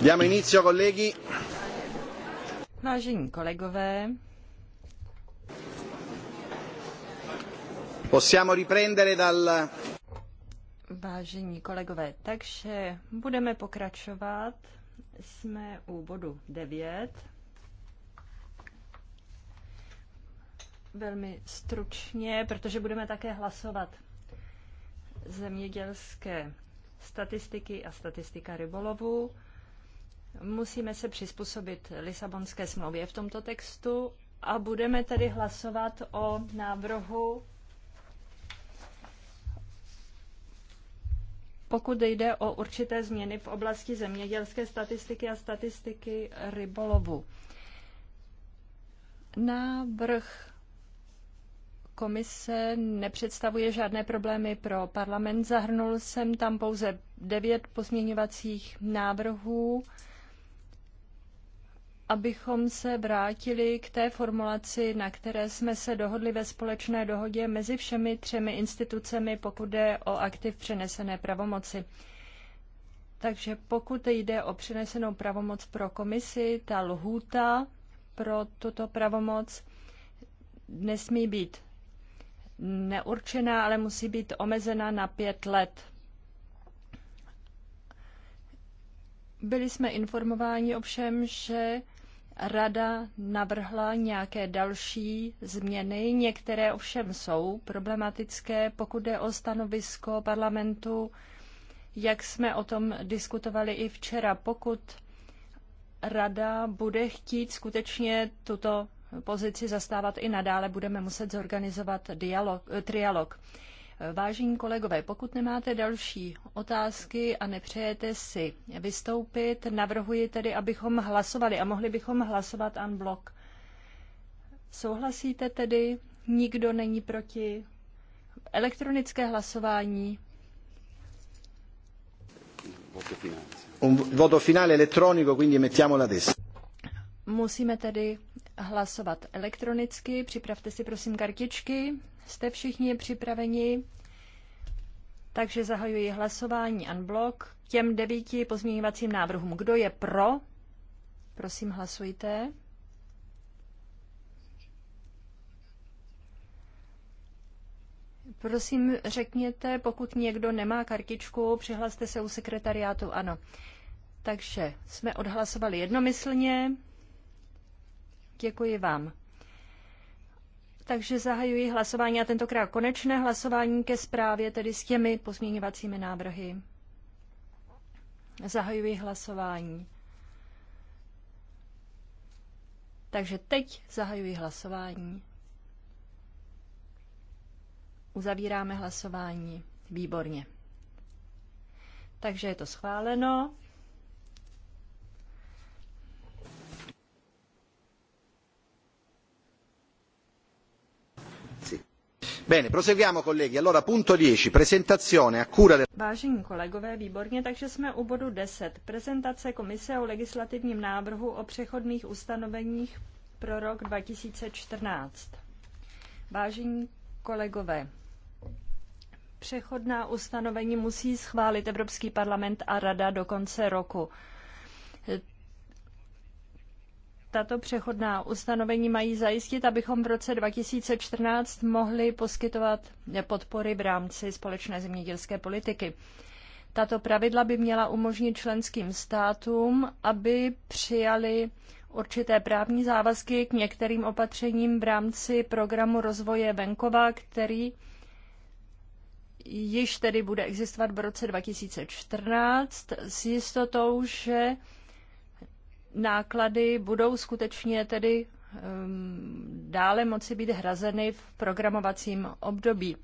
Diamo inizio, colleghi. Vážení kolegové, Possiamo riprendere dal... Vážení kolegové, takže budeme pokračovat. Jsme u bodu 9. Velmi stručně, protože budeme také hlasovat zemědělské statistiky a statistika rybolovu. Musíme se přizpůsobit Lisabonské smlouvě v tomto textu a budeme tedy hlasovat o návrhu, pokud jde o určité změny v oblasti zemědělské statistiky a statistiky rybolovu. Návrh komise nepředstavuje žádné problémy pro parlament. Zahrnul jsem tam pouze devět pozměňovacích návrhů abychom se vrátili k té formulaci, na které jsme se dohodli ve společné dohodě mezi všemi třemi institucemi, pokud jde o aktiv přenesené pravomoci. Takže pokud jde o přenesenou pravomoc pro komisi, ta lhůta pro tuto pravomoc nesmí být neurčená, ale musí být omezena na pět let. Byli jsme informováni ovšem, že Rada navrhla nějaké další změny, některé ovšem jsou problematické, pokud jde o stanovisko parlamentu, jak jsme o tom diskutovali i včera. Pokud Rada bude chtít skutečně tuto pozici zastávat i nadále, budeme muset zorganizovat dialog, eh, trialog. Vážení kolegové, pokud nemáte další otázky a nepřejete si vystoupit, navrhuji tedy, abychom hlasovali a mohli bychom hlasovat en blok. Souhlasíte tedy? Nikdo není proti? Elektronické hlasování. Un voto finale elettronico, quindi la adesso. Musíme tedy hlasovat elektronicky. Připravte si prosím kartičky. Jste všichni připraveni? Takže zahajuji hlasování unblock těm devíti pozměňovacím návrhům. Kdo je pro? Prosím, hlasujte. Prosím, řekněte, pokud někdo nemá kartičku, přihlaste se u sekretariátu, ano. Takže jsme odhlasovali jednomyslně. Děkuji vám. Takže zahajuji hlasování a tentokrát konečné hlasování ke zprávě, tedy s těmi pozměňovacími návrhy. Zahajuji hlasování. Takže teď zahajuji hlasování. Uzavíráme hlasování. Výborně. Takže je to schváleno. Bene, proseguiamo colleghi. Allora punto 10, presentazione a cura del... Vážení kolegové, výborně, takže jsme u bodu 10. Prezentace komise o legislativním návrhu o přechodných ustanoveních pro rok 2014. Vážení kolegové, přechodná ustanovení musí schválit Evropský parlament a Rada do konce roku. Tato přechodná ustanovení mají zajistit, abychom v roce 2014 mohli poskytovat podpory v rámci společné zemědělské politiky. Tato pravidla by měla umožnit členským státům, aby přijali určité právní závazky k některým opatřením v rámci programu rozvoje venkova, který již tedy bude existovat v roce 2014 s jistotou, že náklady budou skutečně tedy ehm, dále moci být hrazeny v programovacím období.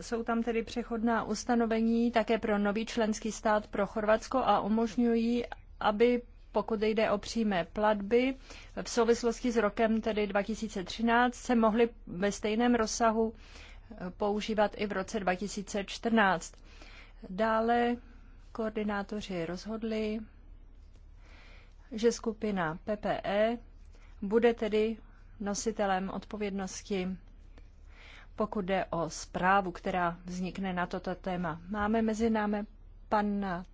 Jsou tam tedy přechodná ustanovení také pro nový členský stát pro Chorvatsko a umožňují, aby pokud jde o přímé platby, v souvislosti s rokem tedy 2013 se mohly ve stejném rozsahu eh, používat i v roce 2014. Dále koordinátoři rozhodli, že skupina PPE bude tedy nositelem odpovědnosti, pokud jde o zprávu, která vznikne na toto téma. Máme mezi námi pana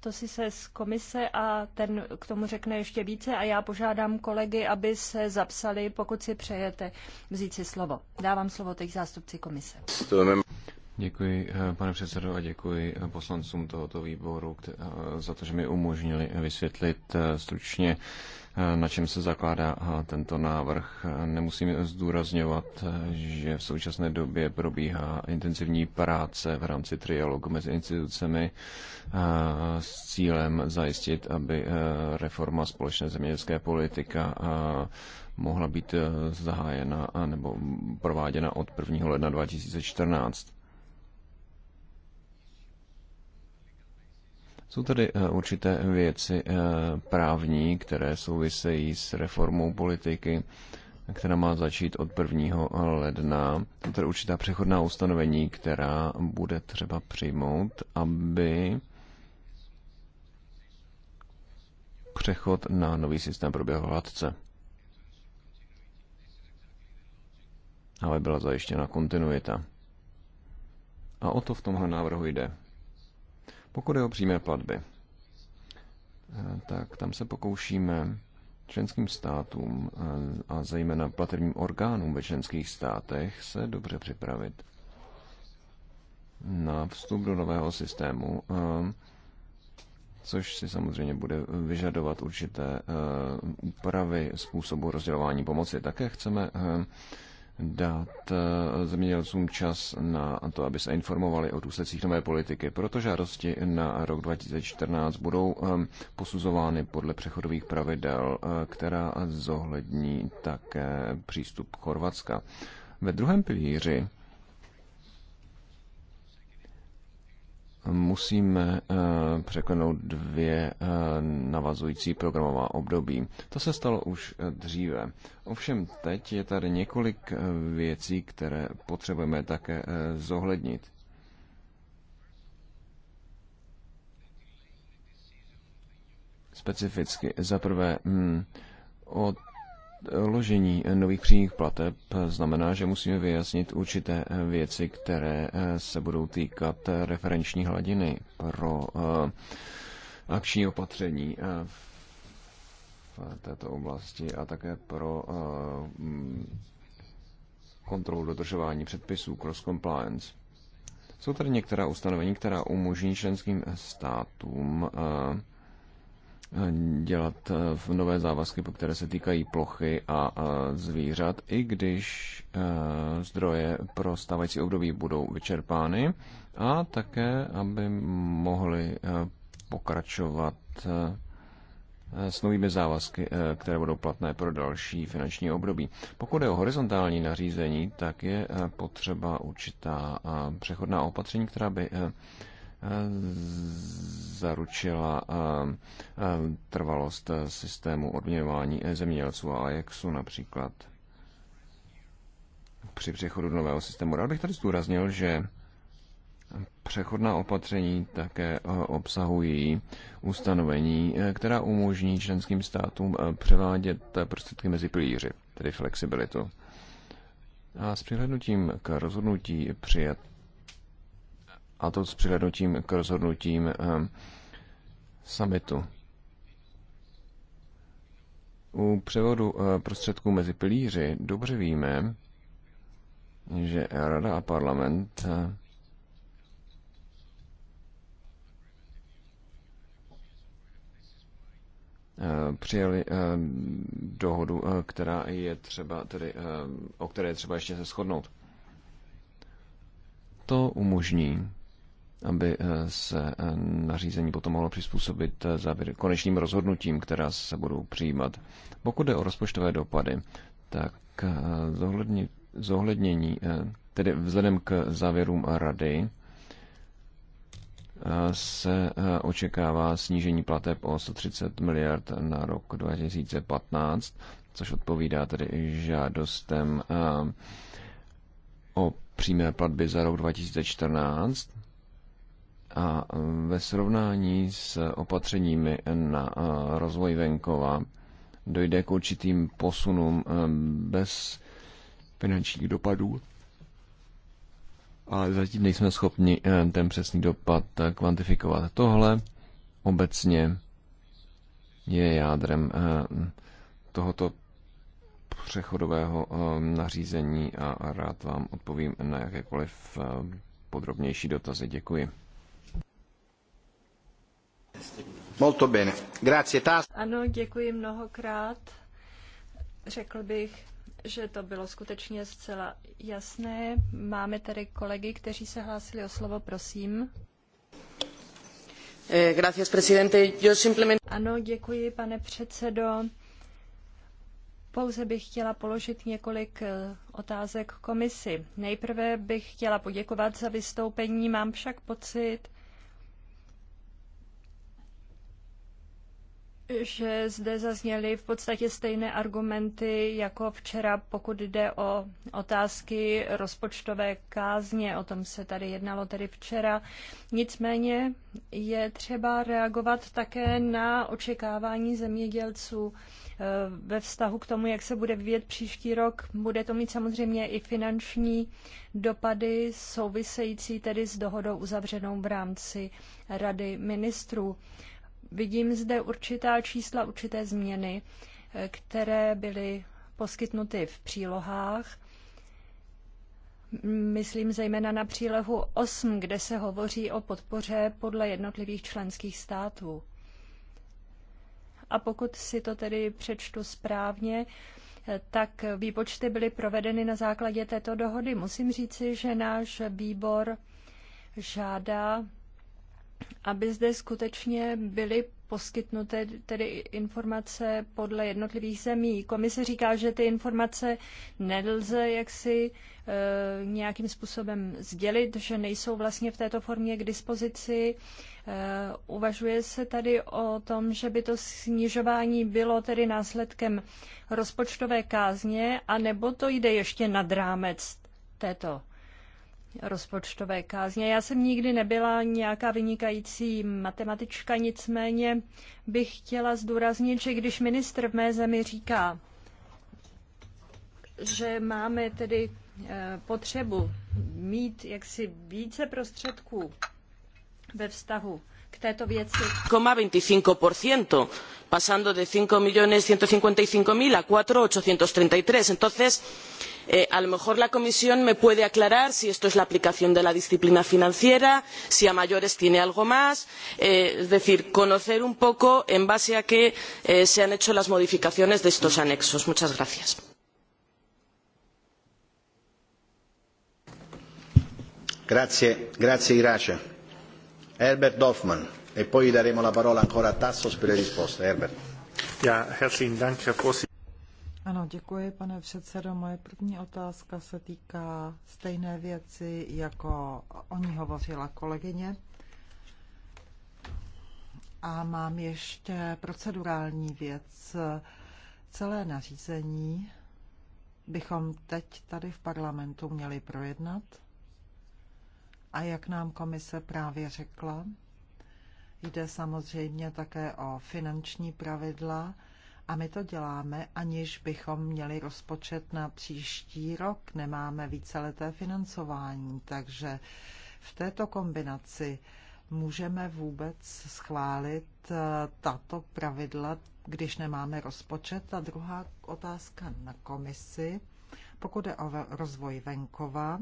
to si se z komise a ten k tomu řekne ještě více a já požádám kolegy, aby se zapsali, pokud si přejete vzít si slovo. Dávám slovo teď zástupci komise. Děkuji, eh, pane předsedo, a děkuji eh, poslancům tohoto výboru eh, za to, že mi umožnili vysvětlit stručně, na čem se zakládá tento návrh. Nemusím zdůrazňovat, že v současné době probíhá intenzivní práce v rámci trialogu mezi institucemi s cílem zajistit, aby reforma společné zemědělské politika mohla být zahájena nebo prováděna od 1. ledna 2014. Jsou tady eh, určité věci eh, právní, které souvisejí s reformou politiky, která má začít od 1. Eh, ledna. Jsou tady určitá přechodná ustanovení, která bude třeba přijmout, aby přechod na nový systém proběhl hladce. Aby byla zajištěna kontinuita. A o to v tomhle návrhu jde. Pokud je o přímé platby, eh, tak tam se pokoušíme členským státům eh, a zejména platebním orgánům ve členských státech se dobře připravit na vstup do nového systému, eh, což si samozřejmě bude vyžadovat určité úpravy způsobu rozdělování pomoci. Také chceme dát eh, zemědělcům čas na to, aby se informovali o důsledcích nové politiky. protože žádosti na rok 2014 budou ehm, posuzovány podle přechodových pravidel, eh, která zohlední také přístup Chorvatska. Ve druhém pilíři musíme eh, překlenout dvě eh, navazující programová období. To se stalo už eh, dříve. Ovšem teď je tady několik věcí, které potřebujeme také zohlednit. Specificky. Za prvé, hm, od ložení nových přímých plateb znamená, že musíme vyjasnit určité věci, které eh, se budou týkat eh, referenční hladiny pro eh, akční opatření v této oblasti a také pro kontrolu dodržování předpisů cross-compliance. Jsou tady některá ustanovení, která umožní členským státům dělat eh, v nové závazky, po které se týkají plochy a eh, zvířat, i když eh, zdroje pro stávající období budou vyčerpány a také, aby mohli pokračovat s novými závazky, které budou platné pro další finanční období. Pokud je o horizontální nařízení, tak je potřeba určitá přechodná opatření, která by zaručila eh, eh, trvalost systému odměňování eh, zemědělců a Ajaxu například při přechodu do nového systému. Rád bych tady zdůraznil, že Přechodná opatření také obsahují ustanovení, která umožní členským státům převádět prostředky mezi pilíři, tedy flexibilitu. A s přihlednutím k rozhodnutí přijat a to s přihlednutím k rozhodnutím eh, summitu. U převodu eh, prostředků mezi pilíři dobře víme, že Rada a parlament eh, přijali dohodu, která je třeba, tedy, o které je třeba ještě se shodnout. To umožní aby eh, se eh, nařízení potom mohlo přizpůsobit eh, závěr, konečným rozhodnutím, která se budou přijímat. Pokud jde o rozpočtové dopady, tak zohlednění, tedy vzhledem k závěrům rady, se očekává snížení plateb o 130 miliard na rok 2015, což odpovídá tedy žádostem o přímé platby za rok 2014 a e, ve srovnání s opatřeními na e, rozvoj venkova dojde k určitým posunům e, bez finančních dopadů. Ale zatím nejsme schopni ten přesný dopad kvantifikovat. Tohle obecně je jádrem tohoto přechodového nařízení a rád vám odpovím na jakékoliv podrobnější dotazy. Děkuji. Molto bene. Grazie, tas. Ano, děkuji mnohokrát. Řekl bych, že to bylo skutečně zcela jasné. Máme tady kolegy, kteří se hlásili o slovo, prosím. Eh, gracias, presidente. Yo simplemente... Ano, děkuji, pane předsedo. Pouze bych chtěla položit několik eh, otázek komisi. Nejprve bych chtěla poděkovat za vystoupení, mám však pocit, že zde zazněly v podstatě stejné argumenty jako včera, pokud jde o otázky rozpočtové kázně. O tom se tady jednalo tedy včera. Nicméně je třeba reagovat také na očekávání zemědělců eh, ve vztahu k tomu, jak se bude vyvíjet příští rok. Bude to mít samozřejmě i finanční dopady související tedy s dohodou uzavřenou v rámci Rady ministrů. Vidím zde určitá čísla, určité změny, eh, které byly poskytnuty v přílohách. Myslím zejména na přílohu 8, kde se hovoří o podpoře podle jednotlivých členských států. A pokud si to tedy přečtu správně, eh, tak výpočty byly provedeny na základě této dohody. Musím říci, že náš výbor žádá aby zde skutečně byly poskytnuté tedy informace podle jednotlivých zemí. Komise říká, že ty informace nelze jaksi e, nějakým způsobem sdělit, že nejsou vlastně v této formě k dispozici. E, uvažuje se tady o tom, že by to snižování bylo tedy následkem rozpočtové kázně, anebo to jde ještě nad rámec této rozpočtové kázně. Já jsem nikdy nebyla nějaká vynikající matematička, nicméně bych chtěla zdůraznit, že když ministr v mé zemi říká, že máme tedy eh, potřebu mít jaksi více prostředků ve vztahu k této věci. 25%, pasando de 5.155.000 a 4.833. Entonces, Eh, a lo mejor la comisión me puede aclarar si esto es la aplicación de la disciplina financiera si a mayores tiene algo más eh, es decir conocer un poco en base a qué eh, se han hecho las modificaciones de estos anexos. muchas gracias. E Děkuji, pane předsedo. Moje první otázka se týká stejné věci, jako o ní hovořila kolegyně. A mám ještě procedurální věc. Celé nařízení bychom teď tady v parlamentu měli projednat. A jak nám komise právě řekla, jde samozřejmě také o finanční pravidla, a my to děláme, aniž bychom měli rozpočet na příští rok. Nemáme víceleté financování, takže v této kombinaci můžeme vůbec schválit eh, tato pravidla, když nemáme rozpočet? A druhá otázka na komisi. Pokud je o rozvoj venkova,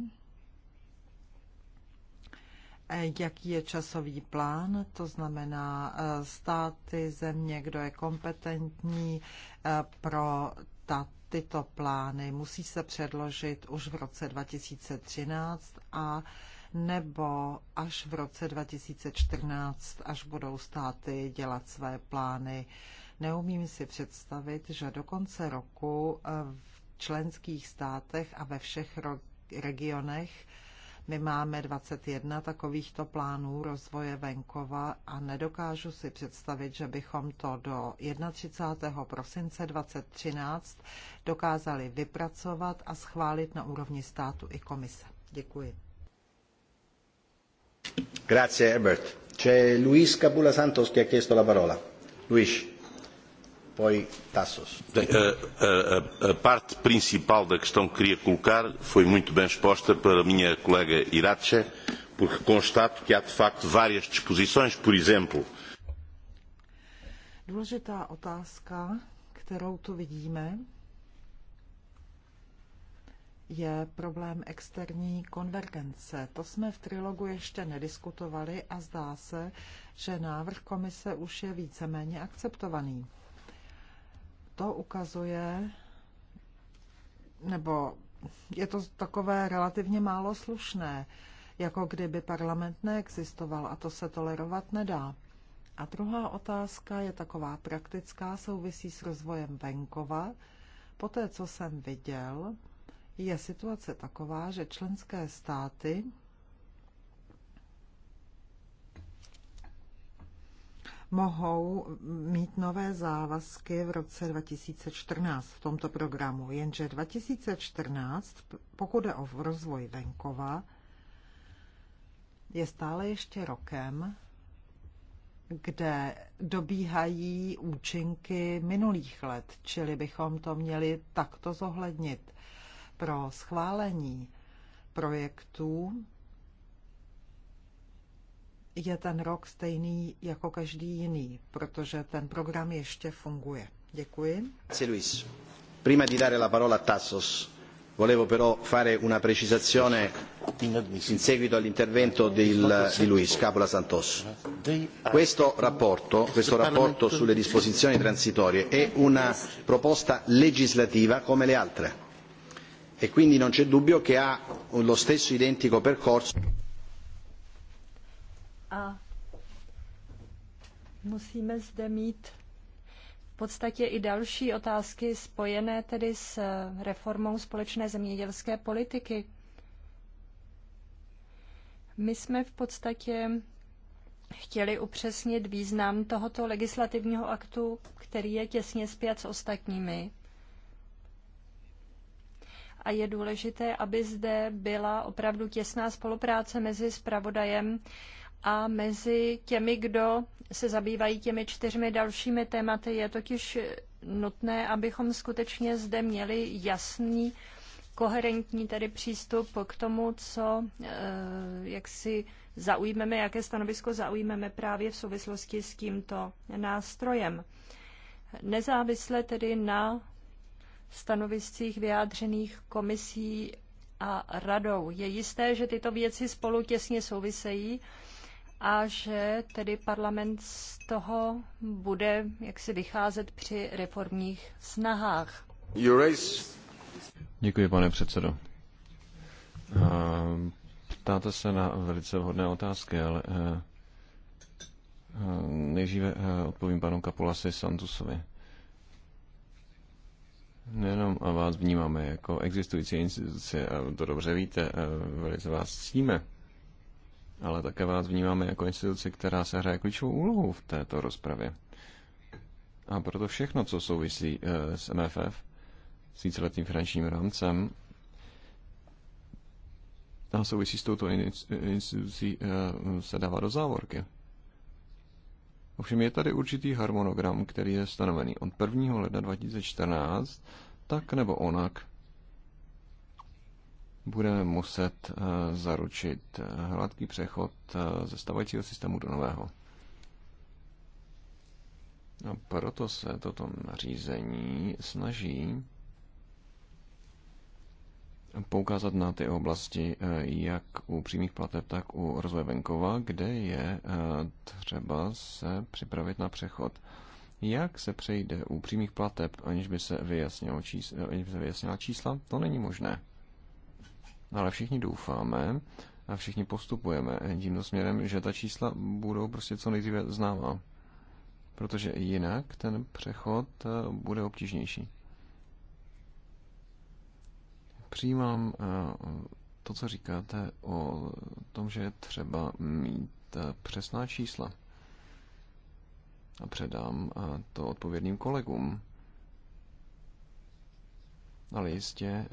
jaký je časový plán, to znamená eh, státy, země, kdo je kompetentní eh, pro ta, tyto plány. Musí se předložit už v roce 2013 a nebo až v roce 2014, až budou státy dělat své plány. Neumím si představit, že do konce roku eh, v členských státech a ve všech regionech my máme 21 takovýchto plánů rozvoje venkova a nedokážu si představit, že bychom to do 31. prosince 2013 dokázali vypracovat a schválit na úrovni státu i komise. Děkuji. Grazie Herbert. C'è Luis Capula Santos che ha chiesto la parola. Luis. Poi Tassos. A, a, a parte principal da questão que queria colocar foi muito bem exposta pela minha colega Iratxe, porque constato que há de facto várias disposições, por exemplo. Důležitá otázka, kterou tu vidíme, je problém externí konvergence. To jsme v trilogu ještě nediskutovali a zdá se, že návrh komise už je víceméně akceptovaný to ukazuje, nebo je to takové relativně málo slušné, jako kdyby parlament neexistoval a to se tolerovat nedá. A druhá otázka je taková praktická, souvisí s rozvojem venkova. Poté, co jsem viděl, je situace taková, že členské státy mohou mít nové závazky v roce 2014 v tomto programu. Jenže 2014, pokud je o rozvoj venkova, je stále ještě rokem, kde dobíhají účinky minulých let, čili bychom to měli takto zohlednit pro schválení projektů je ten rok stejný jako každý jiný, protože ten program ještě funguje. Děkuji. Grazie Luis. Prima di dare la parola a Tassos, volevo però fare una precisazione in seguito all'intervento di Luis Capola Santos. Questo rapporto, questo rapporto sulle disposizioni transitorie è una proposta legislativa come le altre e quindi non c'è dubbio che ha lo stesso identico percorso a musíme zde mít v podstatě i další otázky spojené tedy s reformou společné zemědělské politiky. My jsme v podstatě chtěli upřesnit význam tohoto legislativního aktu, který je těsně spjat s ostatními. A je důležité, aby zde byla opravdu těsná spolupráce mezi spravodajem a mezi těmi, kdo se zabývají těmi čtyřmi dalšími tématy, je totiž nutné, abychom skutečně zde měli jasný, koherentní tedy přístup k tomu, co eh, jak si zaujmeme, jaké stanovisko zaujmeme právě v souvislosti s tímto nástrojem. Nezávisle tedy na stanoviscích vyjádřených komisí a radou. Je jisté, že tyto věci spolu těsně souvisejí a že tedy parlament z toho bude jak si vycházet při reformních snahách. Děkuji, pane předsedo. Ptáte se na velice vhodné otázky, ale eh, eh, nejdříve eh, odpovím panu Kapulasi Santusovi. Nejenom vás vnímáme jako existující instituce, a to dobře víte, velice vás cítíme ale také vás vnímáme jako instituci, která se hraje klíčovou úlohu v této rozpravě. A proto všechno, co souvisí eh, s MFF, s víceletým finančním rámcem, a souvisí s touto institucí, eh, se dává do závorky. Ovšem je tady určitý harmonogram, který je stanovený od 1. ledna 2014, tak nebo onak budeme muset eh, zaručit eh, hladký přechod eh, ze stavajícího systému do nového. A proto se toto nařízení snaží poukázat na ty oblasti, jak u přímých plateb, tak u rozvoje venkova, kde je třeba se připravit na přechod. Jak se přejde u přímých plateb, aniž by se, vyjasnila čísla, aniž by se vyjasnila čísla, to není možné. No ale všichni doufáme a všichni postupujeme tímto směrem, že ta čísla budou prostě co nejdříve známá. Protože jinak ten přechod eh, bude obtížnější. Přijímám eh, to, co říkáte o tom, že je třeba mít eh, přesná čísla. A předám to odpovědným kolegům ale jistě eh,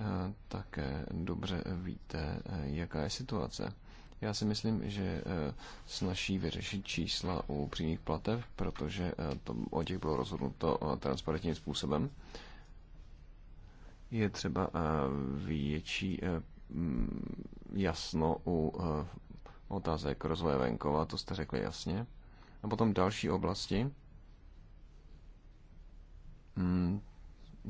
také dobře víte, eh, jaká je situace. Já si myslím, že eh, snaží vyřešit čísla u přímých platev, protože to, o těch bylo rozhodnuto transparentním způsobem. Je třeba větší mm, jasno u otázek rozvoje venkova, to jste řekli jasně. A potom další oblasti. Hmm,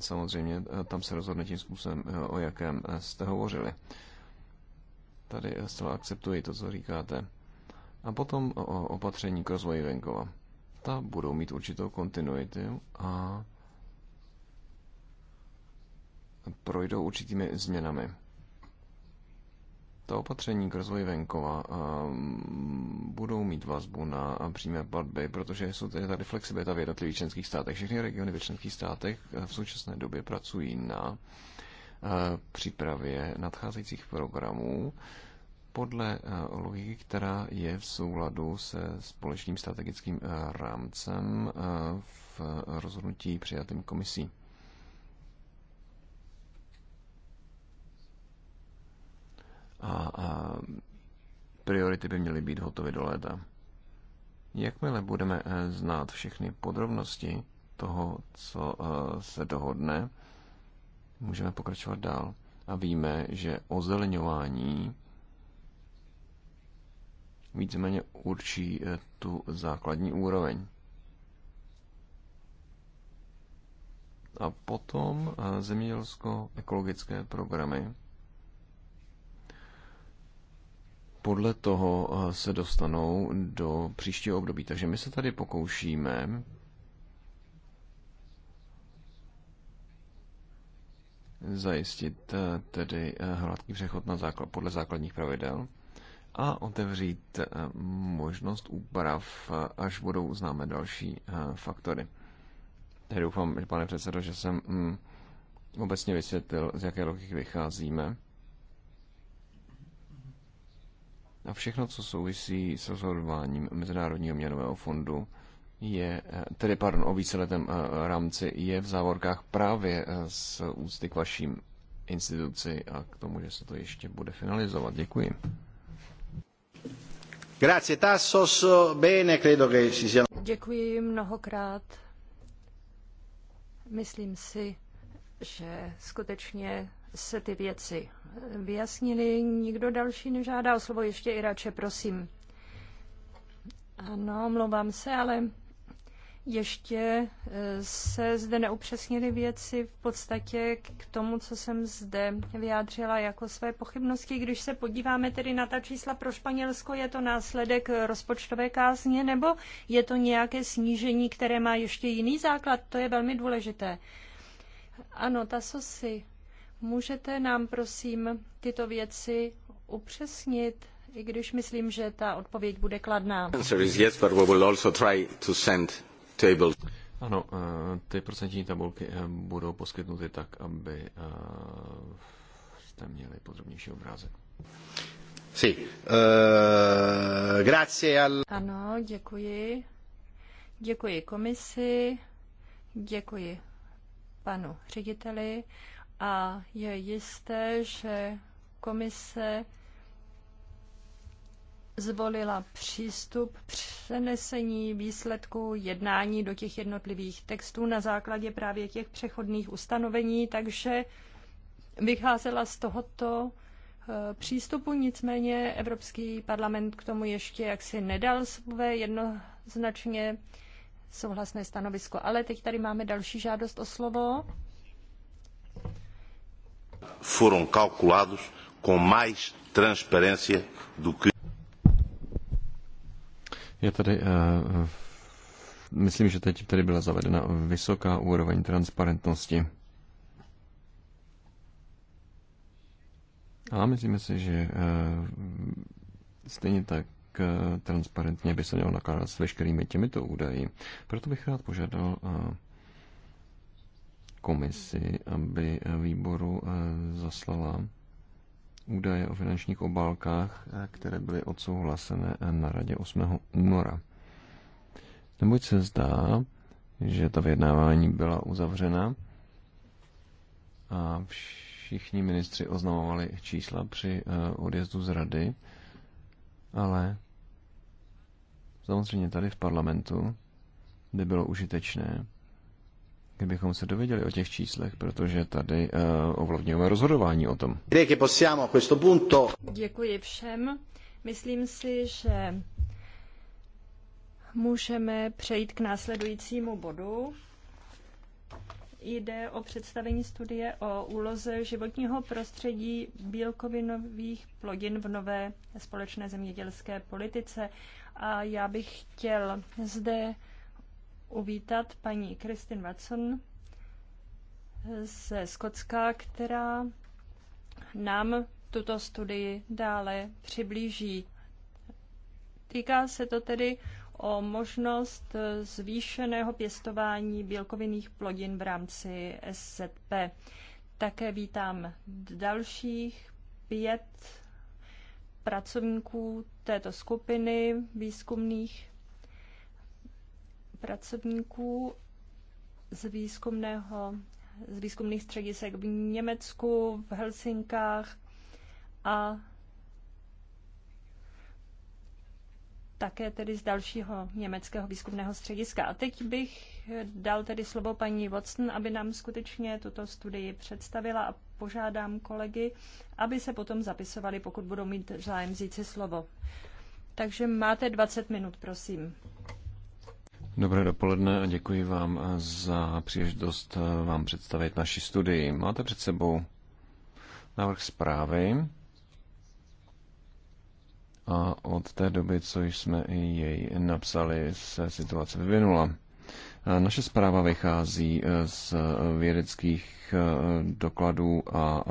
samozřejmě eh, tam se rozhodne tím způsobem, eh, o jakém eh, jste hovořili. Tady zcela akceptuji to, co říkáte. A potom o opatření k rozvoji venkova. Ta budou mít určitou kontinuitu a projdou určitými změnami ta opatření k rozvoji venkova ehm, budou mít vazbu na přímé platby, protože jsou tady, tady flexibilita v jednotlivých členských státech. Všechny regiony ve členských státech eh, v současné době pracují na eh, přípravě nadcházejících programů podle eh, logiky, která je v souladu se společným strategickým rámcem v rozhodnutí přijatým komisí. a, a priority by měly být hotové do léta. Jakmile budeme eh, znát všechny podrobnosti toho, co eh, se dohodne, můžeme pokračovat dál. A víme, že ozelňování víceméně určí eh, tu základní úroveň. A potom zemědělsko-ekologické programy podle toho eh, se dostanou do příštího období. Takže my se tady pokoušíme zajistit eh, tedy eh, hladký přechod na základ, podle základních pravidel a otevřít možnost úprav, až budou známé další faktory. Tedy doufám, pane předsedo, že jsem mm, obecně vysvětlil, z jaké logiky vycházíme A všechno, co souvisí s rozhodováním Mezinárodního měnového fondu, je, eh, tedy pardon, o víceletém eh, rámci, je v závorkách právě eh, z úcty k vaším instituci a k tomu, že se to ještě bude finalizovat. Děkuji. Grazie bene, credo che sia... Děkuji mnohokrát. Myslím si, že skutečně se ty věci vyjasnily. Nikdo další nežádá o slovo, ještě i radše, prosím. Ano, omlouvám se, ale ještě eh, se zde neupřesnily věci v podstatě k tomu, co jsem zde vyjádřila jako své pochybnosti. Když se podíváme tedy na ta čísla pro Španělsko, je to následek rozpočtové kázně nebo je to nějaké snížení, které má ještě jiný základ? To je velmi důležité. Ano, ta sosi Můžete nám prosím tyto věci upřesnit, i když myslím, že ta odpověď bude kladná. Ano, eh, ty procentní tabulky eh, budou poskytnuty tak, aby eh, jste měli podrobnější obrázek. Sí. Uh, grazie al... Ano, děkuji. Děkuji komisi, děkuji panu řediteli a je jisté, že komise zvolila přístup přenesení výsledků jednání do těch jednotlivých textů na základě právě těch přechodných ustanovení, takže vycházela z tohoto eh, přístupu, nicméně Evropský parlament k tomu ještě jaksi nedal své jednoznačně souhlasné stanovisko. Ale teď tady máme další žádost o slovo foram calculados com mais transparência do que. Je tady, uh, myslím, že teď tady byla zavedena vysoká úroveň transparentnosti. A myslíme si, že uh, stejně tak eh, transparentně by se mělo nakládat s veškerými těmito údaji. Proto bych rád požádal uh, komisi, aby výboru eh, zaslala údaje o finančních obálkách, eh, které byly odsouhlasené eh, na radě 8. února. Neboť se zdá, že ta vyjednávání byla uzavřena a všichni ministři oznamovali čísla při odjezdu z rady, ale samozřejmě tady v parlamentu kde bylo užitečné kdybychom se dověděli o těch číslech, protože tady uh, ovlivňujeme rozhodování o tom. Děkuji všem. Myslím si, že můžeme přejít k následujícímu bodu. Jde o představení studie o úloze životního prostředí bílkovinových plodin v nové společné zemědělské politice. A já bych chtěl zde uvítat paní Kristin Watson ze Skotska, která nám tuto studii dále přiblíží. Týká se to tedy o možnost zvýšeného pěstování bílkovinných plodin v rámci SZP. Také vítám dalších pět pracovníků této skupiny výzkumných pracovníků z výzkumného, z výzkumných středisek v Německu, v Helsinkách a také tedy z dalšího německého výzkumného střediska. A teď bych dal tedy slovo paní Watson, aby nám skutečně tuto studii představila a požádám kolegy, aby se potom zapisovali, pokud budou mít zájem vzít si slovo. Takže máte 20 minut, prosím. Dobré dopoledne a děkuji vám za příležitost vám představit naši studii. Máte před sebou návrh zprávy a od té doby, co jsme jej napsali, se situace vyvinula. Eh, naše zpráva vychází eh, z eh, vědeckých dokladů a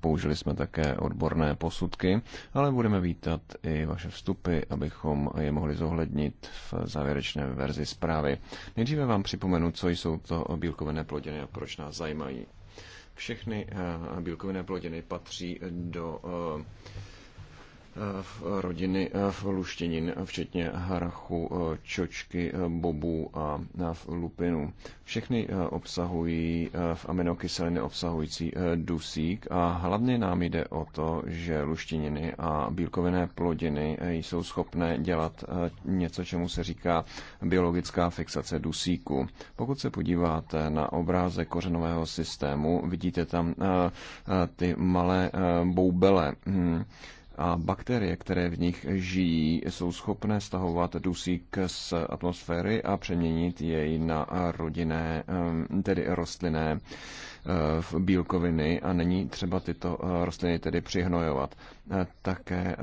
použili jsme také odborné posudky, ale budeme vítat i vaše vstupy, abychom je mohli zohlednit v závěrečné verzi zprávy. Nejdříve vám připomenu, co jsou to bílkovené plodiny a proč nás zajímají. Všechny bílkovinné plodiny patří do rodiny eh, v luštěnin, včetně harachu, eh, čočky, eh, bobů a v lupinu. Všechny obsahují v aminokyseliny obsahující dusík a hlavně nám jde o to, že luštěniny a bílkovinné plodiny jsou schopné dělat něco, čemu se říká biologická fixace dusíku. Pokud se podíváte na obrázek kořenového systému, vidíte tam ty malé boubele hmm a bakterie, které v nich žijí, jsou schopné stahovat dusík z atmosféry a přeměnit jej na rodinné, tedy rostlinné eh, v bílkoviny a není třeba tyto eh, rostliny tedy přihnojovat. Eh, také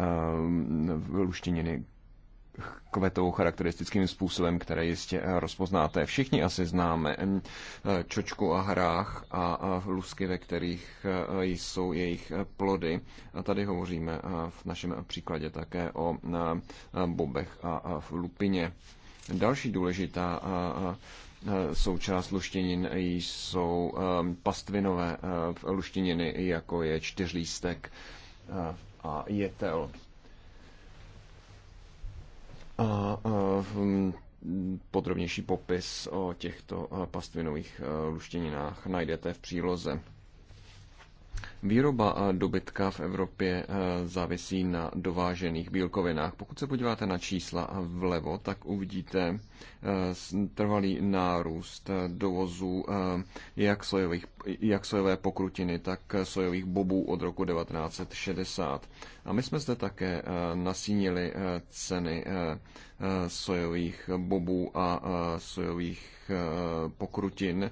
luštěniny kvetou charakteristickým způsobem, které jistě eh, rozpoznáte. Všichni asi známe eh, čočku a hrách a lusky, ve kterých eh, jsou jejich plody. A tady hovoříme v našem příkladě také o bobech a v lupině. Další důležitá součást luštěnin jsou pastvinové luštěniny, jako je čtyřlístek a jetel a podrobnější popis o těchto pastvinových luštěninách najdete v příloze. Výroba dobytka v Evropě závisí na dovážených bílkovinách. Pokud se podíváte na čísla vlevo, tak uvidíte trvalý nárůst dovozu jak, sojových, jak sojové pokrutiny, tak sojových bobů od roku 1960. A my jsme zde také eh, nasínili eh, ceny eh, sojových bobů a sojových pokrutin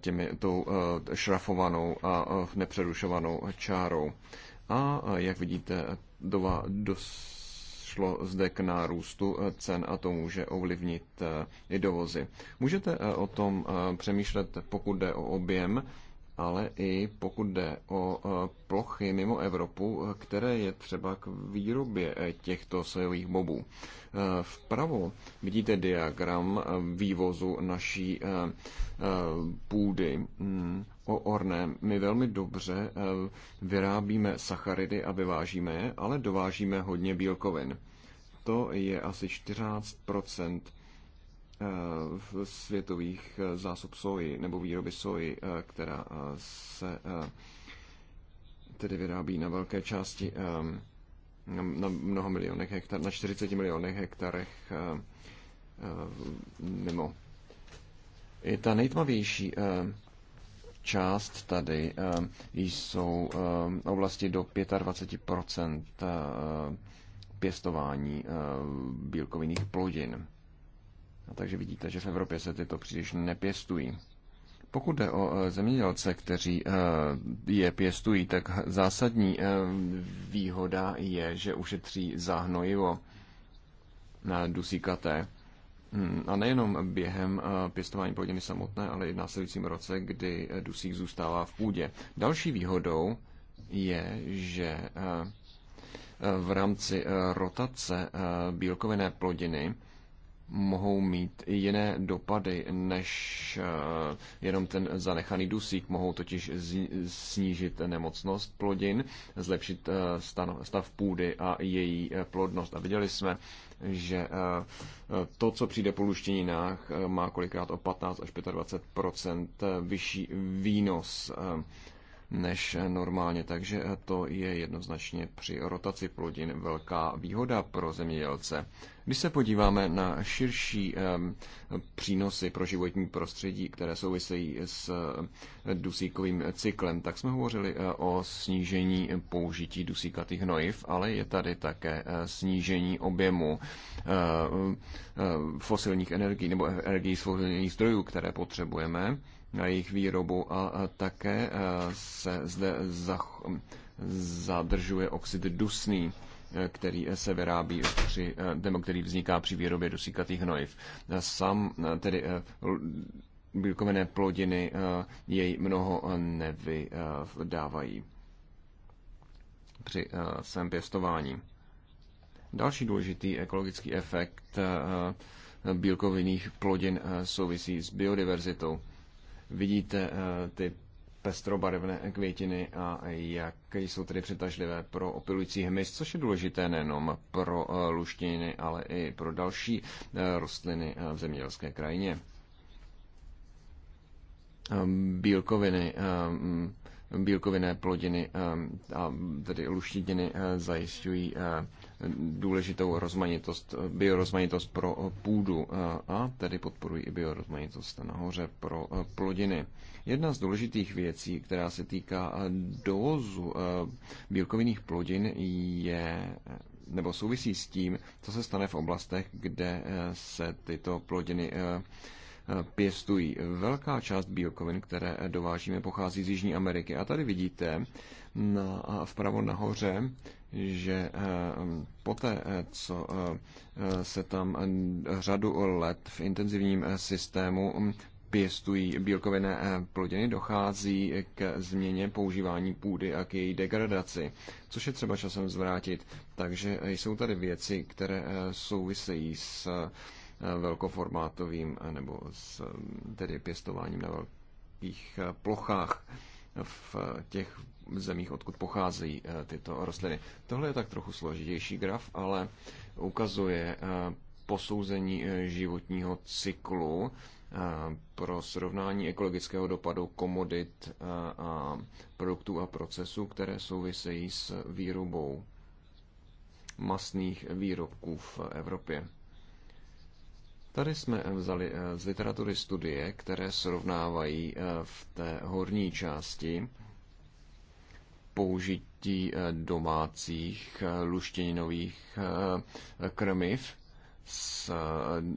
těmi tou šrafovanou a nepřerušovanou čárou. A jak vidíte, dova, dos, došlo zde k nárůstu cen a to může ovlivnit i dovozy. Můžete o tom přemýšlet, pokud jde o objem ale i pokud jde o e, plochy mimo Evropu, e, které je třeba k výrobě e, těchto sojových bobů. Vpravo vidíte diagram vývozu naší půdy mm, o orné. My velmi dobře vyrábíme sacharidy a vyvážíme je, ale dovážíme hodně bílkovin. To je asi 14 Eh, světových eh, zásob soji nebo výroby soji, eh, která se tedy vyrábí na velké části na mnoho milionech hektar, na 40 milionech hektarech mimo. I ta nejtmavější část tady jsou oblasti do 25 pěstování bílkovinných plodin. Takže vidíte, že v Evropě se tyto příliš nepěstují. Pokud jde o e, zemědělce, kteří e, je pěstují, tak zásadní e, výhoda je, že ušetří za hnojivo na dusíkaté. Hmm, a nejenom během pěstování plodiny samotné, ale i v následujícím roce, kdy dusík zůstává v půdě. Další výhodou je, že v rámci rotace bílkoviné plodiny mohou mít i jiné dopady než eh, jenom ten zanechaný dusík. Mohou totiž snížit nemocnost plodin, zlepšit eh, stav půdy a její eh, plodnost. A viděli jsme, že to, co přijde po luštěninách, má kolikrát o 15 až 25 vyšší výnos než normálně, takže to je jednoznačně při rotaci plodin velká výhoda pro zemědělce. Když se podíváme na širší přínosy pro životní prostředí, které souvisejí s eh, dusíkovým cyklem, tak jsme hovořili eh, o snížení použití dusíkatých hnojiv, ale je tady také eh, snížení objemu fosilních energií nebo e-, energií z fosilních zdrojů, které potřebujeme na jejich výrobu a také e, se zde zadržuje oxid dusný e, který se vyrábí při, e, nebo který vzniká při výrobě dusíkatých hnojiv. Sam tedy bílkovinné plodiny jej mnoho nevydávají při svém pěstování. Další důležitý ekologický efekt bílkovinných plodin souvisí s biodiverzitou vidíte eh, ty pestrobarevné květiny a jak jsou tedy přitažlivé pro opilující hmyz, což je důležité nejenom pro eh, luštiny, ale i pro další eh, rostliny v zemědělské krajině. Ehm, bílkoviny, ehm, bílkovinné plodiny ehm, a tedy luštitiny zajišťují důležitou rozmanitost, biorozmanitost pro půdu a tedy podporují i biorozmanitost nahoře pro plodiny. Jedna z důležitých věcí, která se týká dovozu bílkovinných plodin, je nebo souvisí s tím, co se stane v oblastech, kde se tyto plodiny pěstují. Velká část bílkovin, které dovážíme, pochází z Jižní Ameriky. A tady vidíte na, vpravo nahoře, že eh, poté, eh, co eh, se tam řadu let v intenzivním systému hm, pěstují bílkovinné plodiny, dochází k změně používání půdy a k její degradaci, což je třeba časem zvrátit. Takže jsou tady věci, které souvisejí s velkoformátovým nebo s tedy pěstováním na velkých eh, plochách v těch zemích, odkud pocházejí eh, tyto rostliny. Tohle je tak trochu složitější graf, ale ukazuje eh, posouzení životního cyklu pro srovnání ekologického dopadu komodit a produktů a procesů, které souvisejí s výrobou masných výrobků v Evropě. Tady jsme eh, vzali eh, z literatury studie, které srovnávají eh, v té horní části použití domácích luštěninových krmiv s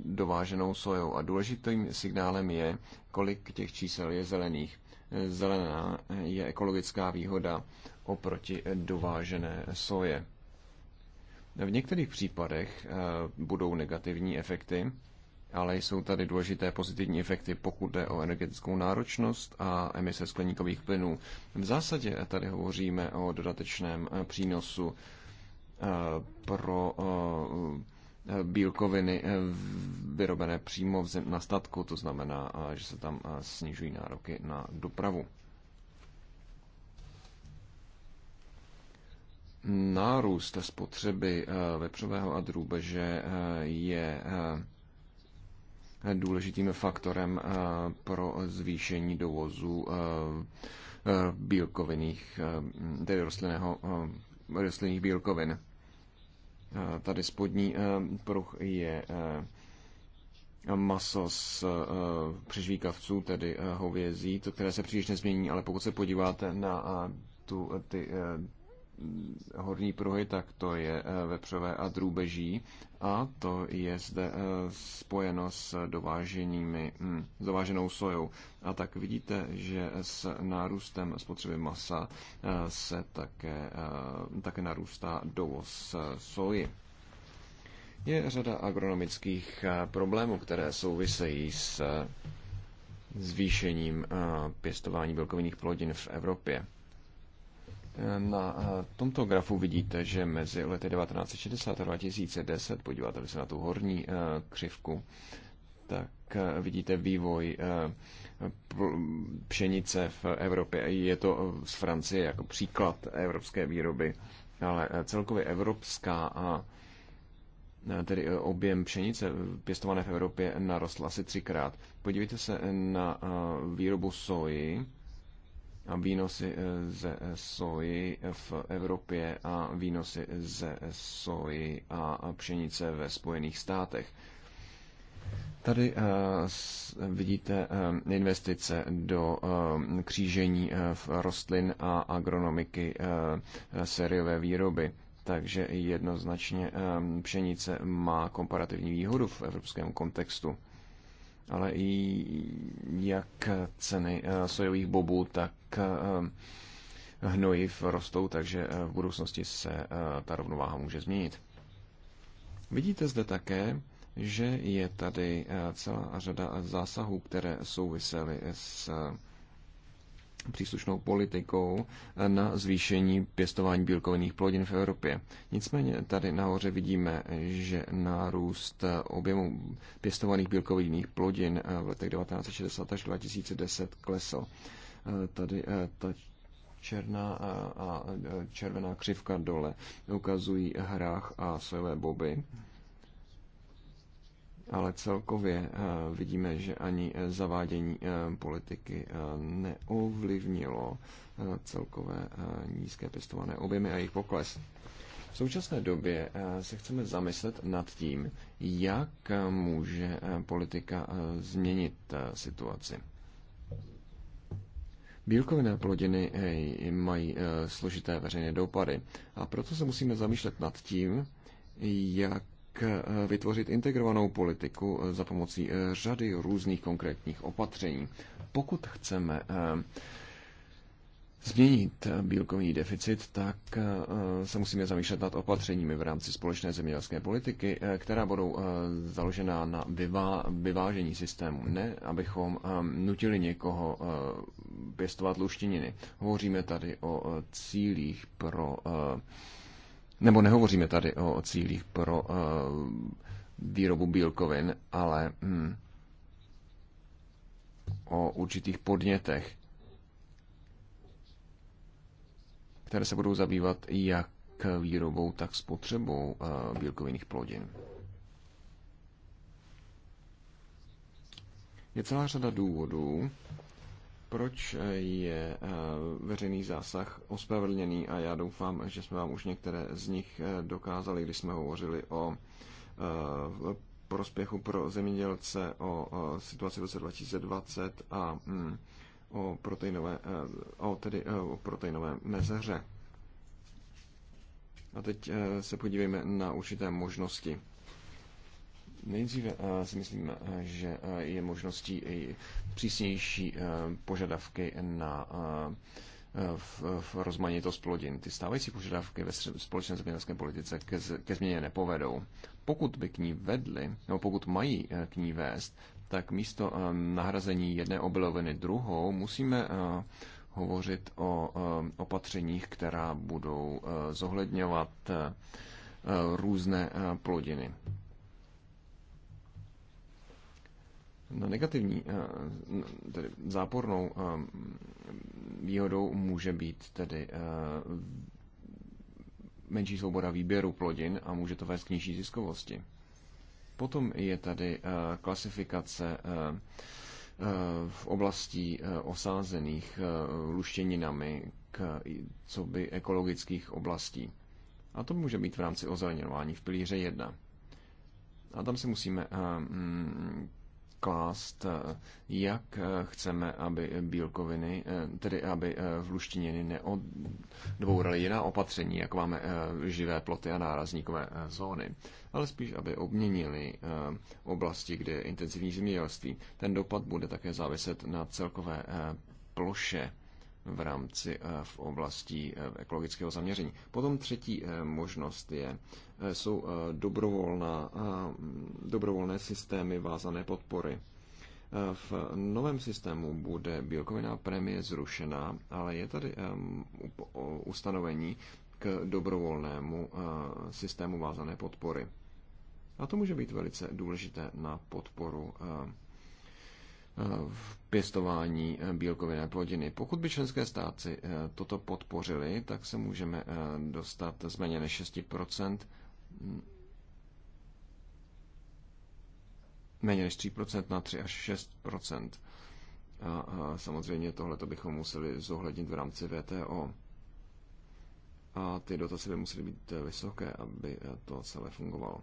dováženou sojou. A důležitým signálem je, kolik těch čísel je zelených. Zelená je ekologická výhoda oproti dovážené soje. V některých případech budou negativní efekty, ale jsou tady důležité pozitivní efekty, pokud jde o energetickou náročnost a emise skleníkových plynů. V zásadě tady hovoříme o dodatečném eh, přínosu eh, pro eh, bílkoviny vyrobené přímo na statku, to znamená, že se tam snižují nároky na dopravu. Nárůst spotřeby vepřového a drůbeže je důležitým faktorem eh, pro zvýšení dovozu eh, eh, bílkovinných, tedy rostlinného, rostlinných bílkovin. Tady spodní pruh je maso z přežvíkavců, tedy hovězí, to, které se příliš nezmění, ale pokud se podíváte na tu, ty horní pruhy, tak to je eh, vepřové a drůbeží a to je zde eh, spojeno s dováženými, hm, s dováženou sojou. A tak vidíte, že s nárůstem spotřeby masa eh, se také, také narůstá dovoz soji. Je řada agronomických problémů, které souvisejí s zvýšením pěstování bílkovinných plodin v Evropě. Na eh, tomto grafu vidíte, že mezi lety 1960 a 2010, podíváte se na tu horní eh, křivku, tak eh, vidíte vývoj pšenice v Evropě. Je to z Francie jako příklad evropské výroby, ale celkově evropská a tedy objem pšenice pěstované v Evropě narostl asi třikrát. Podívejte se na výrobu soji a výnosy eh, ze eh, soji v Evropě a výnosy ze soji a pšenice ve Spojených státech. Tady eh, vidíte investice do křížení v rostlin a agronomiky sériové výroby. Takže jednoznačně pšenice má komparativní výhodu v evropském kontextu ale i jak ceny eh, sojových bobů, tak eh, hnojiv rostou, takže eh, v budoucnosti se ta rovnováha může změnit. Vidíte zde také, že je tady celá řada zásahů, které souvisely s příslušnou politikou na zvýšení pěstování bílkovinných plodin v Evropě. Nicméně tady nahoře vidíme, že nárůst objemu pěstovaných bílkovinných plodin v letech 1960 až 2010 klesl. Tady eh, ta černá eh, a eh, červená křivka dole ukazují hrách a sojové boby ale celkově eh, vidíme, že ani eh, zavádění eh, politiky neovlivnilo celkové nízké pěstované objemy a jejich pokles. V současné době se chceme zamyslet nad tím, jak může politika změnit situaci. Bílkovinné a plodiny mají složité veřejné dopady a proto se musíme zamýšlet nad tím, jak jak eh, vytvořit integrovanou politiku eh, za pomocí eh, řady různých konkrétních opatření. Pokud chceme změnit bílkový deficit, tak se musíme zamýšlet nad opatřeními v rámci společné zemědělské politiky, která budou založená na vyvážení systému. Ne, abychom nutili někoho pěstovat luštininy. Hovoříme tady o cílích pro nebo nehovoříme tady o cílích pro eh, výrobu bílkovin, ale hmm, o určitých podnětech, které se budou zabývat jak výrobou, tak spotřebou eh, bílkovinných plodin. Je celá řada důvodů, proč eh, je eh, veřejný zásah ospravedlněný a já doufám, že jsme vám už některé z nich eh, dokázali, když jsme hovořili o prospěchu pro zemědělce, o situaci v roce 2020 a hm, o proteinové, o tedy o proteinové mezeře. A teď se podívejme na určité možnosti. Nejdříve eh, si myslím, eh, že eh, je možností i přísnější požadavky na v, v rozmanitost plodin. Ty stávající požadavky ve společné zemědělské politice ke, ke změně nepovedou. Pokud by k ní vedly, nebo pokud mají k ní vést, tak místo nahrazení jedné obiloviny druhou musíme hovořit o opatřeních, která budou zohledňovat různé plodiny. na no, negativní, eh, tedy zápornou eh, výhodou může být tedy eh, menší svoboda výběru plodin a může to vést k nižší ziskovosti. Potom je tady klasifikace v oblasti osázených luštěninami k co by ekologických oblastí. A to může být v rámci ozelenování v pilíře 1. A tam si musíme mm, klást, eh, jak eh, chceme, aby bílkoviny, eh, tedy aby v luštininy neodbouraly jiná opatření, jak máme živé ploty a nárazníkové zóny, ale spíš, aby obměnili oblasti, kde je intenzivní zemědělství. Ten dopad bude také záviset na celkové ploše v rámci eh, v oblasti eh, ekologického zaměření. Potom třetí eh, možnost je, jsou dobrovolná, dobrovolné systémy vázané podpory. V novém systému bude bílkoviná prémie zrušena, ale je tady ustanovení k dobrovolnému systému vázané podpory. A to může být velice důležité na podporu v pěstování eh, bílkovinné plodiny. Pokud by členské státy eh, toto podpořili, tak se můžeme eh, dostat z méně než 6%, mm, méně než 3% na 3 až 6%. A, samozřejmě tohle bychom museli zohlednit v rámci VTO. A ty dotace by musely být vysoké, aby to celé fungovalo.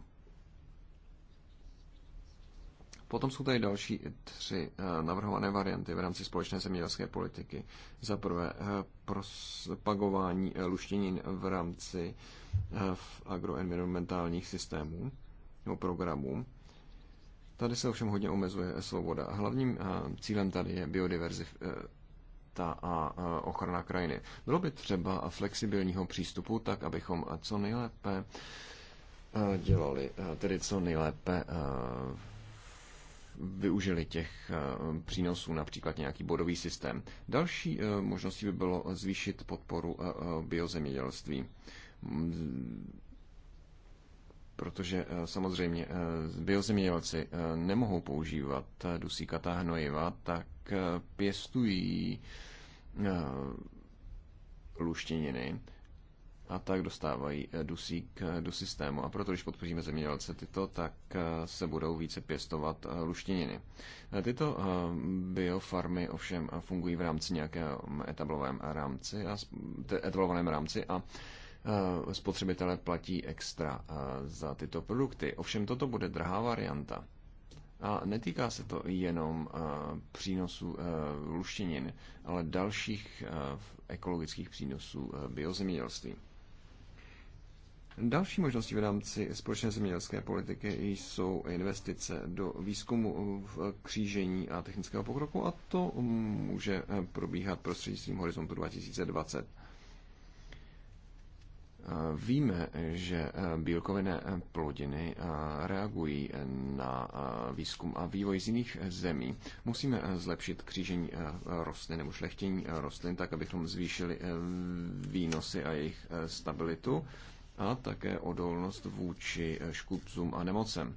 Potom jsou tady další tři eh, navrhované varianty v rámci společné zemědělské politiky. Za prvé eh, propagování eh, luštěnin v rámci v agroenvironmentálních systémů nebo programů. Tady se ovšem hodně omezuje svoboda. Hlavním cílem tady je biodiverzita a ochrana krajiny. Bylo by třeba flexibilního přístupu, tak abychom co nejlépe dělali, tedy co nejlépe využili těch eh, přínosů, například nějaký bodový systém. Další eh, možností by bylo zvýšit podporu eh, biozemědělství. Protože samozřejmě biozemědělci nemohou používat dusíkatá hnojiva, tak pěstují luštěniny a tak dostávají eh, dusík eh, do systému. A proto, když podpoříme zemědělce tyto, tak eh, se budou více pěstovat luštěniny. Tyto biofarmy ovšem fungují v rámci nějakého etablovém rámci a, etablovaném rámci a spotřebitelé platí extra za tyto produkty. Ovšem toto bude drahá varianta. A netýká se to jenom přínosu luštěnin, ale dalších ekologických přínosů biozemědělství. Další možností v rámci společné zemědělské politiky jsou investice do výzkumu v křížení a technického pokroku a to může probíhat prostřednictvím Horizontu 2020. Víme, že bílkovinné plodiny reagují na výzkum a vývoj z jiných zemí. Musíme zlepšit křížení rostlin nebo šlechtění rostlin tak, abychom zvýšili výnosy a jejich stabilitu a také odolnost vůči škůdcům a nemocem.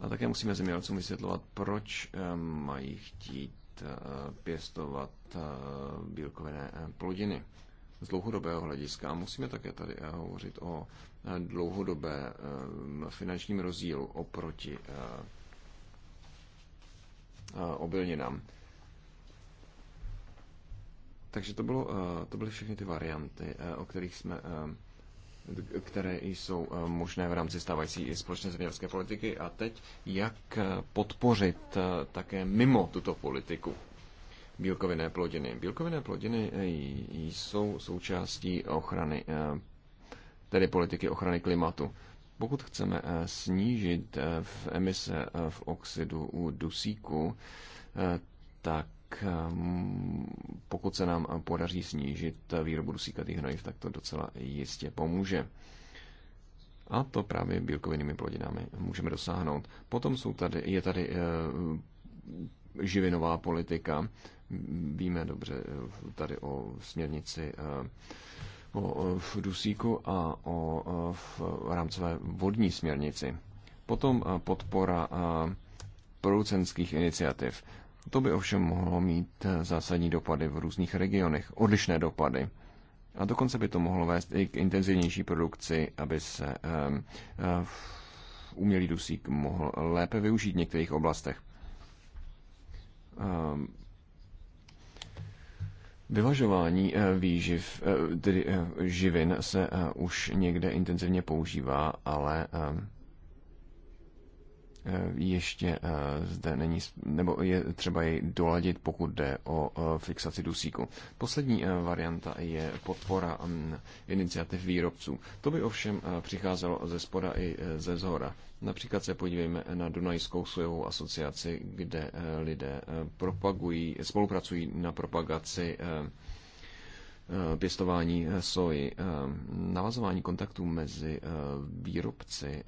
A také musíme zemědělcům vysvětlovat, proč eh, mají chtít eh, pěstovat eh, bílkovinné plodiny. Z dlouhodobého hlediska musíme také tady hovořit o dlouhodobé finančním rozdílu oproti obilninám. Takže to, bylo, eh, to byly všechny ty varianty, eh, o kterých jsme eh, které jsou možné v rámci stávající společné zemědělské politiky a teď jak podpořit také mimo tuto politiku bílkovinné plodiny. Bílkovinné plodiny jsou součástí ochrany, tedy politiky ochrany klimatu. Pokud chceme snížit v emise v oxidu u dusíku, tak Ehm, pokud se nám podaří snížit výrobu dusíkatých hnojiv, tak to docela jistě pomůže. A to právě bílkovinnými plodinami můžeme dosáhnout. Potom jsou tady, je tady eh, živinová politika. Víme dobře eh, tady o směrnici eh, o dusíku a o v rámcové vodní směrnici. Potom podpora producentských iniciativ. To by ovšem mohlo mít eh, zásadní dopady v různých regionech, odlišné dopady. A dokonce by to mohlo vést i k intenzivnější produkci, aby se um, umělý dusík mohl lépe využít v některých oblastech. Um, Vyvažování eh, výživ, tedy živin se už někde intenzivně používá, ale ehm, Eh, ještě eh, zde není, nebo je třeba jej doladit, pokud jde o eh, fixaci dusíku. Poslední varianta je podpora mm, iniciativ výrobců. To by ovšem přicházelo ze spoda i ze zhora. Například se podívejme na Dunajskou sojovou asociaci, kde lidé propagují, spolupracují na propagaci Eh, pěstování eh, soji, eh, navazování kontaktů mezi výrobci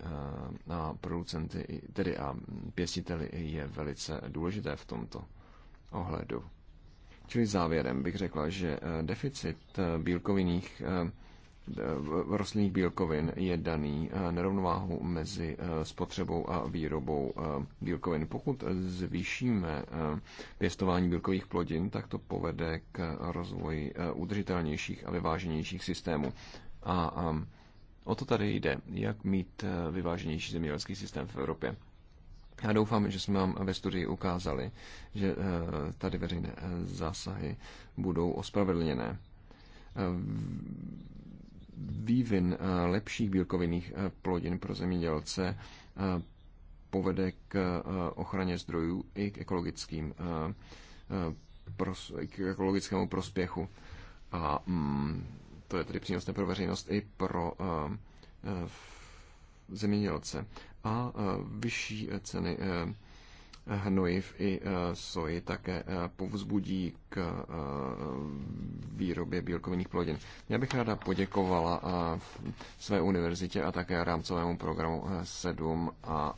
a producenty, tedy a pěstiteli je velice důležité v tomto ohledu. Čili závěrem bych řekla, že deficit bílkovinných rostlinných bílkovin je daný eh, nerovnováhu mezi eh, spotřebou a výrobou eh, bílkovin. Pokud zvýšíme pěstování bílkových plodin, tak to povede k rozvoji udržitelnějších a vyváženějších systémů. A o to tady jde, jak mít vyváženější zemědělský systém v Evropě. Já doufám, že jsme vám ve studii ukázali, že tady veřejné zásahy budou ospravedlněné vývin eh, lepších bílkovinných eh, plodin pro zemědělce eh, povede k ochraně zdrojů i k, ekologickým, k ekologickému prospěchu. A mm, to je tedy přínosné pro veřejnost i pro zemědělce. A vyšší ceny hnojiv i eh, soji také eh, povzbudí k eh, výrobě bílkovinných plodin. Já bych ráda poděkovala své univerzitě a také rámcovému programu 7 a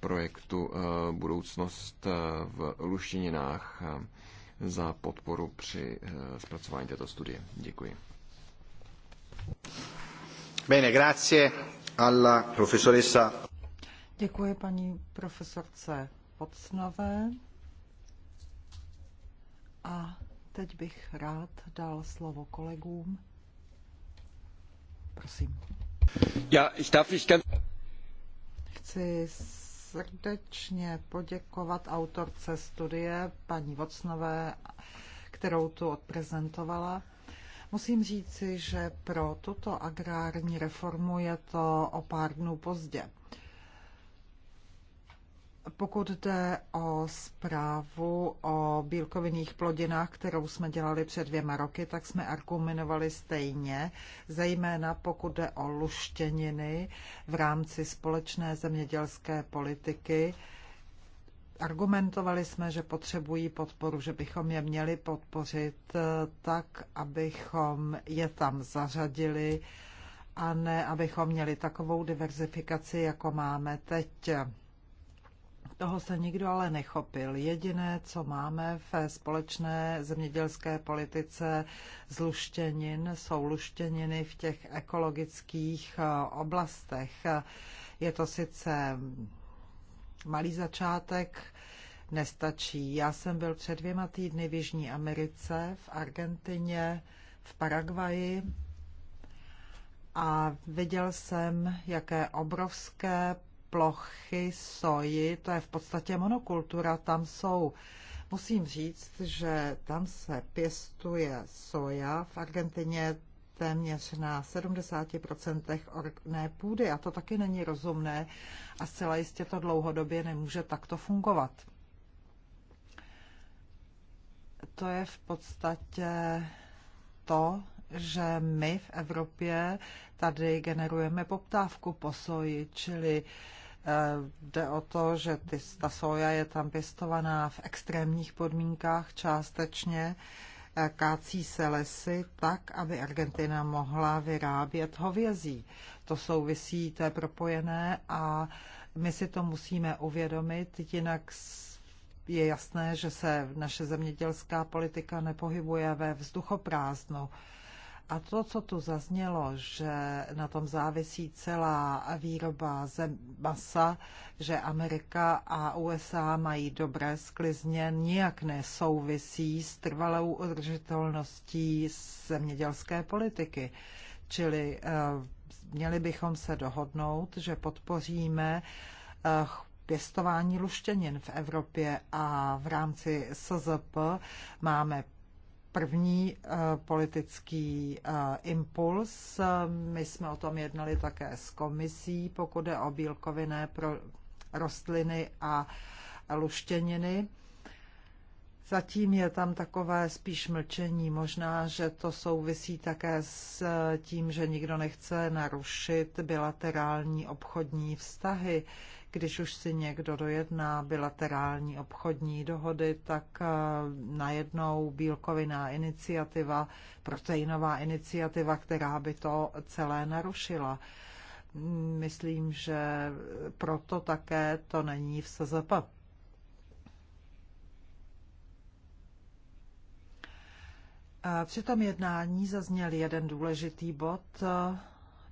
projektu Budoucnost v luštininách za podporu při zpracování této studie. Děkuji. Bene, grazie alla professoressa. Děkuji paní profesorce Vocnové. A teď bych rád dal slovo kolegům. Prosím. Já, ich darf ich ganz... Chci srdečně poděkovat autorce studie, paní Vocnové, kterou tu odprezentovala. Musím říci, že pro tuto agrární reformu je to o pár dnů pozdě. Pokud jde o zprávu o bílkovinných plodinách, kterou jsme dělali před dvěma roky, tak jsme argumentovali stejně, zejména pokud jde o luštěniny v rámci společné zemědělské politiky. Argumentovali jsme, že potřebují podporu, že bychom je měli podpořit eh, tak, abychom je tam zařadili a ne, abychom měli takovou diverzifikaci, jako máme teď. Toho se nikdo ale nechopil. Jediné, co máme v společné zemědělské politice z luštěnin, jsou luštěniny v těch ekologických eh, oblastech. Je to sice malý začátek, nestačí. Já jsem byl před dvěma týdny v Jižní Americe, v Argentině, v Paraguaji a viděl jsem, jaké obrovské plochy soji, to je v podstatě monokultura, tam jsou Musím říct, že tam se pěstuje soja v Argentině téměř na 70% orné půdy a to taky není rozumné a zcela jistě to dlouhodobě nemůže takto fungovat. To je v podstatě to, že my v Evropě tady generujeme poptávku po soji, čili uh, Eh, jde o to, že ty, ta soja je tam pěstovaná v extrémních podmínkách částečně, eh, kácí se lesy tak, aby Argentina mohla vyrábět hovězí. To souvisí, to je propojené a my si to musíme uvědomit, jinak je jasné, že se naše zemědělská politika nepohybuje ve vzduchoprázdnu. A to, co tu zaznělo, že na tom závisí celá výroba zem, masa, že Amerika a USA mají dobré sklizně, nijak nesouvisí s trvalou udržitelností zemědělské politiky. Čili eh, měli bychom se dohodnout, že podpoříme eh, pěstování luštěnin v Evropě a v rámci SZP máme první eh, politický eh, impuls. My jsme o tom jednali také s komisí, pokud je o bílkoviné pro rostliny a luštěniny. Zatím je tam takové spíš mlčení. Možná, že to souvisí také s eh, tím, že nikdo nechce narušit bilaterální obchodní vztahy když už si někdo dojedná bilaterální obchodní dohody, tak eh, najednou bílkoviná iniciativa, proteinová iniciativa, která by to celé narušila. Myslím, že proto také to není v SZP. Eh, při tom jednání zazněl jeden důležitý bod, eh,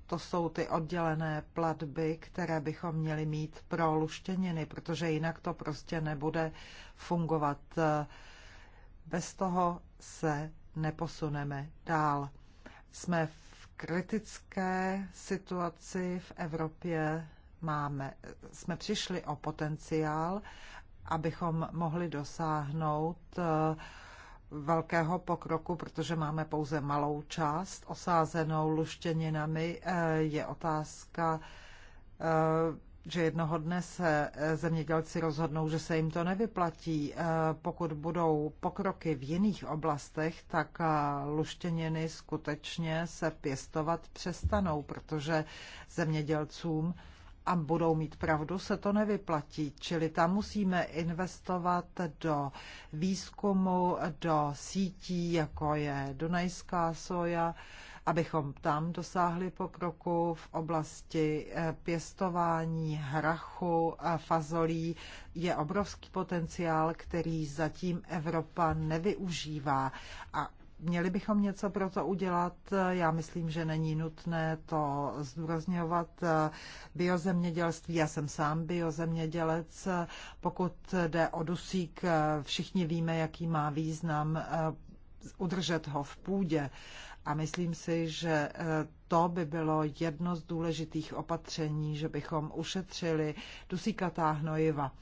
to jsou ty oddělené platby, které bychom měli mít pro luštěniny, protože jinak to prostě nebude fungovat. Bez toho se neposuneme dál. Jsme v kritické situaci v Evropě, máme, jsme přišli o potenciál, abychom mohli dosáhnout uh, velkého pokroku, protože máme pouze malou část osázenou luštěninami. Eh, je otázka, eh, že jednoho dne se eh, zemědělci rozhodnou, že se jim to nevyplatí. Pokud budou pokroky v jiných oblastech, tak luštěniny skutečně se pěstovat přestanou, protože zemědělcům a budou mít pravdu, se to nevyplatí. Čili tam musíme investovat do výzkumu, do sítí, jako je Dunajská soja, abychom tam dosáhli pokroku v oblasti eh, pěstování hrachu a fazolí. Je obrovský potenciál, který zatím Evropa nevyužívá a Měli bychom něco pro to udělat. Já myslím, že není nutné to zdůrazňovat. Biozemědělství, já jsem sám biozemědělec. Pokud jde o dusík, všichni víme, jaký má význam eh, udržet ho v půdě. A myslím si, že eh, to by bylo jedno z důležitých opatření, že bychom ušetřili dusíkatá hnojiva.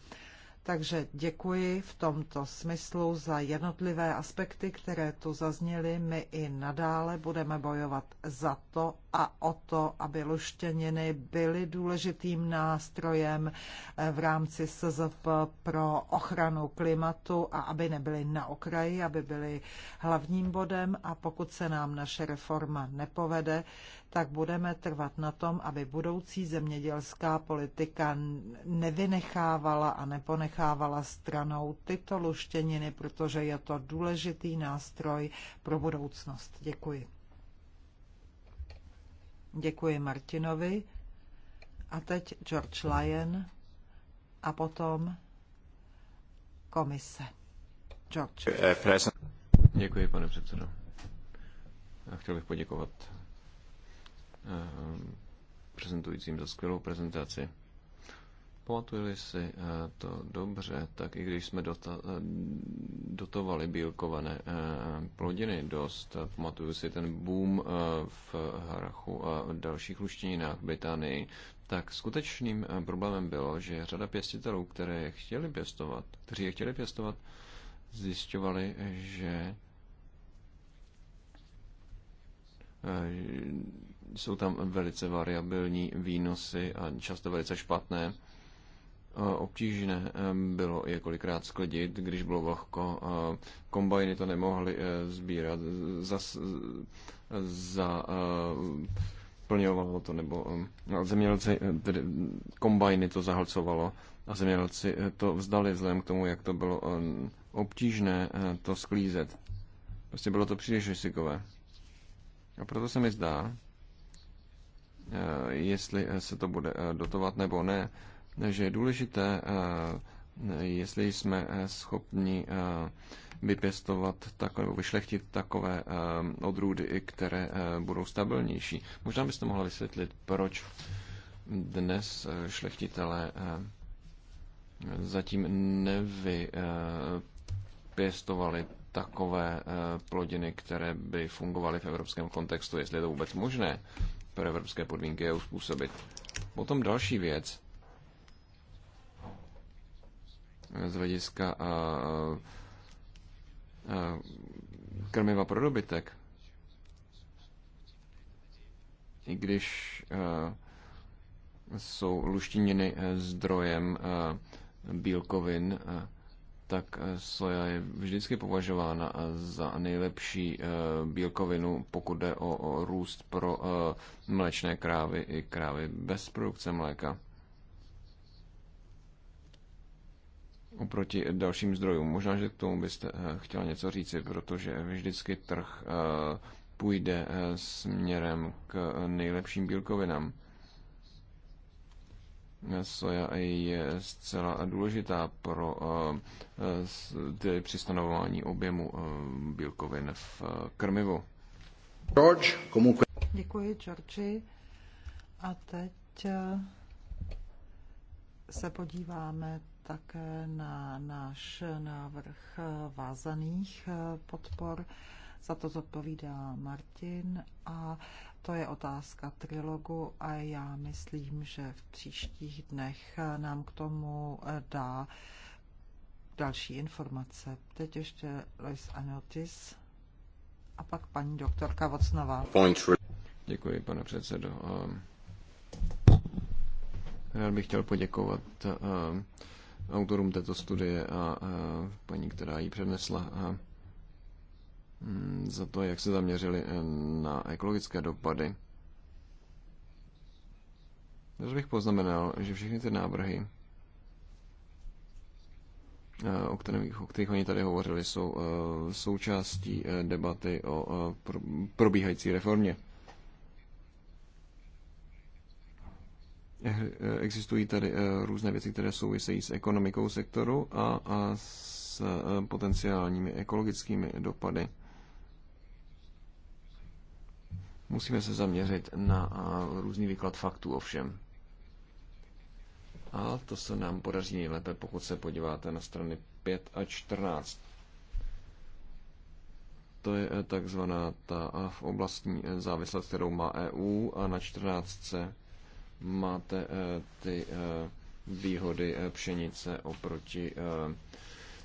Takže děkuji v tomto smyslu za jednotlivé aspekty, které tu zazněly. My i nadále budeme bojovat za to a o to, aby luštěniny byly důležitým nástrojem eh, v rámci SZP pro ochranu klimatu a aby nebyly na okraji, aby byly hlavním bodem a pokud se nám naše reforma nepovede, tak budeme trvat na tom, aby budoucí zemědělská politika nevynechávala a neponechávala stranou tyto luštěniny, protože je to důležitý nástroj pro budoucnost. Děkuji. Děkuji Martinovi. A teď George Lyon a potom komise. George. Děkuji, pane předsedo. A chtěl bych poděkovat Eh, prezentujícím za skvělou prezentaci. Pamatujeli si eh, to dobře, tak i když jsme dota, eh, dotovali bílkované plodiny dost, pamatuju si ten boom v harachu a dalších luštěninách v Británii, tak skutečným problémem bylo, že řada pěstitelů, které je chtěli pěstovat, kteří je chtěli pěstovat, zjišťovali, že jsou tam velice variabilní výnosy a často velice špatné. Eh, obtížné eh, bylo je kolikrát sklidit, když bylo vlhko. Eh, kombajny to nemohly sbírat, Zaplňovalo to, nebo no, zemědělci, tedy kombajny to zahlcovalo a zemědělci to vzdali vzhledem k tomu, jak to bylo obtížné to sklízet. Prostě bylo to příliš rizikové. A proto se mi zdá, Eh, jestli eh, se to bude eh, dotovat nebo ne, že je důležité, jestli jsme schopni vypěstovat takové, nebo vyšlechtit takové odrůdy, které budou stabilnější. Možná byste mohla vysvětlit, proč dnes šlechtitelé zatím nevypěstovali takové plodiny, které by fungovaly v evropském kontextu, jestli je to vůbec možné pro evropské podmínky je uspůsobit. Potom další věc z hlediska a, a, krmiva pro dobytek. I když a, jsou luštininy e, zdrojem bílkovin, tak eh, soja je vždycky považována eh, za nejlepší eh, bílkovinu, pokud jde o růst pro mléčné krávy i krávy bez produkce mléka. oproti dalším zdrojům. Možná, že k tomu byste chtěla něco říci, protože vždycky trh půjde směrem k nejlepším bílkovinám soja je zcela důležitá pro eh, tedy při stanovování objemu eh, bílkovin v eh, krmivu. George, komu... Děkuji, Georgi. A teď se podíváme také na náš návrh vázaných podpor. Za to zodpovídá Martin a to je otázka trilogu a já myslím, že v příštích dnech nám k tomu eh, dá další informace. Teď ještě Lois Anotis a pak paní doktorka Vocnová. Děkuji, pane předsedo. Ehm, rád bych chtěl poděkovat ehm, autorům této studie a eh, paní, která ji přednesla. Ehm, Mm, za to, jak se zaměřili eh, na ekologické dopady. Dnes bych poznamenal, že všechny ty návrhy, eh, o kterých, o kterých oni tady hovořili, jsou eh, součástí debaty o probíhající reformě. Existují tady různé věci, které souvisejí s ekonomikou sektoru a, a s potenciálními ekologickými dopady. Musíme se zaměřit na různý výklad faktů ovšem. A to se nám podaří nejlépe, pokud se podíváte na strany 5 a 14. To je e, takzvaná ta v oblastní e, závislost, kterou má EU a na 14 máte e, ty výhody pšenice oproti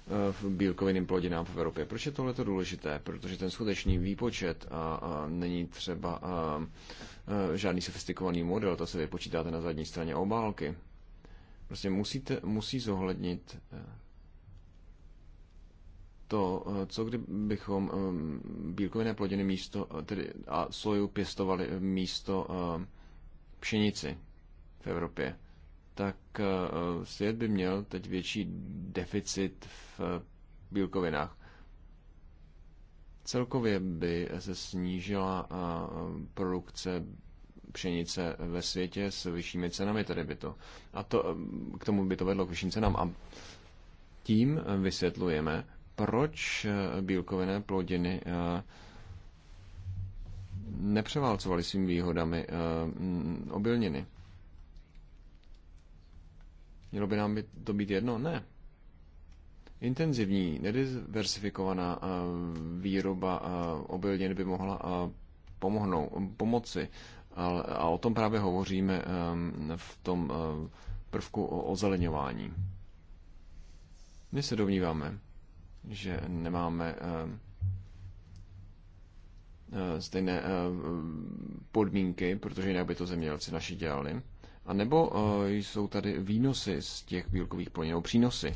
Eh, v bílkovinným plodinám v Evropě. Proč je tohle důležité? Protože ten skutečný výpočet a, a není třeba a, a, žádný sofistikovaný model, to se vypočítáte na zadní straně obálky. Prostě musíte, musí zohlednit eh, to, eh, co kdybychom bílkovinné plodiny místo, tedy a soju pěstovali místo pšenici v Evropě tak eh, svět by měl teď větší deficit v eh, bílkovinách. Celkově by se snížila eh, produkce pšenice ve světě s vyššími cenami, tedy by to. A to, k tomu by to vedlo k vyšším cenám. A tím vysvětlujeme, proč bílkovinné plodiny nepřeválcovaly svým výhodami obilniny. Mělo by nám to být jedno? Ne. Intenzivní, nediversifikovaná eh, výroba eh, obilnin by mohla eh, pomohnou, pomoci. A o tom právě hovoříme v tom prvku o ozeleňování. My se domníváme, že nemáme stejné podmínky, protože jinak by to zemědělci naši dělali. A nebo eh, jsou tady výnosy z těch bílkových plodin, nebo přínosy.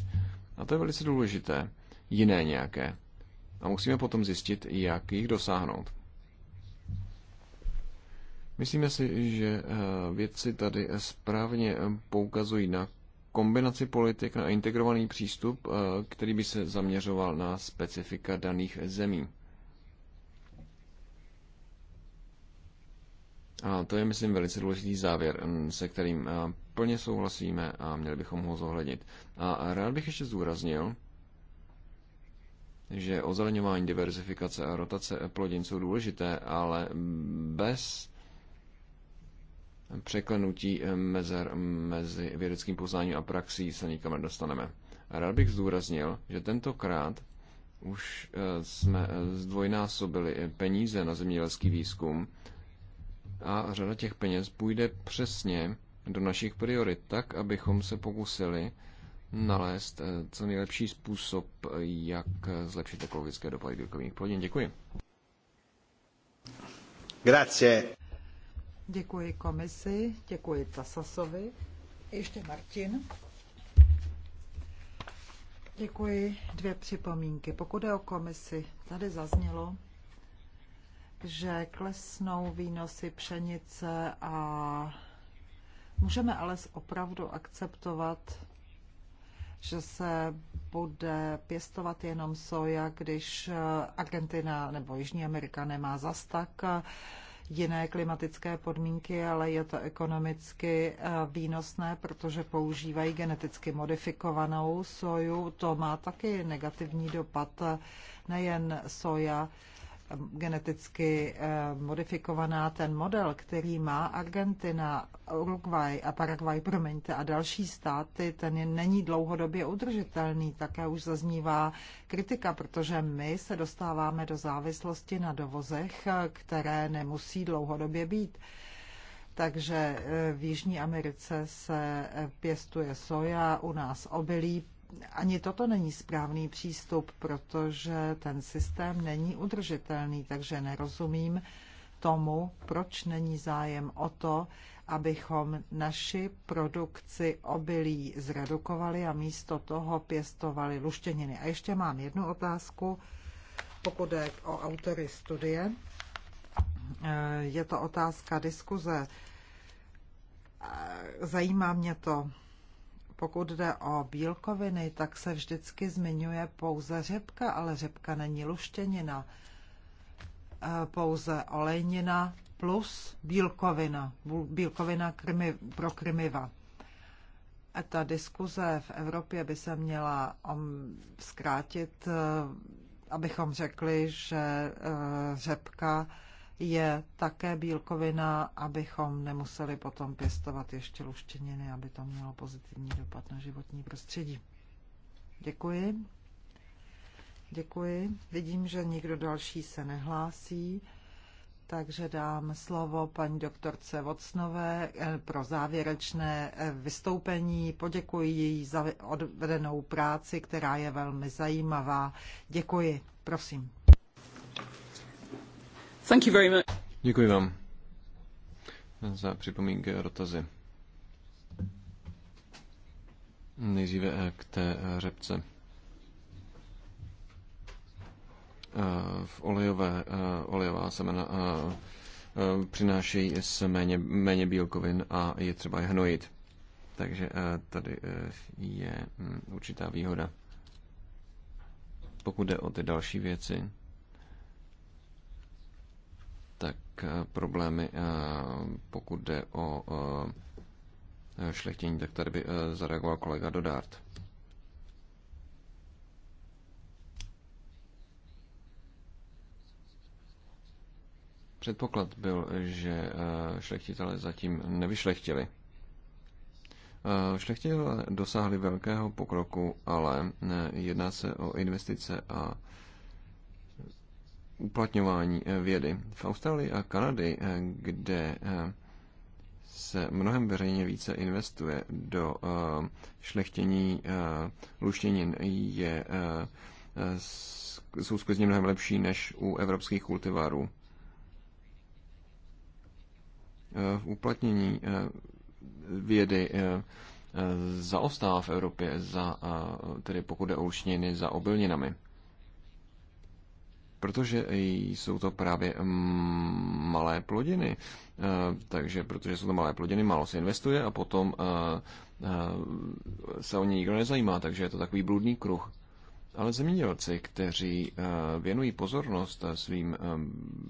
A to je velice důležité. Jiné nějaké. A musíme potom zjistit, jak jich dosáhnout. Myslíme si, že eh, vědci tady správně poukazují na kombinaci politik, na integrovaný přístup, eh, který by se zaměřoval na specifika daných zemí. A to je, myslím, velice důležitý závěr, mm, se kterým plně souhlasíme a měli bychom ho zohlednit. A rád bych ještě zdůraznil, že ozeleňování, diverzifikace a rotace plodin jsou důležité, ale bez překlenutí e, mezer mezi vědeckým poznáním a praxí se nikam nedostaneme. Rád bych zdůraznil, že tentokrát už e, jsme e, zdvojnásobili peníze na zemědělský výzkum a řada těch peněz půjde přesně do našich priorit, tak abychom se pokusili nalézt eh, co nejlepší způsob, jak zlepšit ekologické dopady bílkovinných plodin. Děkuji. Grazie. Děkuji komisi, děkuji Tasasovi. Ještě Martin. Děkuji. Dvě připomínky. Pokud je o komisi, tady zaznělo, že klesnou výnosy pšenice a můžeme ale opravdu akceptovat, že se bude pěstovat jenom soja, když Argentina nebo Jižní Amerika nemá zas tak jiné klimatické podmínky, ale je to ekonomicky eh, výnosné, protože používají geneticky modifikovanou soju. To má taky negativní dopad eh, nejen soja, geneticky eh, modifikovaná, ten model, který má Argentina, Uruguay a Paraguay, promiňte, a další státy, ten je, není dlouhodobě udržitelný. Také už zaznívá kritika, protože my se dostáváme do závislosti na dovozech, které nemusí dlouhodobě být. Takže eh, v Jižní Americe se eh, pěstuje soja, u nás obilí, ani toto není správný přístup, protože ten systém není udržitelný, takže nerozumím tomu, proč není zájem o to, abychom naši produkci obilí zredukovali a místo toho pěstovali luštěniny. A ještě mám jednu otázku, pokud je o autory studie. Je to otázka diskuze. Zajímá mě to, pokud jde o bílkoviny, tak se vždycky zmiňuje pouze řepka, ale řepka není luštěnina. E, pouze olejnina plus bílkovina, bílkovina krmi, pro krmiva. A ta diskuze v Evropě by se měla um, zkrátit, e, abychom řekli, že e, řepka je také bílkovina, abychom nemuseli potom pěstovat ještě luštěniny, aby to mělo pozitivní dopad na životní prostředí. Děkuji. Děkuji. Vidím, že nikdo další se nehlásí, takže dám slovo paní doktorce Vocnové eh, pro závěrečné eh, vystoupení. Poděkuji její za odvedenou práci, která je velmi zajímavá. Děkuji. Prosím. Děkuji vám za připomínky a dotazy. Nejdříve eh, k té eh, řepce. Eh, v olejové, olejová semena přinášejí se méně, méně bílkovin a je třeba je hnojit. Takže tady je mm, určitá výhoda. Pokud jde o ty další věci, Eh, problémy, eh, pokud jde o eh, šlechtění, tak tady by zareagoval kolega Dodart. Předpoklad byl, že šlechtitele zatím nevyšlechtili. Šlechtitele dosáhli velkého pokroku, ale jedná se o investice a uplatňování eh, vědy. V Austrálii a Kanady, eh, kde eh, se mnohem veřejně více investuje do šlechtění luštěnin, je, jsou skutečně mnohem lepší než u evropských kultivarů. V uplatnění vědy zaostává v Evropě, za, tedy pokud jde o luštěniny, za obilninami protože jsou to právě mm, malé plodiny. Eh, takže protože jsou to malé plodiny, málo se investuje a potom eh, eh, se o ně nikdo nezajímá, takže je to takový bludný kruh. Ale zemědělci, kteří věnují pozornost svým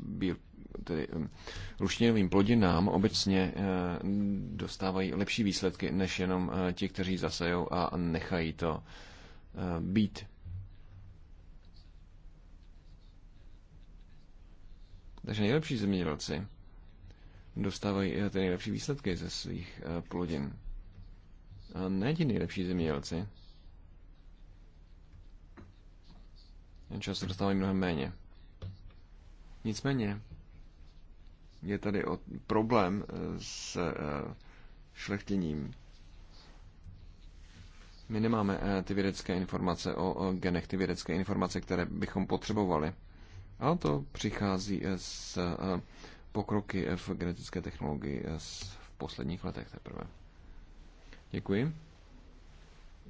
bíl, tedy luštěnovým plodinám, obecně dostávají lepší výsledky, než jenom ti, kteří zasejou a nechají to být. Takže nejlepší zemědělci dostávají eh, ty nejlepší výsledky ze svých eh, plodin. A ne ti nejlepší zemědělci. Často dostávají mnohem méně. Nicméně je tady o problém eh, s šlechtěním. My nemáme ty vědecké informace o genech, ty vědecké informace, které bychom potřebovali a to přichází z eh, eh, pokroky eh, v genetické technologii v posledních letech teprve. Děkuji.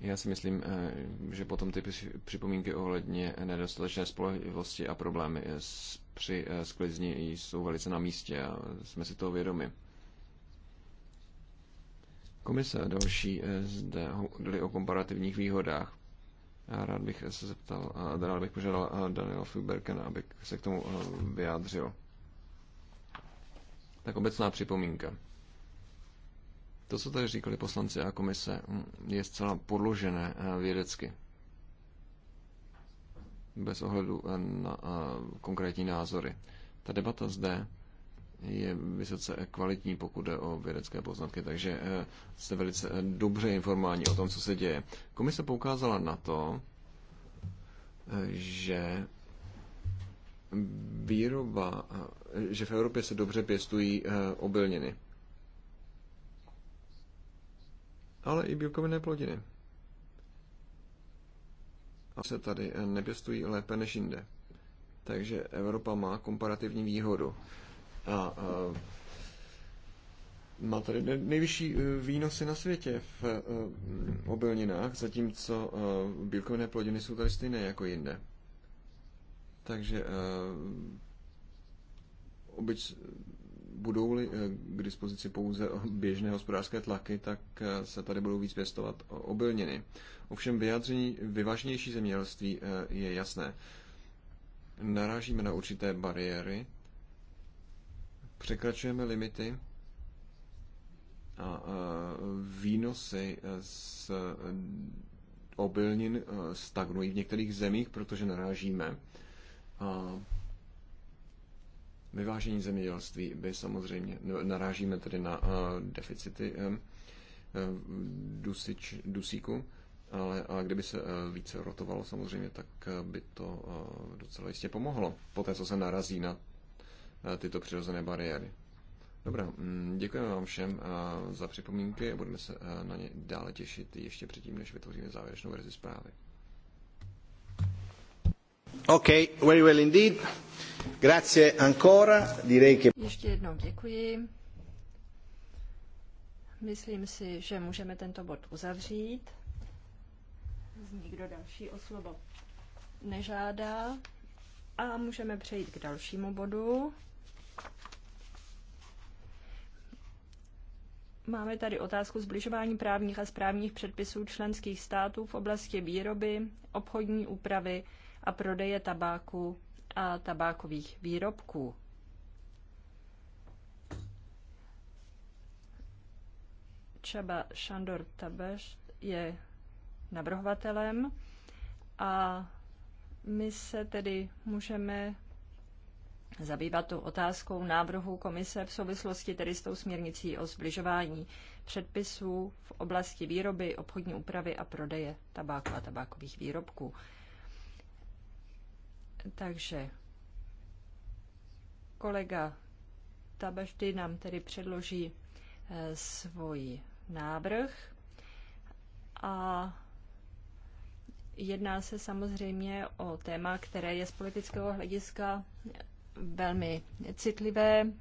Já si myslím, že potom ty připomínky ohledně nedostatečné spolehlivosti a problémy při sklizni jsou velice na místě a jsme si toho vědomi. Komise a další zde hovořili o komparativních výhodách. Já rád bych se zeptal, a rád bych požádal Daniela Filberkena, aby se k tomu vyjádřil. Tak obecná připomínka. To, co tady říkali poslanci a komise, je zcela podložené vědecky. Bez ohledu na konkrétní názory. Ta debata zde je vysoce kvalitní, pokud jde o vědecké poznatky, takže eh, jste velice eh, dobře informováni o tom, co se děje. Komise poukázala na to, eh, že výroba, že v Evropě se dobře pěstují obilniny. Ale i bílkovinné plodiny. A se tady nepěstují lépe než jinde. Takže Evropa má komparativní výhodu a má tady nejvyšší e, výnosy na světě v e, obilninách, zatímco e, bílkovinné plodiny jsou tady stejné jako jinde. Takže obyč, budou-li k dispozici pouze běžné hospodářské tlaky, tak se tady budou víc pěstovat obilniny. Ovšem vyjádření vyvážnější zemědělství je jasné. Narážíme na určité bariéry, překračujeme limity a výnosy z obilnin stagnují v některých zemích, protože narážíme. A vyvážení zemědělství by samozřejmě, no, narážíme tedy na deficity dusič, dusíku, ale a kdyby se e, více rotovalo samozřejmě, tak e, by to e, docela jistě pomohlo. Poté, co se narazí na Eh, tyto přirozené bariéry. Dobrá, mm, děkujeme vám všem eh, za připomínky a budeme se eh, na ně dále těšit ještě předtím, než vytvoříme závěrečnou verzi zprávy. OK, very well indeed. Grazie ancora. Direi che... Ještě jednou děkuji. Myslím si, že můžeme tento bod uzavřít. Nikdo další o slovo nežádá. A můžeme přejít k dalšímu bodu. Máme tady otázku zbližování právních a správních předpisů členských států v oblasti výroby, obchodní úpravy a prodeje tabáku a tabákových výrobků. Čaba Šandor Tabeš je navrhovatelem a my se tedy můžeme zabývat tu otázkou návrhu komise v souvislosti tedy s tou směrnicí o zbližování předpisů v oblasti výroby, obchodní úpravy a prodeje tabáku a tabákových výrobků. Takže kolega Tabaždy nám tedy předloží eh, svůj návrh a jedná se samozřejmě o téma, které je z politického hlediska velmi citlivé. E,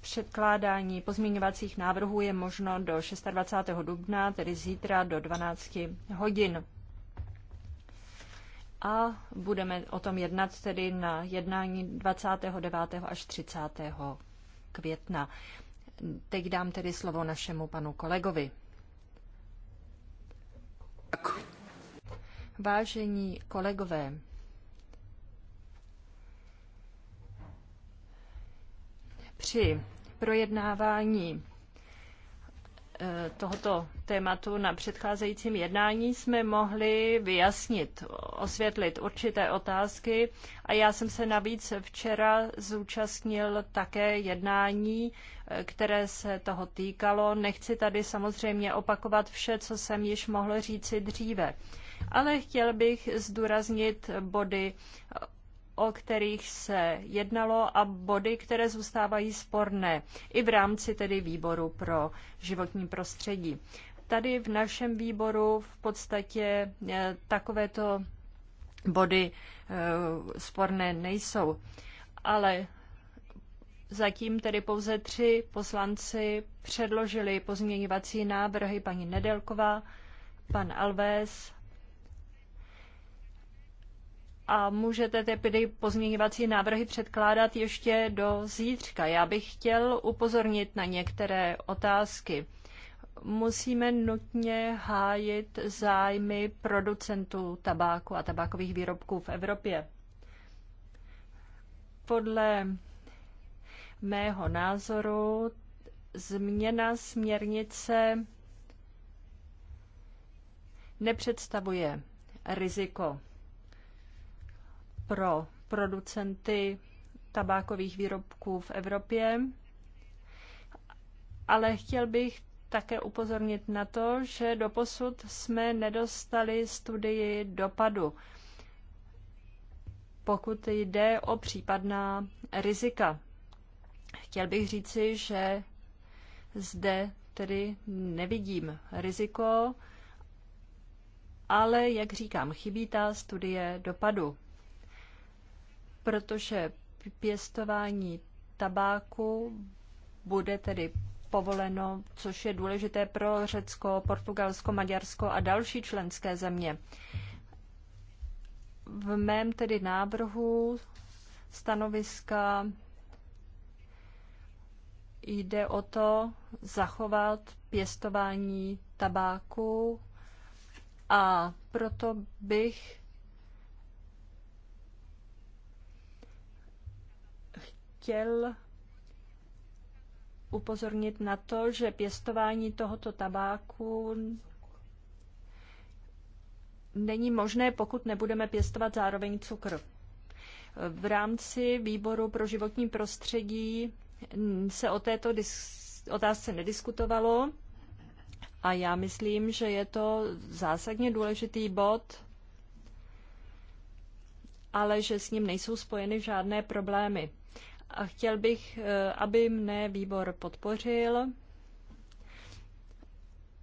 předkládání pozměňovacích návrhů je možno do 26. dubna, tedy zítra do 12 hodin. A budeme o tom jednat tedy na jednání 29. až 30. května. Teď dám tedy slovo našemu panu kolegovi. Vážení kolegové, při projednávání eh, tohoto tématu na předcházejícím jednání jsme mohli vyjasnit, osvětlit určité otázky a já jsem se navíc včera zúčastnil také jednání, eh, které se toho týkalo. Nechci tady samozřejmě opakovat vše, co jsem již mohl říci dříve, ale chtěl bych zdůraznit body, o kterých se jednalo a body, které zůstávají sporné i v rámci tedy výboru pro životní prostředí. Tady v našem výboru v podstatě eh, takovéto body eh, sporné nejsou. Ale zatím tedy pouze tři poslanci předložili pozměňovací návrhy paní Nedelková, pan Alves a můžete tedy pozměňovací návrhy předkládat ještě do zítřka. Já bych chtěl upozornit na některé otázky. Musíme nutně hájit zájmy producentů tabáku a tabákových výrobků v Evropě. Podle mého názoru změna směrnice nepředstavuje riziko pro producenty tabákových výrobků v Evropě, ale chtěl bych také upozornit na to, že doposud jsme nedostali studii dopadu, pokud jde o případná rizika. Chtěl bych říci, že zde tedy nevidím riziko, ale, jak říkám, chybí ta studie dopadu protože pěstování tabáku bude tedy povoleno, což je důležité pro Řecko, Portugalsko, Maďarsko a další členské země. V mém tedy návrhu stanoviska jde o to zachovat pěstování tabáku a proto bych chtěl upozornit na to, že pěstování tohoto tabáku není možné, pokud nebudeme pěstovat zároveň cukr. V rámci výboru pro životní prostředí se o této otázce nediskutovalo a já myslím, že je to zásadně důležitý bod, ale že s ním nejsou spojeny žádné problémy a chtěl bych, eh, aby mne výbor podpořil.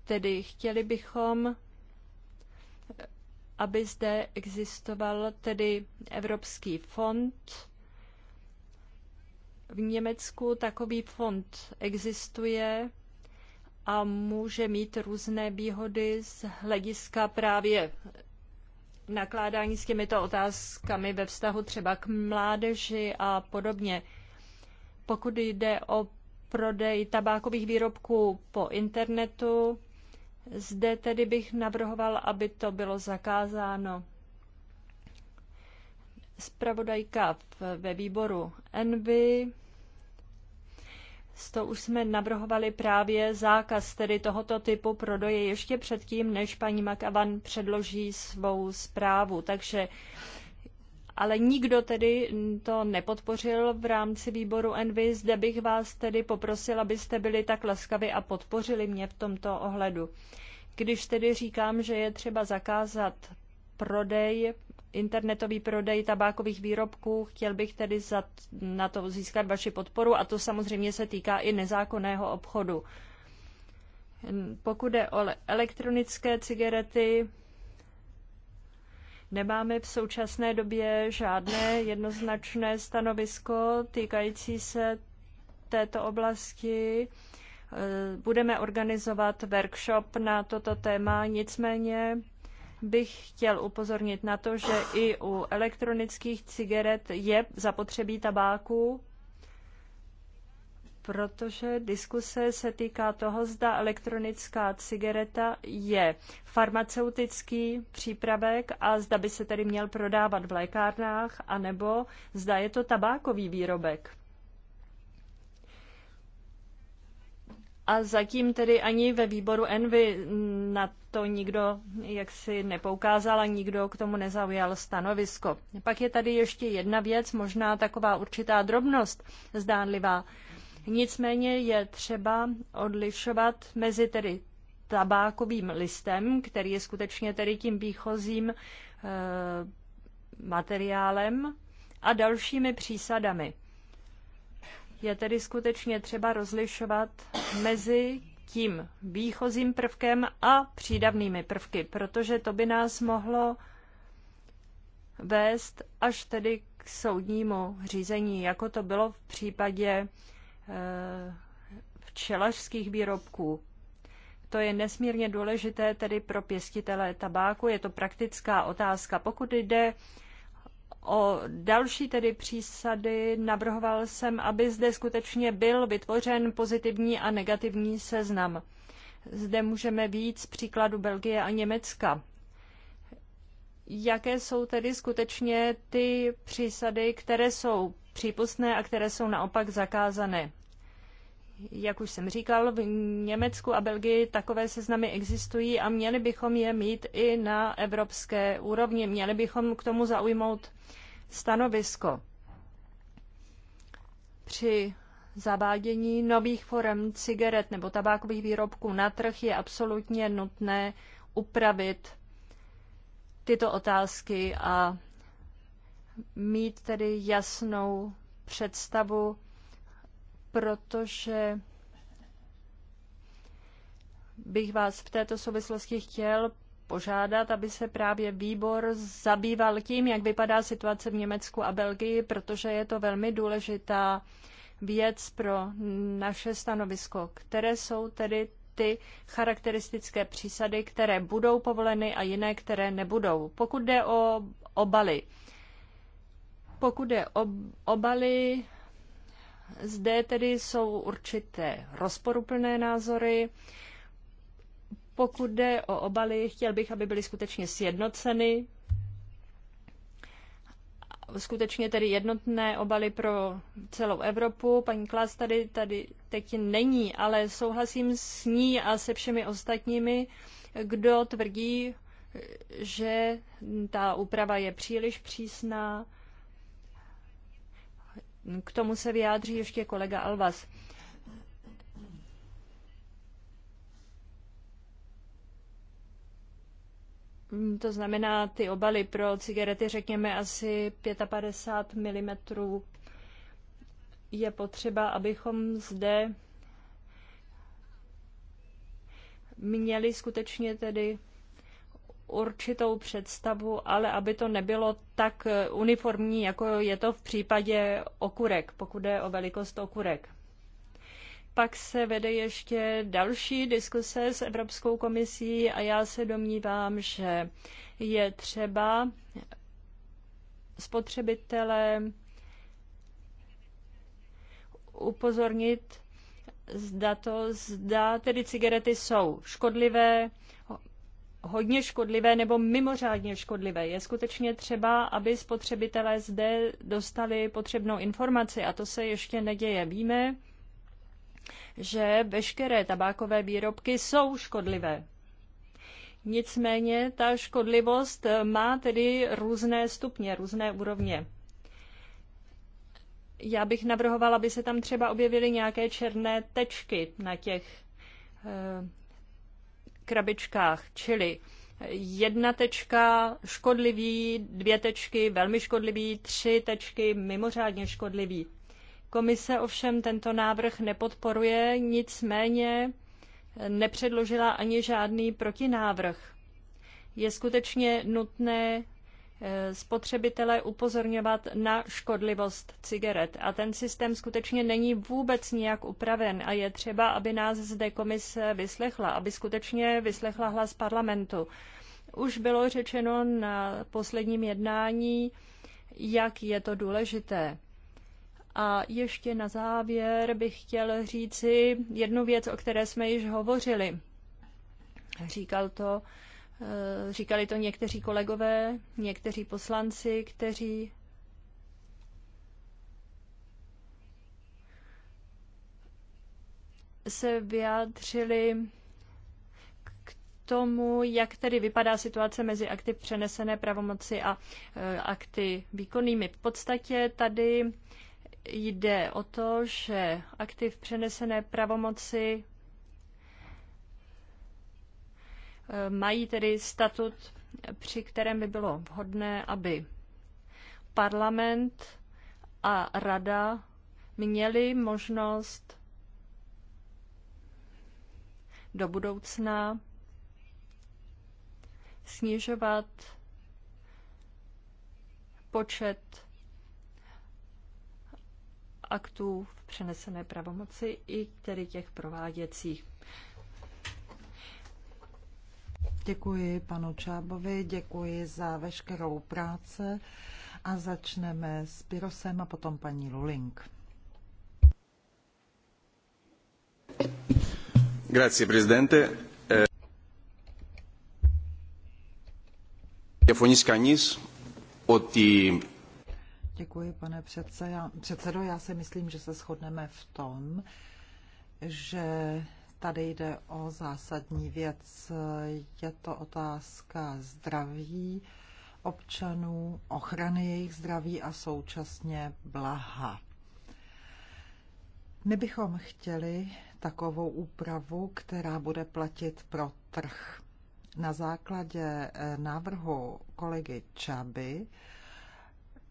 Tedy chtěli bychom, eh, aby zde existoval tedy Evropský fond. V Německu takový fond existuje a může mít různé výhody z hlediska právě nakládání s těmito otázkami ve vztahu třeba k mládeži a podobně. Pokud jde o prodej tabákových výrobků po internetu, zde tedy bych navrhoval, aby to bylo zakázáno. Spravodajka ve výboru Envy to už jsme navrhovali právě zákaz tedy tohoto typu prodoje ještě předtím, než paní Makavan předloží svou zprávu. Takže ale nikdo tedy to nepodpořil v rámci výboru Envy. Zde bych vás tedy poprosil, abyste byli tak laskavi a podpořili mě v tomto ohledu. Když tedy říkám, že je třeba zakázat prodej, internetový prodej tabákových výrobků, chtěl bych tedy za, na to získat vaši podporu a to samozřejmě se týká i nezákonného obchodu. Pokud je o elektronické cigarety, Nemáme v současné době žádné jednoznačné stanovisko týkající se této oblasti. Eh, budeme organizovat workshop na toto téma, nicméně bych chtěl upozornit na to, že i u elektronických cigaret je zapotřebí tabáku protože diskuse se týká toho, zda elektronická cigareta je farmaceutický přípravek a zda by se tedy měl prodávat v lékárnách, anebo zda je to tabákový výrobek. A zatím tedy ani ve výboru Envy na to nikdo jaksi nepoukázal a nikdo k tomu nezaujal stanovisko. Pak je tady ještě jedna věc, možná taková určitá drobnost zdánlivá. Nicméně je třeba odlišovat mezi tedy tabákovým listem, který je skutečně tedy tím výchozím eh, materiálem a dalšími přísadami. Je tedy skutečně třeba rozlišovat mezi tím výchozím prvkem a přídavnými prvky, protože to by nás mohlo vést až tedy k soudnímu řízení, jako to bylo v případě Eh, včelařských výrobků. To je nesmírně důležité tedy pro pěstitele tabáku, je to praktická otázka. Pokud jde o další tedy přísady, navrhoval jsem, aby zde skutečně byl vytvořen pozitivní a negativní seznam. Zde můžeme víc příkladu Belgie a Německa. Jaké jsou tedy skutečně ty přísady, které jsou přípustné a které jsou naopak zakázané? Jak už jsem říkal, v Německu a Belgii takové seznamy existují a měli bychom je mít i na evropské úrovni. Měli bychom k tomu zaujmout stanovisko. Při zavádění nových forem cigaret nebo tabákových výrobků na trh je absolutně nutné upravit tyto otázky a mít tedy jasnou představu protože bych vás v této souvislosti chtěl požádat, aby se právě výbor zabýval tím, jak vypadá situace v Německu a Belgii, protože je to velmi důležitá věc pro naše stanovisko, které jsou tedy ty charakteristické přísady, které budou povoleny a jiné, které nebudou. Pokud jde o obaly, pokud jde o obaly zde tedy jsou určité rozporuplné názory. Pokud jde o obaly, chtěl bych, aby byly skutečně sjednoceny. Skutečně tedy jednotné obaly pro celou Evropu. Paní Klas tady, tady teď není, ale souhlasím s ní a se všemi ostatními, kdo tvrdí, že ta úprava je příliš přísná k tomu se vyjádří ještě kolega Alvas. Mm, to znamená, ty obaly pro cigarety, řekněme, asi 55 mm je potřeba, abychom zde měli skutečně tedy určitou představu, ale aby to nebylo tak eh, uniformní, jako je to v případě okurek, pokud je o velikost okurek. Pak se vede ještě další diskuse s Evropskou komisí a já se domnívám, že je třeba spotřebitele upozornit, zda to, zda tedy cigarety jsou škodlivé, hodně škodlivé nebo mimořádně škodlivé. Je skutečně třeba, aby spotřebitelé zde dostali potřebnou informaci a to se ještě neděje. Víme, že veškeré tabákové výrobky jsou škodlivé. Nicméně ta škodlivost má tedy různé stupně, různé úrovně. Já bych navrhovala, aby se tam třeba objevily nějaké černé tečky na těch eh, krabičkách, čili jedna tečka škodlivý, dvě tečky velmi škodlivý, tři tečky mimořádně škodlivý. Komise ovšem tento návrh nepodporuje, nicméně nepředložila ani žádný protinávrh. Je skutečně nutné Eh, spotřebitele upozorňovat na škodlivost cigaret. A ten systém skutečně není vůbec nijak upraven a je třeba, aby nás zde komise vyslechla, aby skutečně vyslechla hlas parlamentu. Už bylo řečeno na posledním jednání, jak je to důležité. A ještě na závěr bych chtěl říci jednu věc, o které jsme již hovořili. Říkal to Eh, říkali to někteří kolegové, někteří poslanci, kteří se vyjádřili k tomu, jak tedy vypadá situace mezi akty přenesené pravomoci a eh, akty výkonnými. V podstatě tady jde o to, že v přenesené pravomoci Eh, mají tedy statut, při kterém by bylo vhodné, aby parlament a rada měli možnost do budoucna snižovat počet aktů v přenesené pravomoci i tedy těch prováděcích. Děkuji panu Čábovi, děkuji za veškerou práce a začneme s Pyrosem a potom paní Luling. Grazie, prezidente. Διαφωνείς κανείς ότι Děkuji, pane předsedo. Já si myslím, že se shodneme v tom, že tady jde o zásadní věc. Je to otázka zdraví občanů, ochrany jejich zdraví a současně blaha. My bychom chtěli takovou úpravu, která bude platit pro trh. Na základě eh, návrhu kolegy Čaby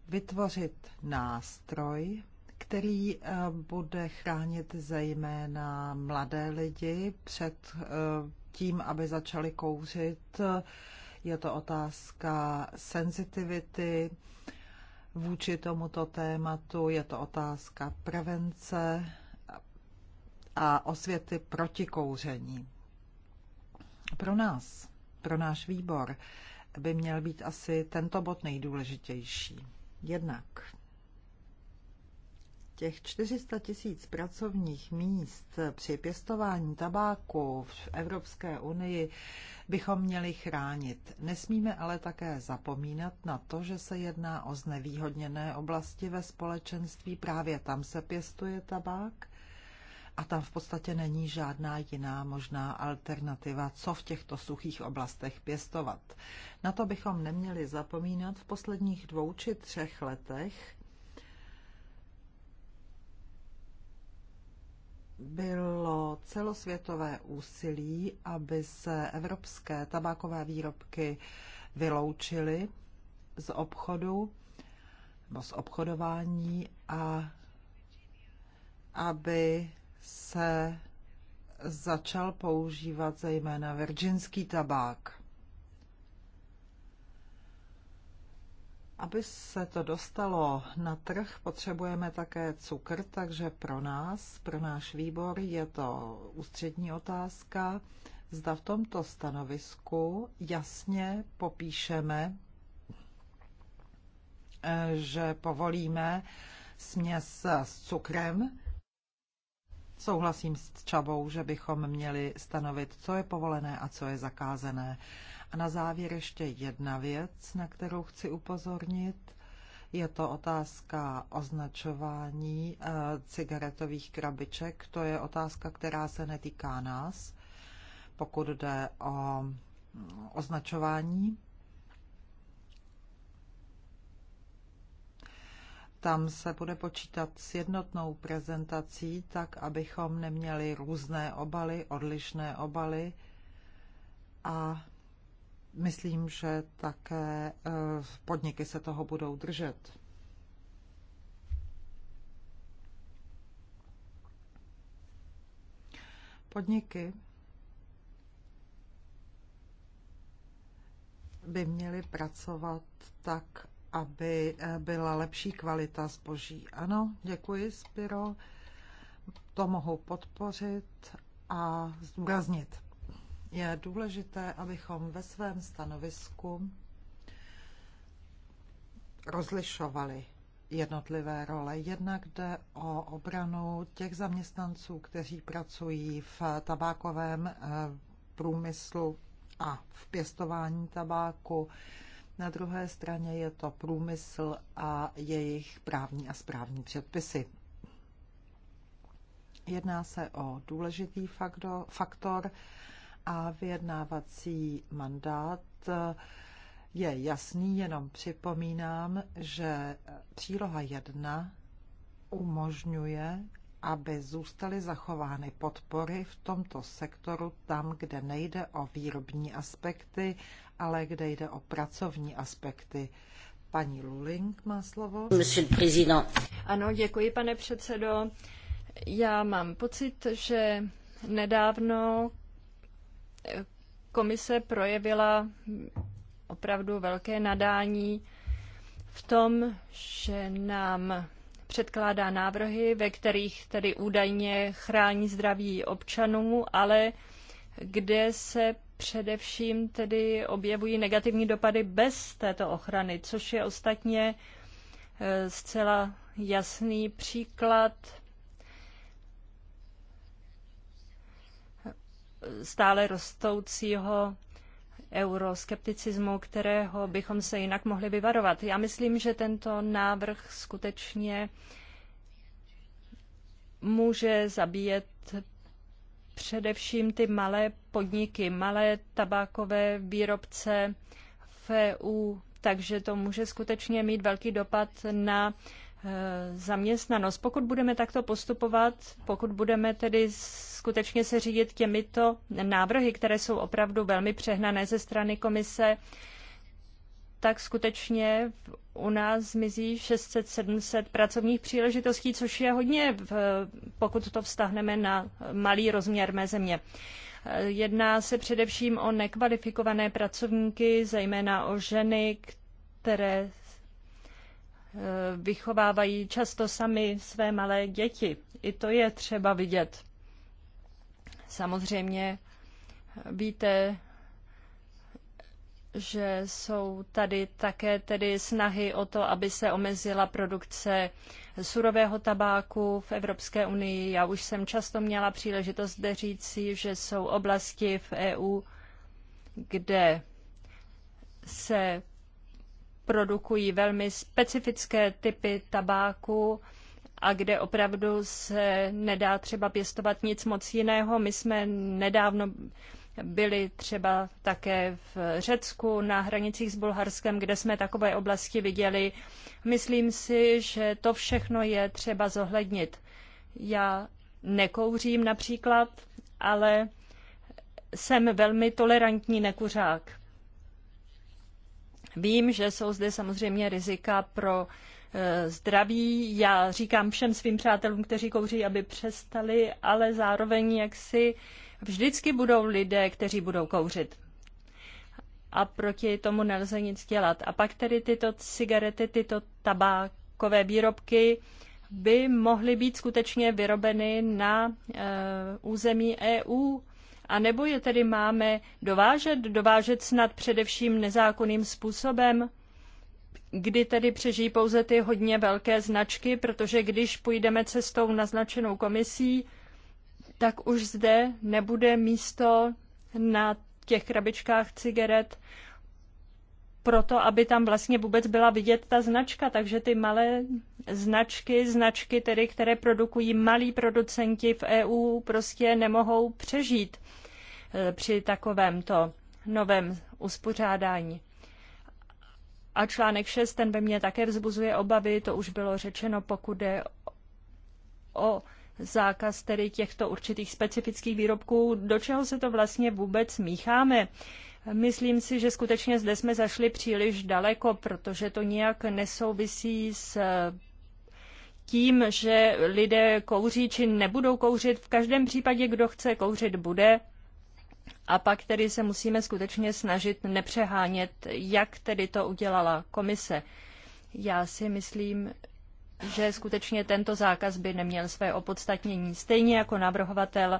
vytvořit nástroj, který eh, bude chránit zejména mladé lidi před eh, tím, aby začali kouřit. Je to otázka senzitivity vůči tomuto tématu, je to otázka prevence a osvěty proti kouření. Pro nás, pro náš výbor, by měl být asi tento bod nejdůležitější. Jednak těch 400 tisíc pracovních míst při pěstování tabáku v Evropské unii bychom měli chránit. Nesmíme ale také zapomínat na to, že se jedná o znevýhodněné oblasti ve společenství. Právě tam se pěstuje tabák a tam v podstatě není žádná jiná možná alternativa, co v těchto suchých oblastech pěstovat. Na to bychom neměli zapomínat v posledních dvou či třech letech bylo celosvětové úsilí, aby se evropské tabákové výrobky vyloučily z obchodu nebo z obchodování a aby se začal používat zejména virginský tabák. Aby se to dostalo na trh, potřebujeme také cukr, takže pro nás, pro náš výbor je to ústřední otázka, zda v tomto stanovisku jasně popíšeme, eh, že povolíme směs s cukrem. Souhlasím s Čabou, že bychom měli stanovit, co je povolené a co je zakázané. A na závěr ještě jedna věc, na kterou chci upozornit. Je to otázka označování eh, cigaretových krabiček. To je otázka, která se netýká nás, pokud jde o mm, označování. Tam se bude počítat s jednotnou prezentací, tak abychom neměli různé obaly, odlišné obaly a Myslím, že také eh, podniky se toho budou držet. Podniky by měly pracovat tak, aby eh, byla lepší kvalita zboží. Ano, děkuji, Spiro. To mohu podpořit a zdůraznit je důležité, abychom ve svém stanovisku rozlišovali jednotlivé role. Jednak jde o obranu těch zaměstnanců, kteří pracují v tabákovém eh, průmyslu a v pěstování tabáku. Na druhé straně je to průmysl a jejich právní a správní předpisy. Jedná se o důležitý faktor, faktor a vyjednávací mandát eh, je jasný, jenom připomínám, že příloha 1 umožňuje, aby zůstaly zachovány podpory v tomto sektoru tam, kde nejde o výrobní aspekty, ale kde jde o pracovní aspekty. Paní Luling má slovo. Ano, děkuji, pane předsedo. Já mám pocit, že nedávno komise projevila opravdu velké nadání v tom, že nám předkládá návrhy, ve kterých tedy údajně chrání zdraví občanů, ale kde se především tedy objevují negativní dopady bez této ochrany, což je ostatně eh, zcela jasný příklad stále rostoucího euroskepticismu, kterého bychom se jinak mohli vyvarovat. Já myslím, že tento návrh skutečně může zabíjet především ty malé podniky, malé tabákové výrobce v EU, takže to může skutečně mít velký dopad na Eh, zaměstnanost. Pokud budeme takto postupovat, pokud budeme tedy skutečně se řídit těmito návrhy, které jsou opravdu velmi přehnané ze strany komise, tak skutečně u nás zmizí 600-700 pracovních příležitostí, což je hodně, pokud to vztahneme na malý rozměr mé země. Eh, jedná se především o nekvalifikované pracovníky, zejména o ženy, které Eh, vychovávají často sami své malé děti. I to je třeba vidět. Samozřejmě eh, víte, že jsou tady také tedy snahy o to, aby se omezila produkce surového tabáku v Evropské unii. Já už jsem často měla příležitost zde říci, že jsou oblasti v EU, kde se produkují velmi specifické typy tabáku a kde opravdu se nedá třeba pěstovat nic moc jiného. My jsme nedávno byli třeba také v Řecku na hranicích s Bulharskem, kde jsme takové oblasti viděli. Myslím si, že to všechno je třeba zohlednit. Já nekouřím například, ale jsem velmi tolerantní nekuřák. Vím, že jsou zde samozřejmě rizika pro e, zdraví. Já říkám všem svým přátelům, kteří kouří, aby přestali, ale zároveň jak si vždycky budou lidé, kteří budou kouřit. A proti tomu nelze nic dělat. A pak tedy tyto cigarety, tyto tabákové výrobky by mohly být skutečně vyrobeny na e, území EU a nebo je tedy máme dovážet, dovážet snad především nezákonným způsobem? kdy tedy přežijí pouze ty hodně velké značky, protože když půjdeme cestou naznačenou komisí, tak už zde nebude místo na těch krabičkách cigaret proto, aby tam vlastně vůbec byla vidět ta značka. Takže ty malé značky, značky tedy, které produkují malí producenti v EU, prostě nemohou přežít e, při takovémto novém uspořádání. A článek 6, ten ve mně také vzbuzuje obavy, to už bylo řečeno, pokud je o zákaz tedy těchto určitých specifických výrobků, do čeho se to vlastně vůbec mícháme. Myslím si, že skutečně zde jsme zašli příliš daleko, protože to nijak nesouvisí s eh, tím, že lidé kouří či nebudou kouřit. V každém případě, kdo chce kouřit, bude. A pak tedy se musíme skutečně snažit nepřehánět, jak tedy to udělala komise. Já si myslím, že skutečně tento zákaz by neměl své opodstatnění. Stejně jako navrhovatel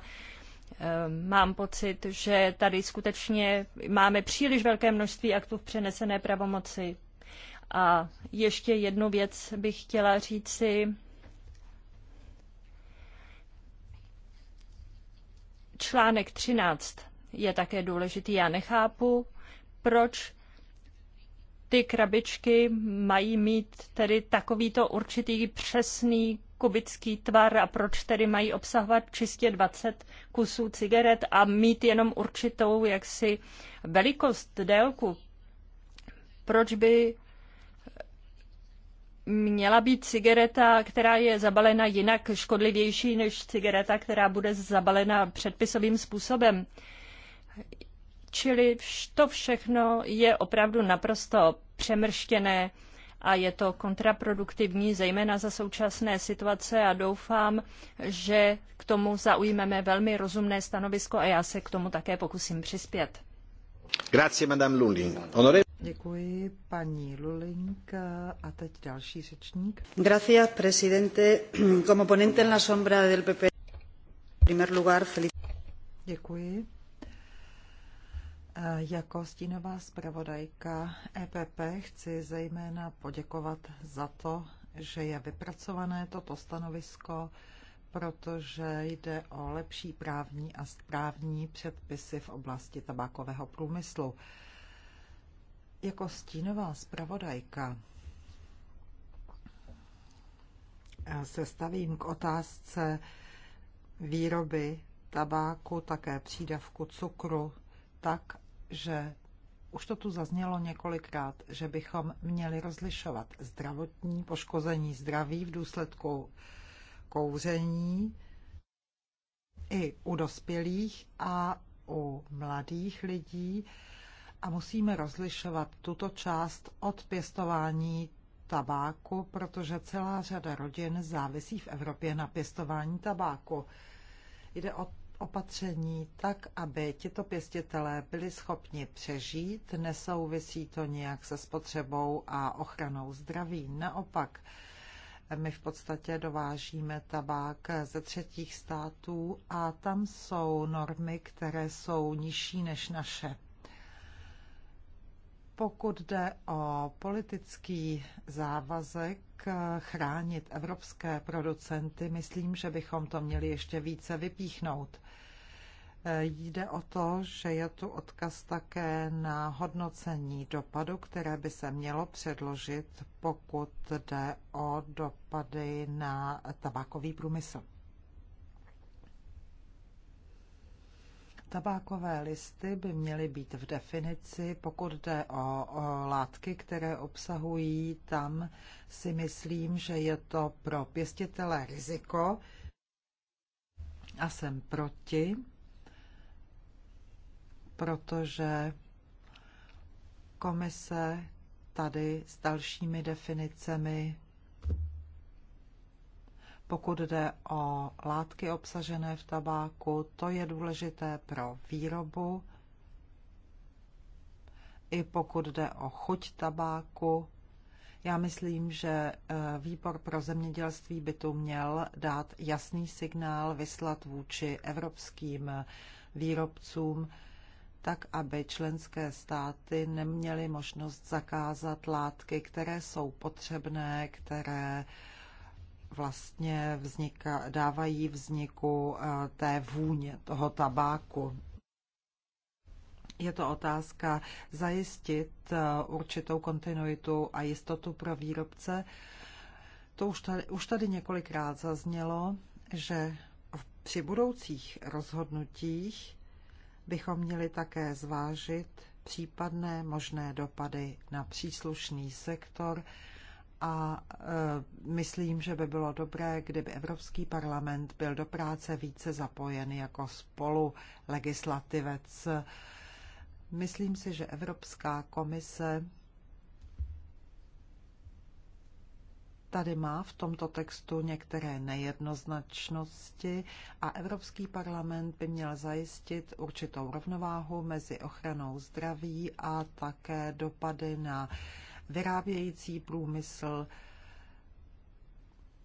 Ehm, mám pocit, že tady skutečně máme příliš velké množství aktů v přenesené pravomoci. A ještě jednu věc bych chtěla říci. Článek 13 je také důležitý. Já nechápu, proč ty krabičky mají mít tedy takovýto určitý přesný kubický tvar a proč tedy mají obsahovat čistě 20 kusů cigaret a mít jenom určitou jaksi velikost, délku. Proč by měla být cigareta, která je zabalena jinak škodlivější než cigareta, která bude zabalena předpisovým způsobem. Čili to všechno je opravdu naprosto přemrštěné a je to kontraproduktivní, zejména za současné situace a doufám, že k tomu zaujmeme velmi rozumné stanovisko a já se k tomu také pokusím přispět. Grazie, Madame Lulling. Honore... Děkuji, paní Luling. A teď další řečník. Gracias, presidente. Como ponente en la sombra del PP, en primer lugar, feliz... Děkuji. Jako stínová zpravodajka EPP chci zejména poděkovat za to, že je vypracované toto stanovisko, protože jde o lepší právní a správní předpisy v oblasti tabákového průmyslu. Jako stínová zpravodajka se stavím k otázce výroby tabáku, také přídavku cukru, tak, že už to tu zaznělo několikrát, že bychom měli rozlišovat zdravotní poškození zdraví v důsledku kouření i u dospělých a u mladých lidí a musíme rozlišovat tuto část od pěstování tabáku, protože celá řada rodin závisí v Evropě na pěstování tabáku. Jde o opatření tak, aby tito pěstitelé byli schopni přežít. Nesouvisí to nějak se spotřebou a ochranou zdraví. Naopak, my v podstatě dovážíme tabák ze třetích států a tam jsou normy, které jsou nižší než naše. Pokud jde o politický závazek chránit evropské producenty, myslím, že bychom to měli ještě více vypíchnout. Jde o to, že je tu odkaz také na hodnocení dopadu, které by se mělo předložit, pokud jde o dopady na tabákový průmysl. Tabákové listy by měly být v definici, pokud jde o, o látky, které obsahují, tam si myslím, že je to pro pěstitele riziko a jsem proti protože komise tady s dalšími definicemi, pokud jde o látky obsažené v tabáku, to je důležité pro výrobu, i pokud jde o chuť tabáku. Já myslím, že eh, výbor pro zemědělství by tu měl dát jasný signál, vyslat vůči evropským eh, výrobcům, tak aby členské státy neměly možnost zakázat látky, které jsou potřebné, které vlastně vzniká, dávají vzniku eh, té vůně, toho tabáku. Je to otázka zajistit eh, určitou kontinuitu a jistotu pro výrobce. To už tady, už tady několikrát zaznělo, že při budoucích rozhodnutích bychom měli také zvážit případné možné dopady na příslušný sektor a e, myslím, že by bylo dobré, kdyby Evropský parlament byl do práce více zapojen jako spolu legislativec. Myslím si, že Evropská komise tady má v tomto textu některé nejednoznačnosti a Evropský parlament by měl zajistit určitou rovnováhu mezi ochranou zdraví a také dopady na vyrábějící průmysl,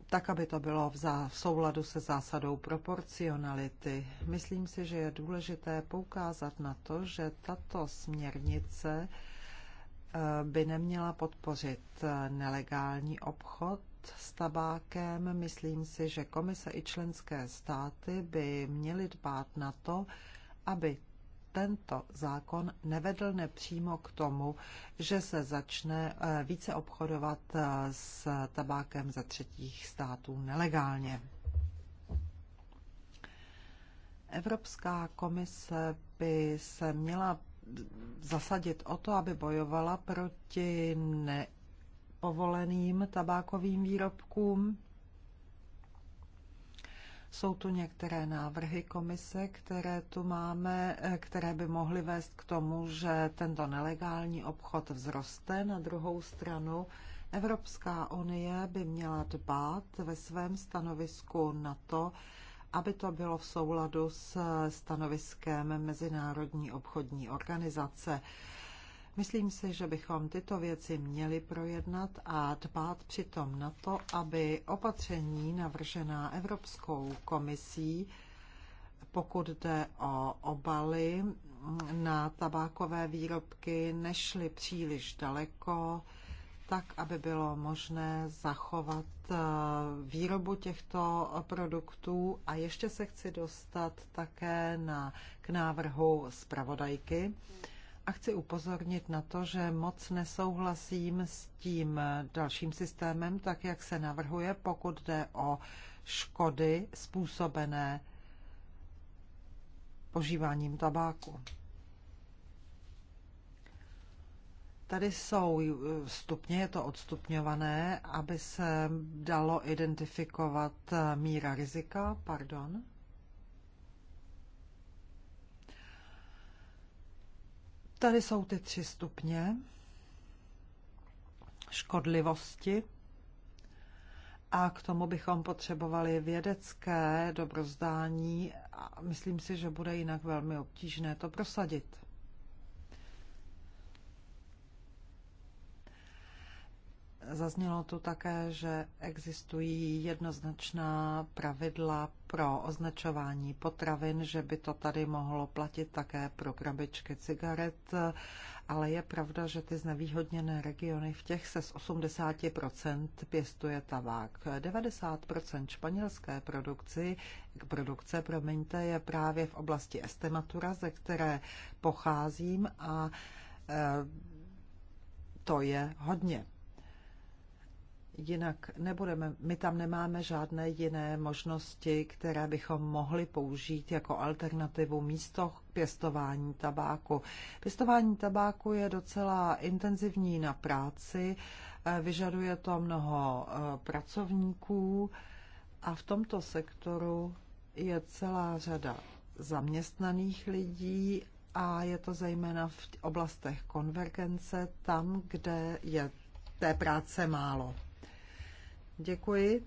tak, aby to bylo v, zá, v souladu se zásadou proporcionality. Myslím si, že je důležité poukázat na to, že tato směrnice by neměla podpořit nelegální obchod s tabákem. Myslím si, že komise i členské státy by měly dbát na to, aby tento zákon nevedl nepřímo k tomu, že se začne eh, více obchodovat eh, s tabákem ze třetích států nelegálně. Evropská komise by se měla zasadit o to, aby bojovala proti nepovoleným tabákovým výrobkům. Jsou tu některé návrhy komise, které tu máme, které by mohly vést k tomu, že tento nelegální obchod vzroste. Na druhou stranu Evropská unie by měla dbát ve svém stanovisku na to, aby to bylo v souladu s stanoviskem Mezinárodní obchodní organizace. Myslím si, že bychom tyto věci měli projednat a dbát přitom na to, aby opatření navržená Evropskou komisí, pokud jde o obaly na tabákové výrobky, nešly příliš daleko, tak, aby bylo možné zachovat eh, výrobu těchto produktů. A ještě se chci dostat také na, k návrhu zpravodajky. A chci upozornit na to, že moc nesouhlasím s tím dalším systémem, tak jak se navrhuje, pokud jde o škody způsobené požíváním tabáku. Tady jsou eh, stupně, je to odstupňované, aby se dalo identifikovat eh, míra rizika, pardon. Tady jsou ty tři stupně škodlivosti. A k tomu bychom potřebovali vědecké dobrozdání. A myslím si, že bude jinak velmi obtížné to prosadit. Zaznělo tu také, že existují jednoznačná pravidla pro označování potravin, že by to tady mohlo platit také pro krabičky cigaret, ale je pravda, že ty znevýhodněné regiony, v těch se z 80% pěstuje tabák. 90% španělské produkci, produkce promiňte, je právě v oblasti Estematura, ze které pocházím a eh, to je hodně. Jinak nebudeme, my tam nemáme žádné jiné možnosti, které bychom mohli použít jako alternativu místo pěstování tabáku. Pěstování tabáku je docela intenzivní na práci, eh, vyžaduje to mnoho eh, pracovníků a v tomto sektoru je celá řada zaměstnaných lidí a je to zejména v oblastech konvergence, tam, kde je té práce málo. Děkuji.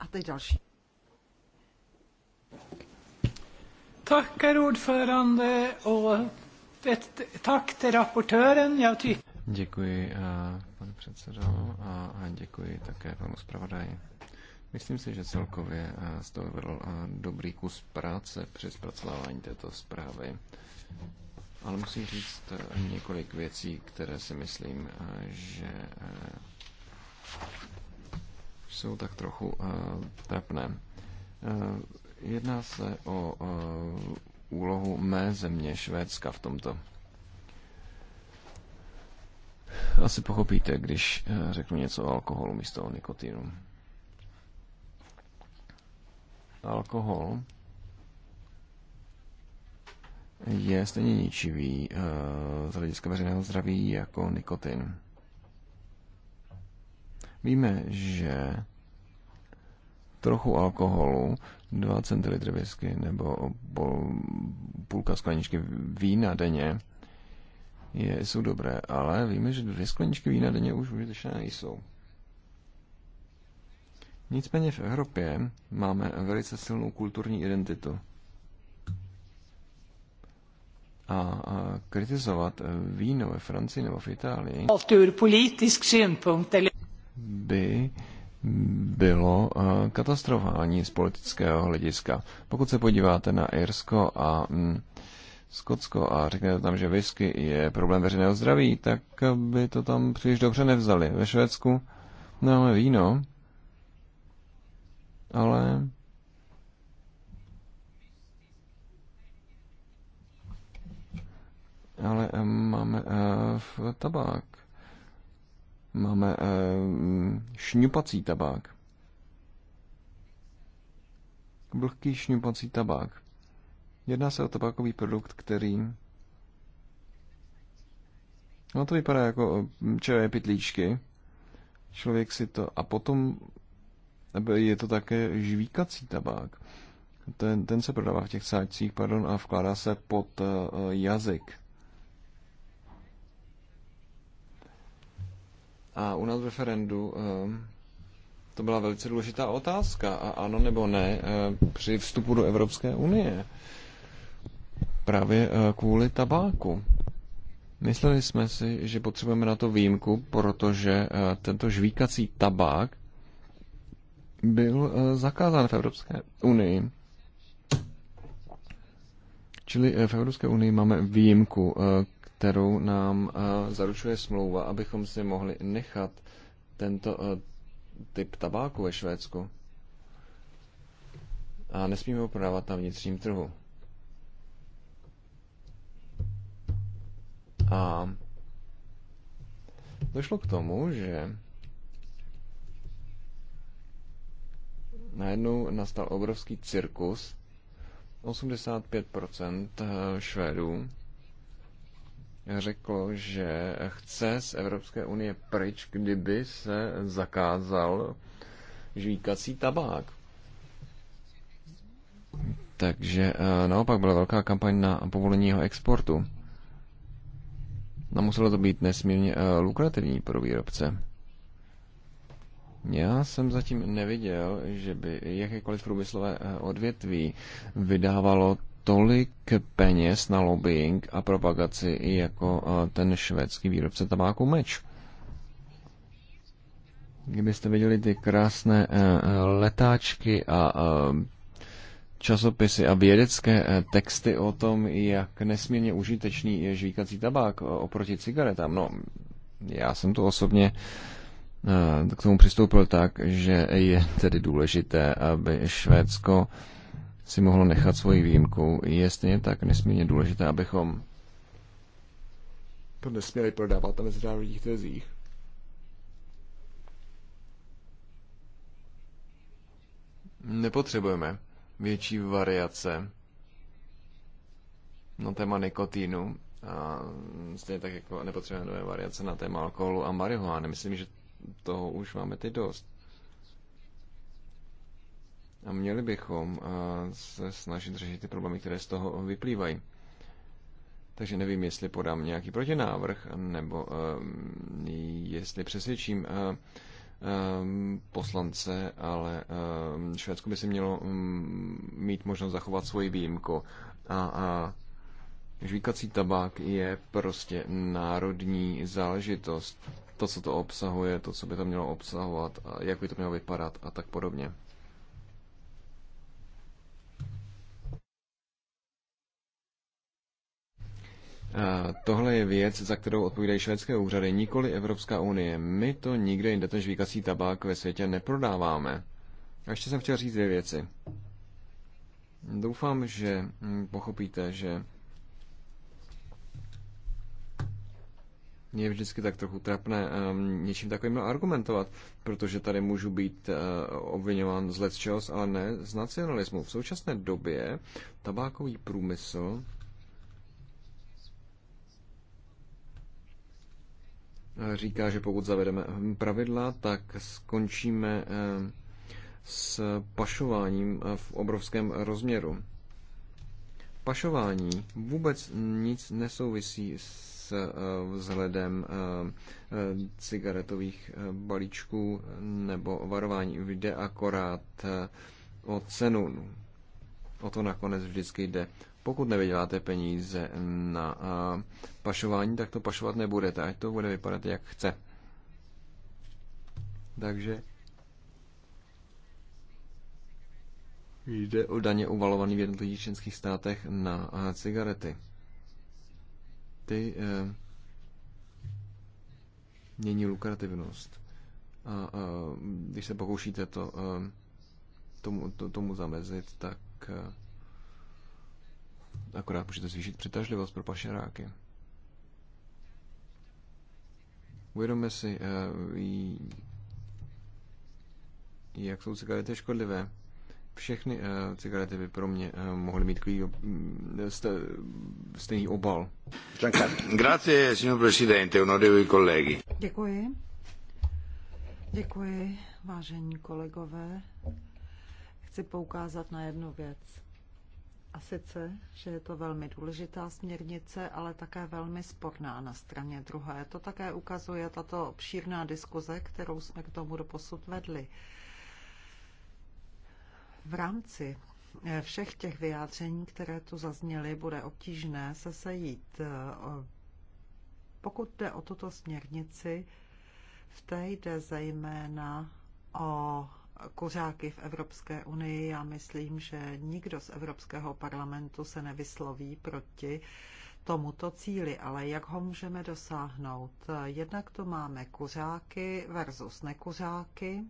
A teď další. Děkuji, eh, pane předsedo, a děkuji také panu zpravodaji. Myslím si, že celkově eh, z toho byl eh, dobrý kus práce při zpracovávání této zprávy. Ale musím říct několik věcí, které si myslím, že jsou tak trochu uh, trapné. Uh, jedná se o uh, úlohu mé země Švédska v tomto. Asi pochopíte, když uh, řeknu něco o alkoholu místo o nikotinu. Alkohol je stejně ničivý uh, z hlediska veřejného zdraví jako nikotin. Víme, že trochu alkoholu, 2 cl whisky nebo půlka skleničky vína denně je, jsou dobré, ale víme, že dvě skleničky vína denně už užitečné nejsou. Nicméně v Evropě máme velice silnou kulturní identitu. A, a kritizovat víno ve Francii nebo v Itálii by bylo eh, katastrofální z politického hlediska. Pokud se podíváte na Irsko a mm, Skotsko a řeknete tam, že whisky je problém veřejného zdraví, tak by to tam příliš dobře nevzali. Ve Švédsku máme víno, ale ale eh, máme eh, v tabák. Máme eh, šňupací tabák. Vlhký šňupací tabák. Jedná se o tabákový produkt, který... No to vypadá jako eh, čeré pitlíčky. Člověk si to... A potom je to také žvíkací tabák. Ten, ten se prodává v těch sáčcích, pardon, a vkládá se pod eh, jazyk. A u nás v referendu ehm, to byla velice důležitá otázka. A ano nebo ne ehm, při vstupu do Evropské unie. Právě eh, kvůli tabáku. Mysleli jsme si, že potřebujeme na to výjimku, protože eh, tento žvíkací tabák byl eh, zakázán v Evropské unii. Čili v Evropské unii máme výjimku kterou nám eh, zaručuje smlouva, abychom si mohli nechat tento eh, typ tabáku ve Švédsku. A nesmíme ho prodávat na vnitřním trhu. A došlo k tomu, že najednou nastal obrovský cirkus. 85% eh, Švédů řeklo, že chce z Evropské unie pryč, kdyby se zakázal žvíkací tabák. Takže eh, naopak byla velká kampaň na povolení jeho exportu. No muselo to být nesmírně eh, lukrativní pro výrobce. Já jsem zatím neviděl, že by jakékoliv průmyslové eh, odvětví vydávalo tolik peněz na lobbying a propagaci jako ten švédský výrobce tabáku Meč. Kdybyste viděli ty krásné e, e, letáčky a časopisy a vědecké e, texty o tom, jak nesmírně užitečný je žvíkací tabák oproti cigaretám. No, já jsem to osobně k tomu přistoupil tak, že je tedy důležité, aby Švédsko si mohlo nechat svoji výjimku, je stejně tak nesmírně důležité, abychom to nesměli prodávat na mezinárodních trzích. Nepotřebujeme větší variace na téma nikotínu a stejně tak jako nepotřebujeme nové variace na téma alkoholu a marihuany. Myslím, že toho už máme teď dost. A měli bychom eh, se snažit řešit ty problémy, které z toho vyplývají. Takže nevím, jestli podám nějaký protinávrh, nebo eh, jestli přesvědčím eh, poslance, ale Švédsko by si mělo mm, mít možnost zachovat svoji výjimku. A, a žvíkací tabák je prostě národní záležitost. To, co to obsahuje, to, co by to mělo obsahovat, jak by to mělo vypadat a tak podobně. Tohle je věc, za kterou odpovídají švédské úřady, nikoli Evropská unie. My to nikde jinde, ten žvíkací tabák ve světě neprodáváme. A ještě jsem chtěl říct dvě věci. Doufám, že hm, pochopíte, že je vždycky tak trochu trapné um, něčím takovým argumentovat, protože tady můžu být uh, eh, obvinován z lecčos, ale ne z nacionalismu. V současné době tabákový průmysl říká, že pokud zavedeme pravidla, tak skončíme eh, s pašováním eh, v obrovském rozměru. Pašování vůbec nic nesouvisí s eh, vzhledem cigaretových balíčků nebo varování. Jde akorát o cenu. O to nakonec vždycky jde pokud nevyděláte peníze na pašování, tak to pašovat nebudete, ať to bude vypadat jak chce. Takže jde o daně uvalované v jednotlivých členských státech na cigarety. Ty eh, mění lukrativnost. A, a když se pokoušíte to, eh, tomu, to, tomu zamezit, tak eh, Akorát můžete zvýšit přitažlivost pro pašeráky. Uvědomme si, eh, jak jsou cigarety škodlivé. Všechny eh, cigarety by pro mě eh, mohly mít klí, mm, stejný obal. Grazie, signor Presidente, onorevoli colleghi. Děkuji. Děkuji, vážení kolegové. Chci poukázat na jednu věc. A sice, že je to velmi důležitá směrnice, ale také velmi sporná na straně druhé. To také ukazuje tato obšírná diskuze, kterou jsme k tomu doposud vedli. V rámci eh, všech těch vyjádření, které tu zazněly, bude obtížné se sejít. Eh, pokud jde o tuto směrnici, v té jde zejména o kuřáky v Evropské unii. Já myslím, že nikdo z Evropského parlamentu se nevysloví proti tomuto cíli, ale jak ho můžeme dosáhnout? Jednak tu máme kuřáky versus nekuřáky.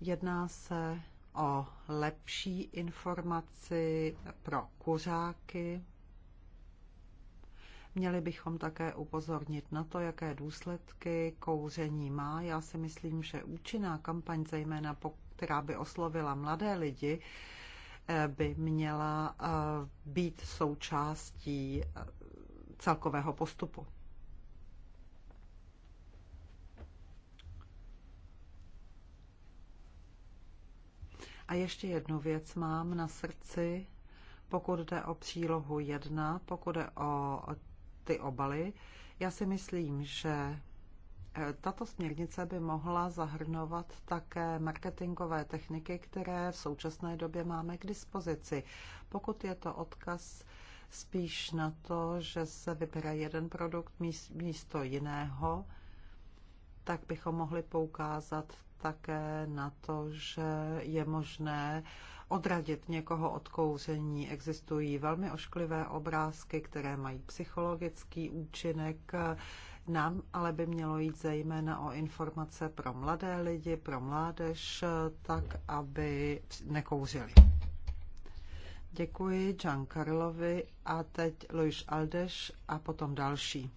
Jedná se o lepší informaci pro kuřáky, Měli bychom také upozornit na to, jaké důsledky kouření má. Já si myslím, že účinná kampaň, zejména která by oslovila mladé lidi, eh, by měla eh, být součástí eh, celkového postupu. A ještě jednu věc mám na srdci, pokud jde o přílohu 1, pokud jde o ty obaly. Já si myslím, že eh, tato směrnice by mohla zahrnovat také marketingové techniky, které v současné době máme k dispozici. Pokud je to odkaz spíš na to, že se vybere jeden produkt místo jiného, tak bychom mohli poukázat také na to, že je možné odradit někoho od kouření. Existují velmi ošklivé obrázky, které mají psychologický účinek. Nám ale by mělo jít zejména o informace pro mladé lidi, pro mládež, tak, aby nekouřili. Děkuji Jean Karlovi a teď Luis Aldeš a potom další.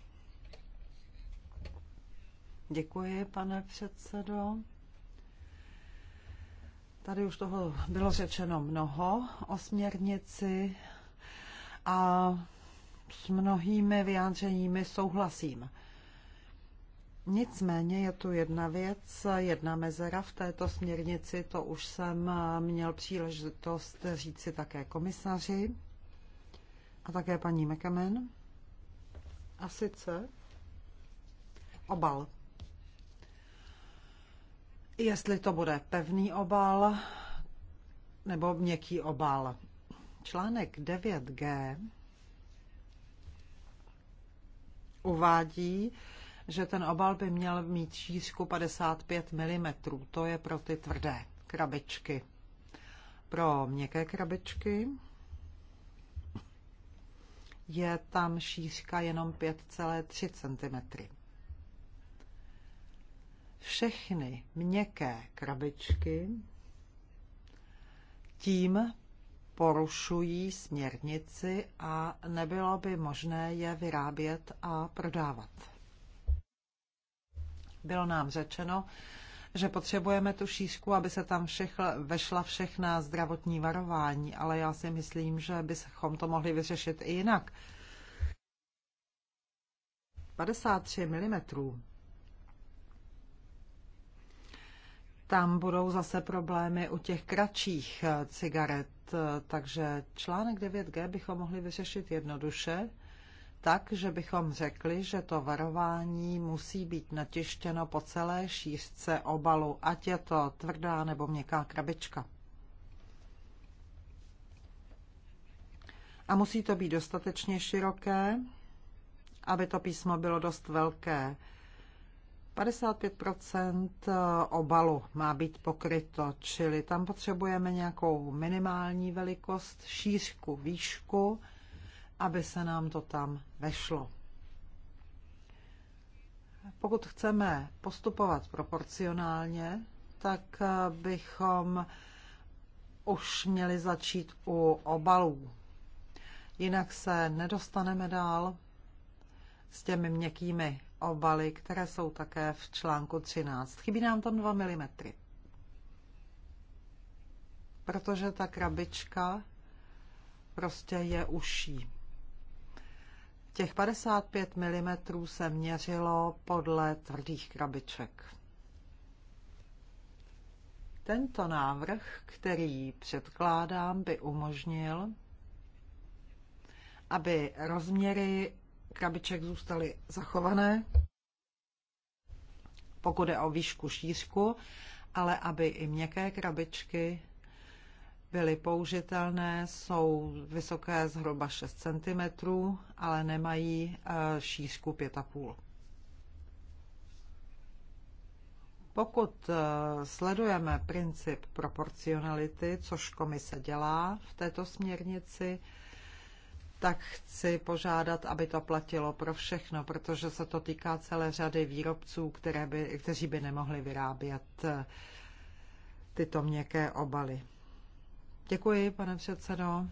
Děkuji, pane předsedo. Tady už toho bylo řečeno mnoho o směrnici a s mnohými vyjádřeními souhlasím. Nicméně je tu jedna věc, jedna mezera v této směrnici, to už jsem měl příležitost říci také komisaři a také paní Mekemen. A sice obal jestli to bude pevný obal nebo měkký obal. Článek 9G uvádí, že ten obal by měl mít šířku 55 mm. To je pro ty tvrdé krabičky. Pro měkké krabičky je tam šířka jenom 5,3 cm všechny měkké krabičky, tím porušují směrnici a nebylo by možné je vyrábět a prodávat. Bylo nám řečeno, že potřebujeme tu šířku, aby se tam všech, vešla všechna zdravotní varování, ale já si myslím, že bychom to mohli vyřešit i jinak. 53 mm tam budou zase problémy u těch kratších eh, cigaret. Eh, takže článek 9G bychom mohli vyřešit jednoduše, tak, že bychom řekli, že to varování musí být natištěno po celé šířce obalu, ať je to tvrdá nebo měkká krabička. A musí to být dostatečně široké, aby to písmo bylo dost velké. 55 eh, obalu má být pokryto, čili tam potřebujeme nějakou minimální velikost, šířku, výšku, aby se nám to tam vešlo. Pokud chceme postupovat proporcionálně, tak eh, bychom už měli začít u obalů. Jinak se nedostaneme dál s těmi měkkými obaly, které jsou také v článku 13. Chybí nám tam 2 mm. Protože ta krabička prostě je uší. Těch 55 mm se měřilo podle tvrdých krabiček. Tento návrh, který předkládám, by umožnil, aby rozměry krabiček zůstaly zachované, pokud je o výšku šířku, ale aby i měkké krabičky byly použitelné, jsou vysoké zhruba 6 cm, ale nemají e, šířku 5,5 Pokud e, sledujeme princip proporcionality, což komise dělá v této směrnici, tak chci požádat, aby to platilo pro všechno, protože se to týká celé řady výrobců, které by, kteří by nemohli vyrábět eh, tyto měkké obaly. Děkuji, pane předsedo.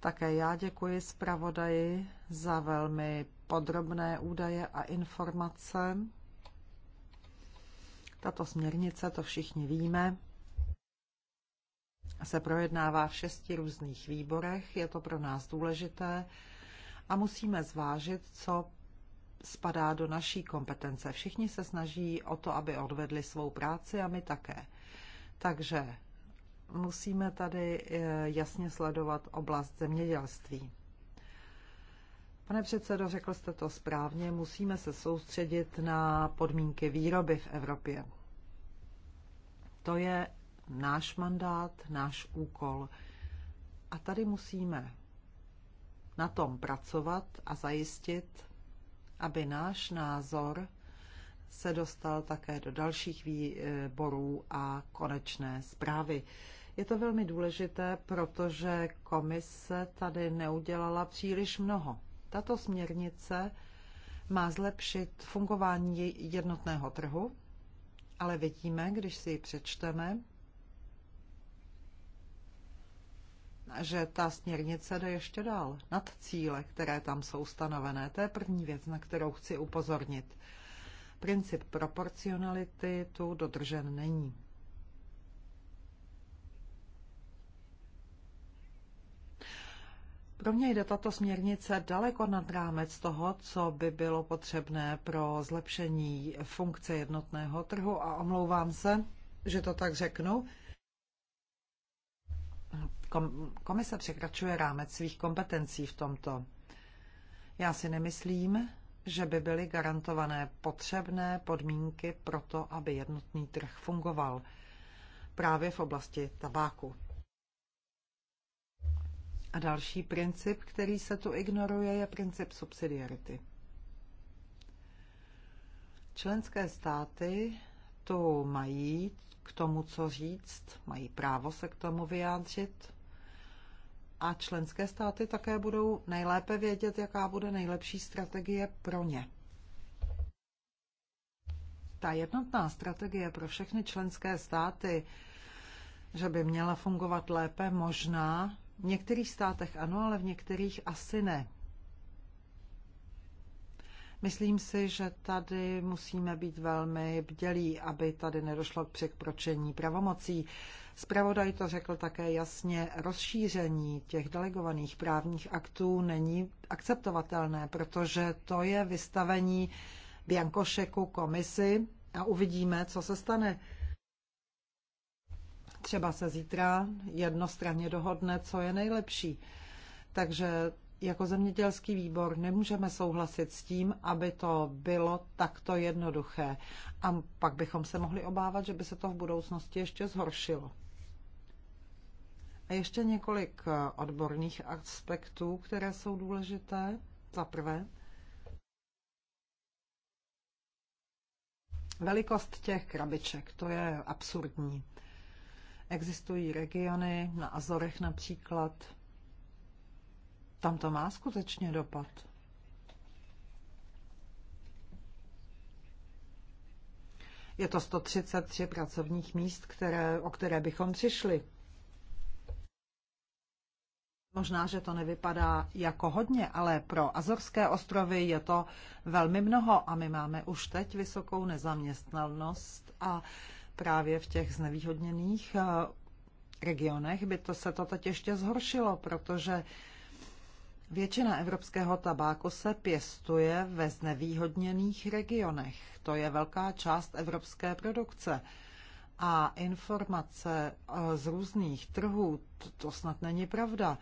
Také já děkuji zpravodaji za velmi podrobné údaje a informace. Tato směrnice, to všichni víme, se projednává v šesti různých výborech. Je to pro nás důležité a musíme zvážit, co spadá do naší kompetence. Všichni se snaží o to, aby odvedli svou práci a my také. Takže musíme tady eh, jasně sledovat oblast zemědělství. Pane předsedo, řekl jste to správně, musíme se soustředit na podmínky výroby v Evropě. To je náš mandát, náš úkol. A tady musíme na tom pracovat a zajistit, aby náš názor se dostal také do dalších výborů e, a konečné zprávy. Je to velmi důležité, protože komise tady neudělala příliš mnoho. Tato směrnice má zlepšit fungování jednotného trhu, ale vidíme, když si ji přečteme, že ta směrnice jde ještě dál nad cíle, které tam jsou stanovené. To je první věc, na kterou chci upozornit. Princip proporcionality tu dodržen není. Pro mě jde tato směrnice daleko nad rámec toho, co by bylo potřebné pro zlepšení funkce jednotného trhu a omlouvám se, že to tak řeknu, komise překračuje rámec svých kompetencí v tomto. Já si nemyslím, že by byly garantované potřebné podmínky pro to, aby jednotný trh fungoval právě v oblasti tabáku. A další princip, který se tu ignoruje, je princip subsidiarity. Členské státy tu mají k tomu, co říct, mají právo se k tomu vyjádřit. A členské státy také budou nejlépe vědět, jaká bude nejlepší strategie pro ně. Ta jednotná strategie pro všechny členské státy, že by měla fungovat lépe, možná. V některých státech ano, ale v některých asi ne. Myslím si, že tady musíme být velmi bdělí, aby tady nedošlo k překročení pravomocí. Spravodaj to řekl také jasně, rozšíření těch delegovaných právních aktů není akceptovatelné, protože to je vystavení Biankošeku komisi a uvidíme, co se stane. Třeba se zítra jednostranně dohodne, co je nejlepší. Takže jako zemědělský výbor nemůžeme souhlasit s tím, aby to bylo takto jednoduché. A pak bychom se mohli obávat, že by se to v budoucnosti ještě zhoršilo. A ještě několik eh, odborných aspektů, které jsou důležité. Za prvé, velikost těch krabiček, to je absurdní. Existují regiony, na Azorech například, tam to má skutečně dopad. Je to 133 pracovních míst, které, o které bychom přišli. Možná, že to nevypadá jako hodně, ale pro Azorské ostrovy je to velmi mnoho a my máme už teď vysokou nezaměstnanost a právě v těch znevýhodněných eh, regionech by to se to teď ještě zhoršilo, protože Většina evropského tabáku se pěstuje ve znevýhodněných regionech. To je velká část evropské produkce. A informace eh, z různých trhů, to snad není pravda.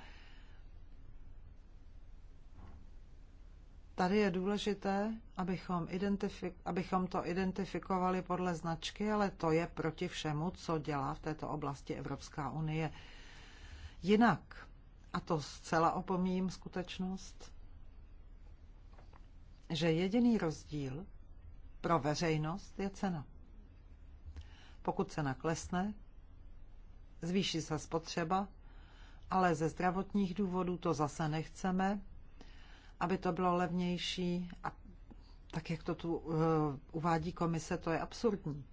Tady je důležité, abychom, identifik- abychom to identifikovali podle značky, ale to je proti všemu, co dělá v této oblasti Evropská unie. Jinak a to zcela opomíjím skutečnost, že jediný rozdíl pro veřejnost je cena. Pokud cena klesne, zvýší se spotřeba, ale ze zdravotních důvodů to zase nechceme, aby to bylo levnější a tak, jak to tu eh, uvádí komise, to je absurdní.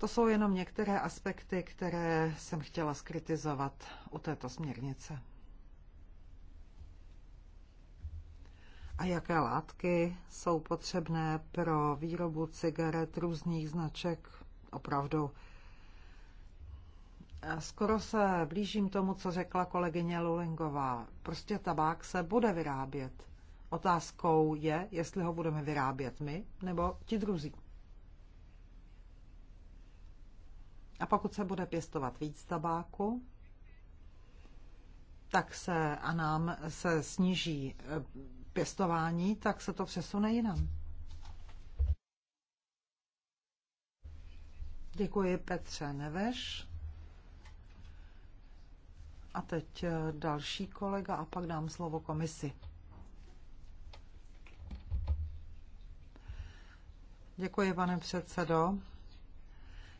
To jsou jenom některé aspekty, které jsem chtěla skritizovat u této směrnice. A jaké látky jsou potřebné pro výrobu cigaret různých značek? Opravdu. Skoro se blížím tomu, co řekla kolegyně Lulingová. Prostě tabák se bude vyrábět. Otázkou je, jestli ho budeme vyrábět my nebo ti druzí. A pokud se bude pěstovat víc tabáku, tak se a nám se sníží e, pěstování, tak se to přesune jinam. Děkuji Petře Neveš. A teď e, další kolega a pak dám slovo komisi. Děkuji, pane předsedo.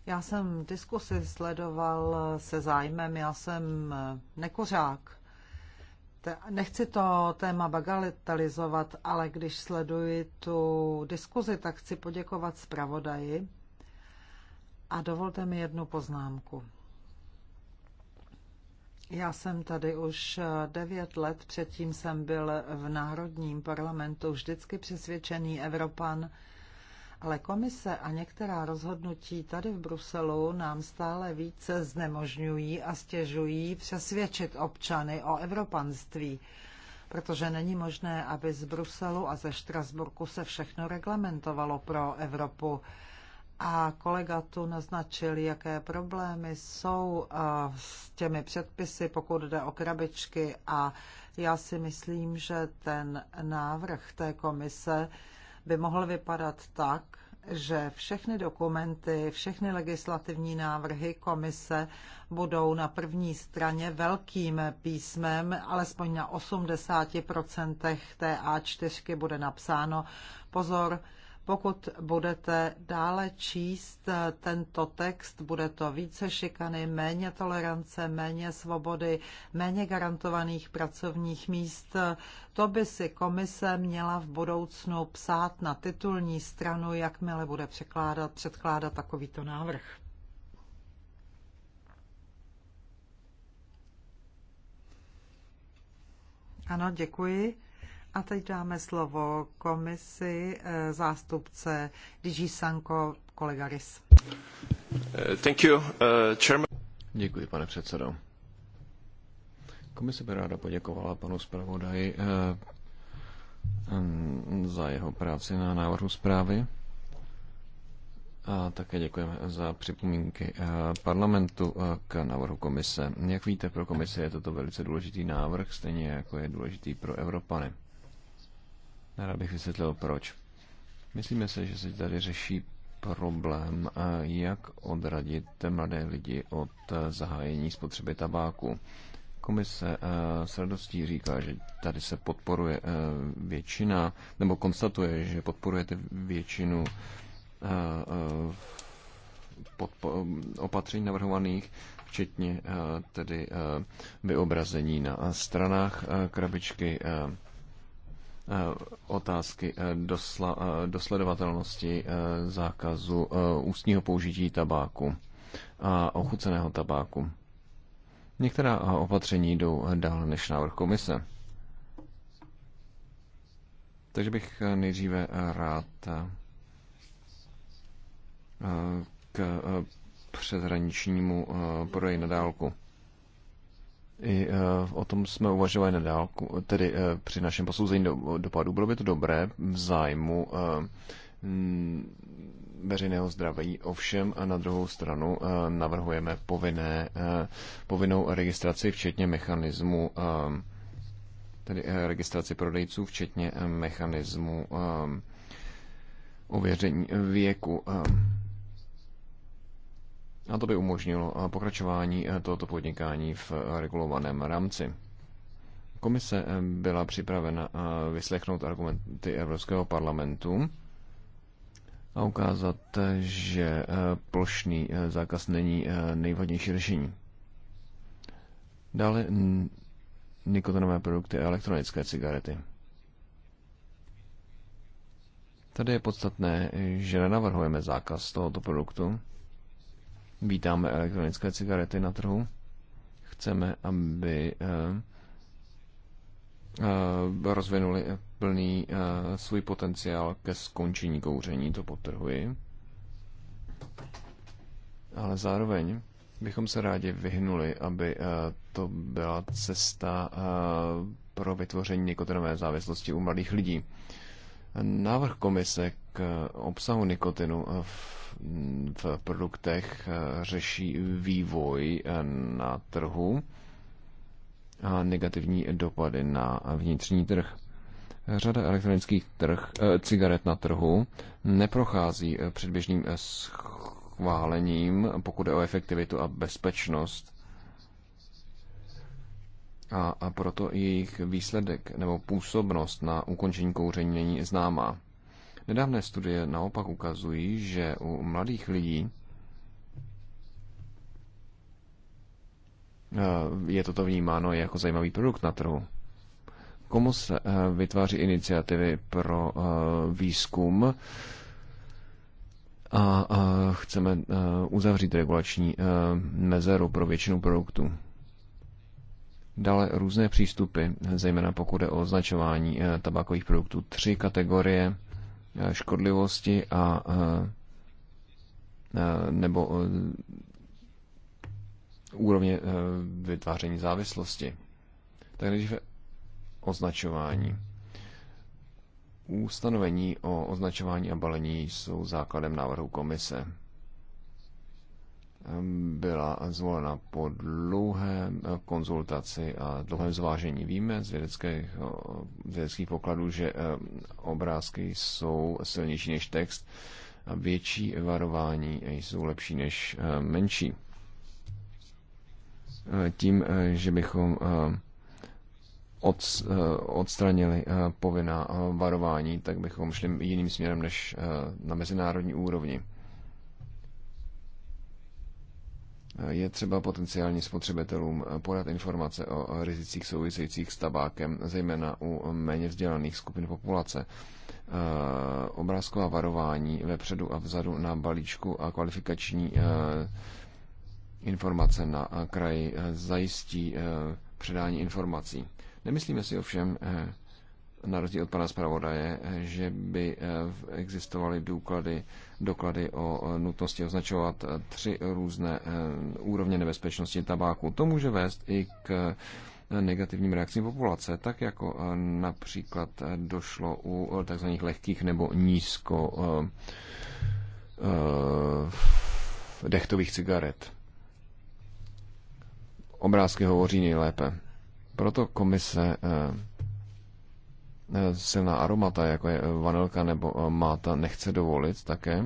Já jsem diskusi sledoval se zájmem, já jsem eh, nekuřák. Nechci to téma bagatelizovat, ale když sleduji tu diskuzi, tak chci poděkovat zpravodaji a dovolte mi jednu poznámku. Já jsem tady už eh, devět let, předtím jsem byl v Národním parlamentu vždycky přesvědčený Evropan, ale komise a některá rozhodnutí tady v Bruselu nám stále více znemožňují a stěžují přesvědčit občany o evropanství, protože není možné, aby z Bruselu a ze Štrasburku se všechno reglementovalo pro Evropu. A kolega tu naznačil, jaké problémy jsou eh, s těmi předpisy, pokud jde o krabičky. A já si myslím, že ten návrh té komise by mohl vypadat tak, že všechny dokumenty, všechny legislativní návrhy komise budou na první straně velkým písmem, alespoň na 80% té A4 bude napsáno pozor, pokud budete dále číst eh, tento text, bude to více šikany, méně tolerance, méně svobody, méně garantovaných pracovních míst. To by si komise měla v budoucnu psát na titulní stranu, jakmile bude překládat, předkládat takovýto návrh. Ano, děkuji. A teď dáme slovo komisi eh, zástupce DG Sanko, kolega Rys. Eh, thank you, uh, chairman. Děkuji, pane předsedo. Komise by ráda poděkovala panu zpravodaji za jeho práci na návrhu zprávy. A také děkujeme za připomínky parlamentu k návrhu komise. Jak víte, pro komisi je toto velice důležitý návrh, stejně jako je důležitý pro Evropany. Rád bych vysvětlil proč. Myslíme se, že se tady řeší problém, jak odradit mladé lidi od eh, zahájení spotřeby tabáku. Komise eh, s radostí říká, že tady se podporuje eh, většina, nebo konstatuje, že podporujete většinu opatření navrhovaných, včetně tedy vyobrazení na stranách krabičky Eh, otázky eh, dosla, eh, dosledovatelnosti zákazu ústního použití tabáku a ochuceného tabáku. Některá opatření jdou dál než návrh komise. Takže bych nejdříve rád k přeshraničnímu prodeji na dálku. I eh, o tom jsme uvažovali na dálku, tedy eh, při našem posouzení do, dopadu. Bylo by to dobré v zájmu eh, veřejného zdraví. Ovšem na druhou stranu navrhujeme povinné, povinnou registraci, včetně mechanismu tedy registraci prodejců, včetně mechanismu ověření věku. A to by umožnilo eh, pokračování eh, tohoto podnikání v eh, regulovaném rámci. Komise byla připravena vyslechnout argumenty Evropského parlamentu a ukázat, že plošný zákaz není nejvhodnější řešení. Dále nikotinové produkty a elektronické cigarety. Tady je podstatné, že nenavrhujeme zákaz tohoto produktu, Vítáme elektronické cigarety na trhu. Chceme, aby eh, eh, rozvinuli plný eh, svůj potenciál ke skončení kouření, to potrhuji. Ale zároveň bychom se rádi vyhnuli, aby to byla cesta pro vytvoření nikotinové závislosti u mladých lidí. Návrh komise Eh, obsahu nikotinu eh, v, v produktech eh, řeší vývoj na trhu a negativní dopady na vnitřní trh. Řada elektronických trh, cigaret na trhu neprochází předběžným schválením, pokud je o efektivitu a bezpečnost. A, a proto jejich výsledek nebo působnost na ukončení kouření není známá. Nedávné studie naopak ukazují, že u mladých lidí eh, je toto vnímáno jako zajímavý produkt na trhu. Komu se eh, vytváří iniciativy pro eh, výzkum a chceme uzavřít regulační mezeru pro většinu produktů. Dále různé přístupy, zejména pokud je o označování tabakových produktů. Tři kategorie Eh, škodlivosti a eh, eh, nebo úrovně vytváření závislosti. Tak nejdříve označování. Ústanovení o označování a balení jsou základem návrhu komise byla zvolena po dlouhém konzultaci a dlouhém zvážení. Víme z vědeckých, z vědeckých pokladů, že eh, obrázky jsou silnější než text a větší varování jsou lepší než eh, menší. Eh, tím, že bychom odstranili povinná varování, tak bychom šli jiným směrem než na mezinárodní úrovni je třeba potenciálně spotřebitelům podat informace o rizicích souvisejících s tabákem, zejména u méně vzdělaných skupin populace. Eh, obrázková varování vepředu a vzadu na balíčku a kvalifikační eh, informace na eh, kraji zajistí předání informací. Nemyslíme si ovšem, na rozdíl od pana zpravodaje, že by eh, existovaly důklady, doklady o eh, nutnosti označovat eh, tři různé úrovně nebezpečnosti tabáku. To může vést i k negativním reakcím populace, tak jako například došlo u tzv. lehkých nebo nízko dechtových cigaret. Obrázky hovoří nejlépe. Proto komise silná aromata, jako je eh, vanilka nebo eh, máta, nechce dovolit také,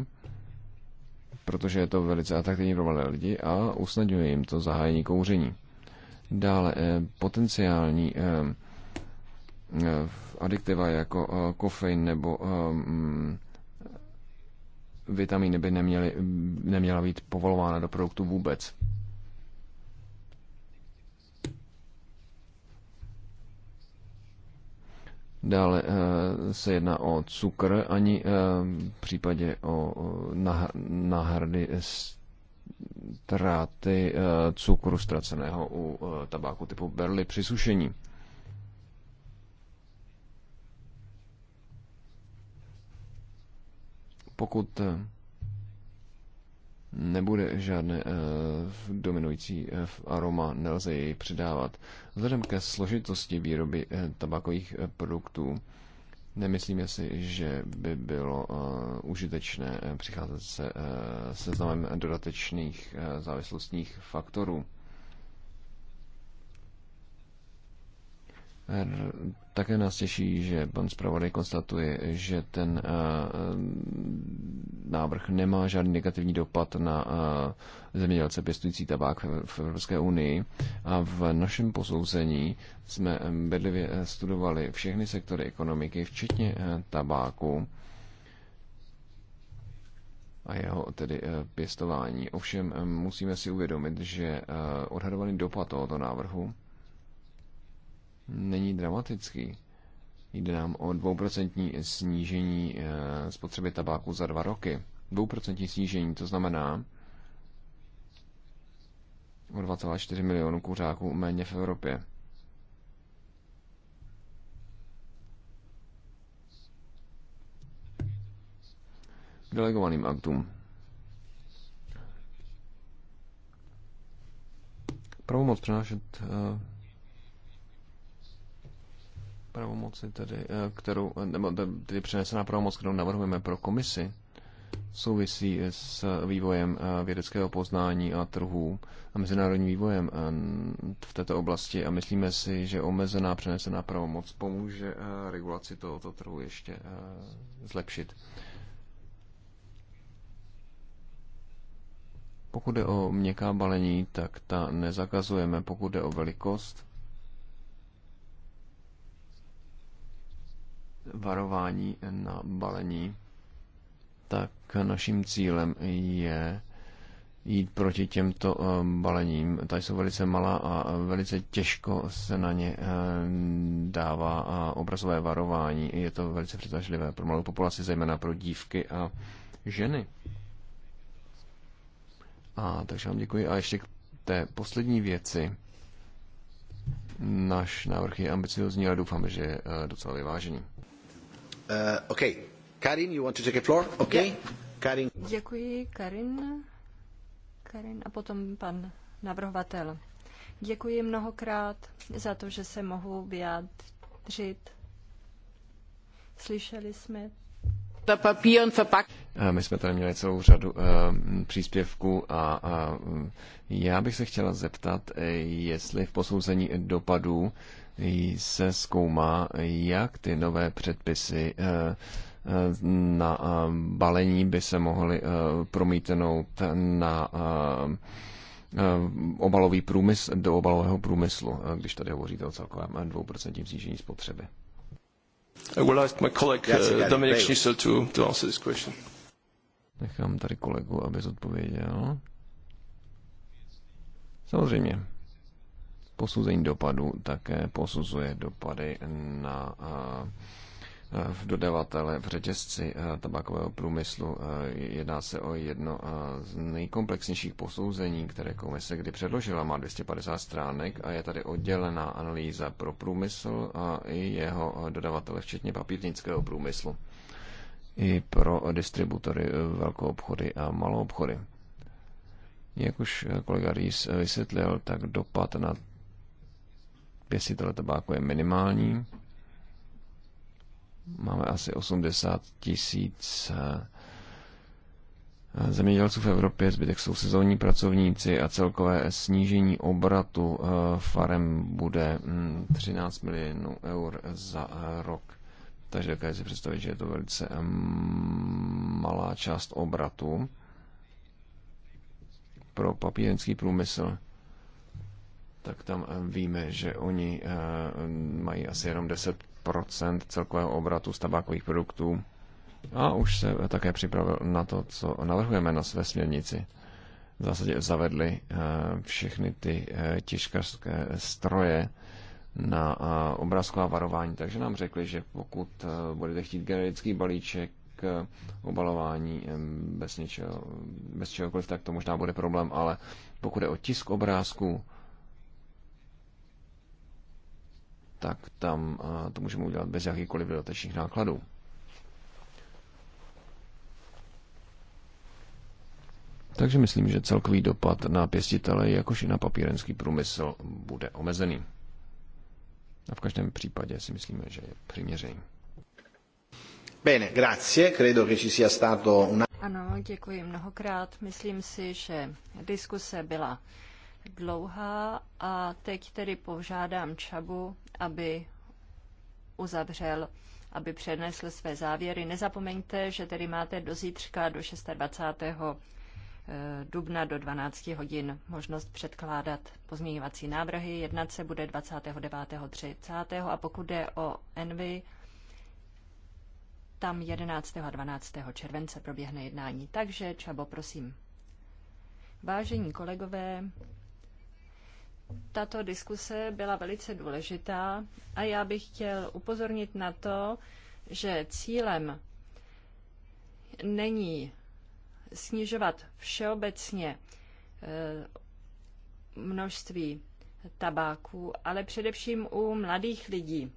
protože je to velice atraktivní pro mladé lidi a usnadňuje jim to zahájení kouření. Dále eh, potenciální adiktiva jako kofein nebo mm, vitamíny by neměly, neměla být povolována do produktu vůbec. Dále eh, se jedná o cukr, ani eh, v případě o náhrady ztráty eh, cukru ztraceného u tabáku typu berly při sušení. Pokud nebude žádné eh, dominující eh, aroma, nelze jej předávat. Vzhledem ke složitosti výroby eh, tabakových produktů, Nemyslíme si, že by bylo uh, užitečné přicházet se uh, seznamem dodatečných uh, závislostních faktorů. Také nás těší, že pan zpravodaj konstatuje, že ten eh, návrh nemá žádný negativní dopad na eh, zemědělce pěstující tabák v Evropské unii. A v našem posouzení jsme eh, bedlivě studovali všechny sektory ekonomiky, včetně tabáku a jeho tedy pěstování. Ovšem musíme si uvědomit, že odhadovaný dopad tohoto návrhu není dramatický. Jde nám o dvouprocentní snížení eh, spotřeby tabáku za dva roky. Dvouprocentní snížení, to znamená o 2,4 milionů kuřáků méně v Evropě. delegovaným aktům. Pravomoc přenášet eh, pravomoci, tedy, eh, kterou, eh, nebo tedy přenesená pravomoc, kterou navrhujeme pro komisi, souvisí s vývojem eh, vědeckého poznání a trhů a mezinárodním vývojem v této oblasti a myslíme si, že omezená přenesená pravomoc pomůže regulaci tohoto trhu ještě zlepšit. Pokud jde o měkká balení, tak ta nezakazujeme. Pokud jde o velikost, varování na balení, tak naším cílem je jít proti těmto eh, balením. Ta jsou velice malá a velice těžko se na ně eh, dává eh, obrazové varování. Je to velice přitažlivé pro malou populaci, zejména pro dívky a ženy. A takže vám děkuji. A ještě k té poslední věci. Náš návrh je ambiciozní, ale doufám, že je docela vyvážený. Uh, okay. Karin, you want to take the floor? Okay. Karin. Děkuji, Karin. Karin a potom pan navrhovatel. Děkuji mnohokrát za to, že se mohu vyjádřit. Slyšeli jsme eh, my jsme tady měli celou řadu uh, příspěvků a uh, já bych se chtěla zeptat, eh, jestli v posouzení dopadů se zkoumá, jak ty nové předpisy eh, eh, na eh, balení by se mohly promítnout na obalový průmysl, do obalového průmyslu, když tady hovoříte o celkovém 2% snížení spotřeby. to, Nechám tady kolegu, aby zodpověděl. Samozřejmě posouzení dopadů také posuzuje dopady na v dodavatele v řetězci tabakového průmyslu. Jedná se o jedno z nejkomplexnějších posouzení, které komise kdy předložila. Má 250 stránek a je tady oddělená analýza pro průmysl a i jeho dodavatele, včetně papírnického průmyslu. I pro distributory, e, velkou obchody a malou obchody. Jak už kolega Rýs e, vysvětlil, tak dopad na pěstitele tabáku je minimální. Máme asi 80 tisíc eh, zemědělců v Evropě, zbytek jsou sezónní pracovníci a celkové snížení obratu eh, farem bude 13 hm, milionů eur za eh, rok. Takže dokážete si představit, že je to velice malá část obratu pro papírenský průmysl tak tam eh, víme, že oni eh, mají asi jenom 10% celkového obratu z tabákových produktů. A už se také připravil na to, co navrhujeme na své směrnici. V zásadě zavedli eh, všechny ty těžkařské stroje na obrázková varování, takže nám řekli, že pokud budete chtít generický balíček, k obalování bez, něčeho, bez čehokoliv, tak to možná bude problém, ale pokud je o tisk obrázků, tak tam to můžeme udělat bez jakýchkoliv dodatečných nákladů. Takže myslím, že celkový dopad na pěstitele, jakož i na papírenský průmysl, bude omezený. A v každém případě si myslíme, že je přiměřený. Bene, grazie. Credo che ci sia stato una... Ano, děkuji mnohokrát. Myslím si, že diskuse byla dlouhá a teď tedy požádám Čabu, aby uzavřel, aby přednesl své závěry. Nezapomeňte, že tedy máte do zítřka, do 26. Eh, dubna do 12 hodin možnost předkládat pozměňovací návrhy. Jednat se bude 29. 30. a pokud jde o Envy, tam 11. a 12. července proběhne jednání. Takže, Čabo, prosím. Vážení kolegové, tato diskuse byla velice důležitá a já bych chtěl upozornit na to, že cílem není snižovat všeobecně eh, množství tabáku, ale především u mladých lidí.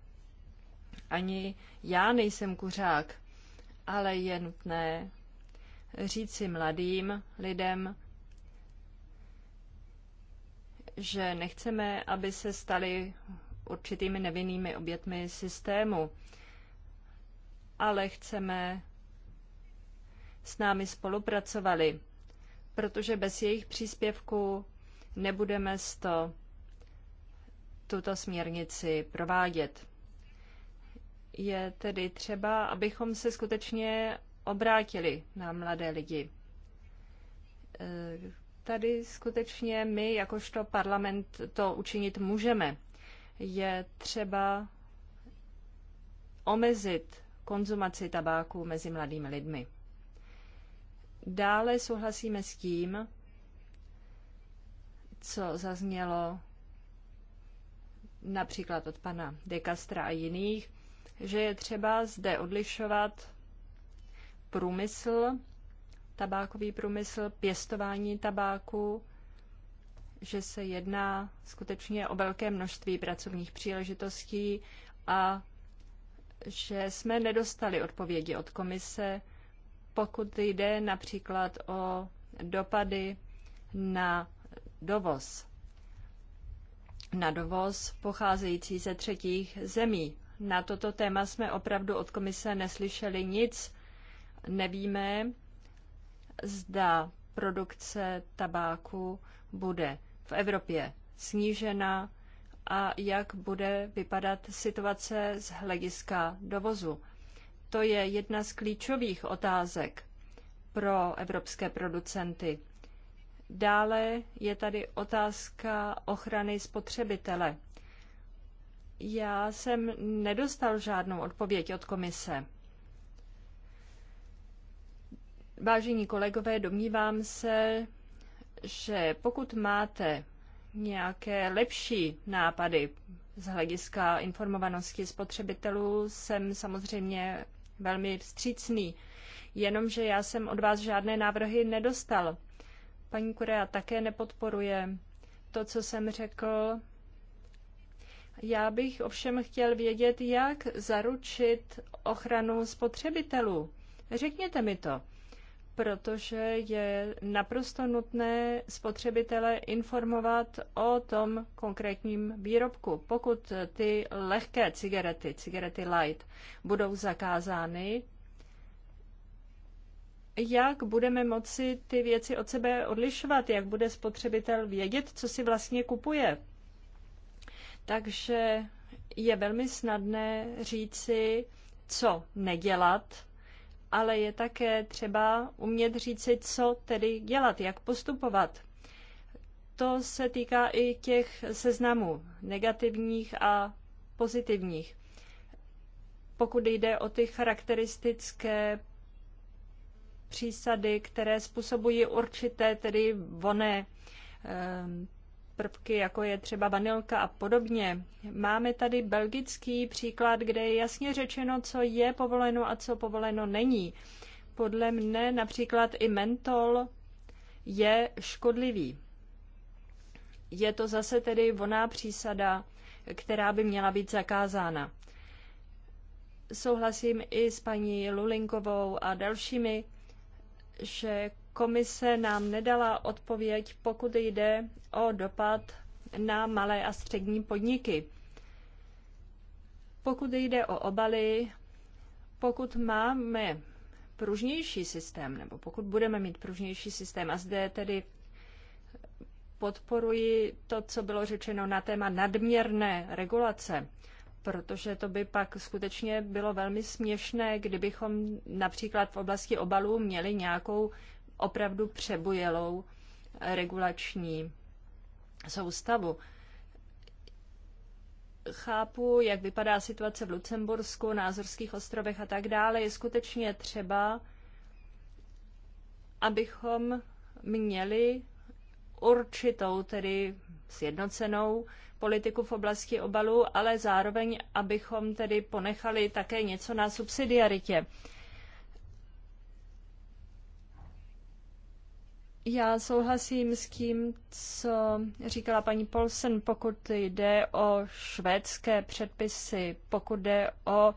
Ani já nejsem kuřák, ale je nutné říci mladým lidem, že nechceme, aby se stali určitými nevinnými obětmi systému, ale chceme s námi spolupracovali, protože bez jejich příspěvku nebudeme z to tuto směrnici provádět. Je tedy třeba, abychom se skutečně obrátili na mladé lidi tady skutečně my, jakožto parlament, to učinit můžeme. Je třeba omezit konzumaci tabáku mezi mladými lidmi. Dále souhlasíme s tím, co zaznělo například od pana Dekastra a jiných, že je třeba zde odlišovat průmysl tabákový průmysl, pěstování tabáku, že se jedná skutečně o velké množství pracovních příležitostí a že jsme nedostali odpovědi od komise, pokud jde například o dopady na dovoz. Na dovoz pocházející ze třetích zemí. Na toto téma jsme opravdu od komise neslyšeli nic. Nevíme, zda produkce tabáku bude v Evropě snížena a jak bude vypadat situace z hlediska dovozu. To je jedna z klíčových otázek pro evropské producenty. Dále je tady otázka ochrany spotřebitele. Já jsem nedostal žádnou odpověď od komise. Vážení kolegové, domnívám se, že pokud máte nějaké lepší nápady z hlediska informovanosti spotřebitelů, jsem samozřejmě velmi vstřícný. Jenomže já jsem od vás žádné návrhy nedostal. Paní Korea také nepodporuje to, co jsem řekl. Já bych ovšem chtěl vědět, jak zaručit ochranu spotřebitelů. Řekněte mi to protože je naprosto nutné spotřebitele informovat o tom konkrétním výrobku. Pokud ty lehké cigarety, cigarety light, budou zakázány, jak budeme moci ty věci od sebe odlišovat, jak bude spotřebitel vědět, co si vlastně kupuje. Takže je velmi snadné říci, co nedělat, ale je také třeba umět říci, co tedy dělat, jak postupovat. To se týká i těch seznamů negativních a pozitivních. Pokud jde o ty charakteristické přísady, které způsobují určité tedy voné ehm, prvky, jako je třeba vanilka a podobně. Máme tady belgický příklad, kde je jasně řečeno, co je povoleno a co povoleno není. Podle mne například i mentol je škodlivý. Je to zase tedy voná přísada, která by měla být zakázána. Souhlasím i s paní Lulinkovou a dalšími, že komise nám nedala odpověď, pokud jde o dopad na malé a střední podniky. Pokud jde o obaly, pokud máme pružnější systém, nebo pokud budeme mít pružnější systém, a zde tedy podporuji to, co bylo řečeno na téma nadměrné regulace, protože to by pak skutečně bylo velmi směšné, kdybychom například v oblasti obalů měli nějakou opravdu přebujelou regulační soustavu. Chápu, jak vypadá situace v Lucembursku, na Azorských ostrovech a tak dále. Je skutečně třeba, abychom měli určitou, tedy sjednocenou politiku v oblasti obalů, ale zároveň, abychom tedy ponechali také něco na subsidiaritě. Já souhlasím s tím, co říkala paní Polsen, pokud jde o švédské předpisy, pokud jde o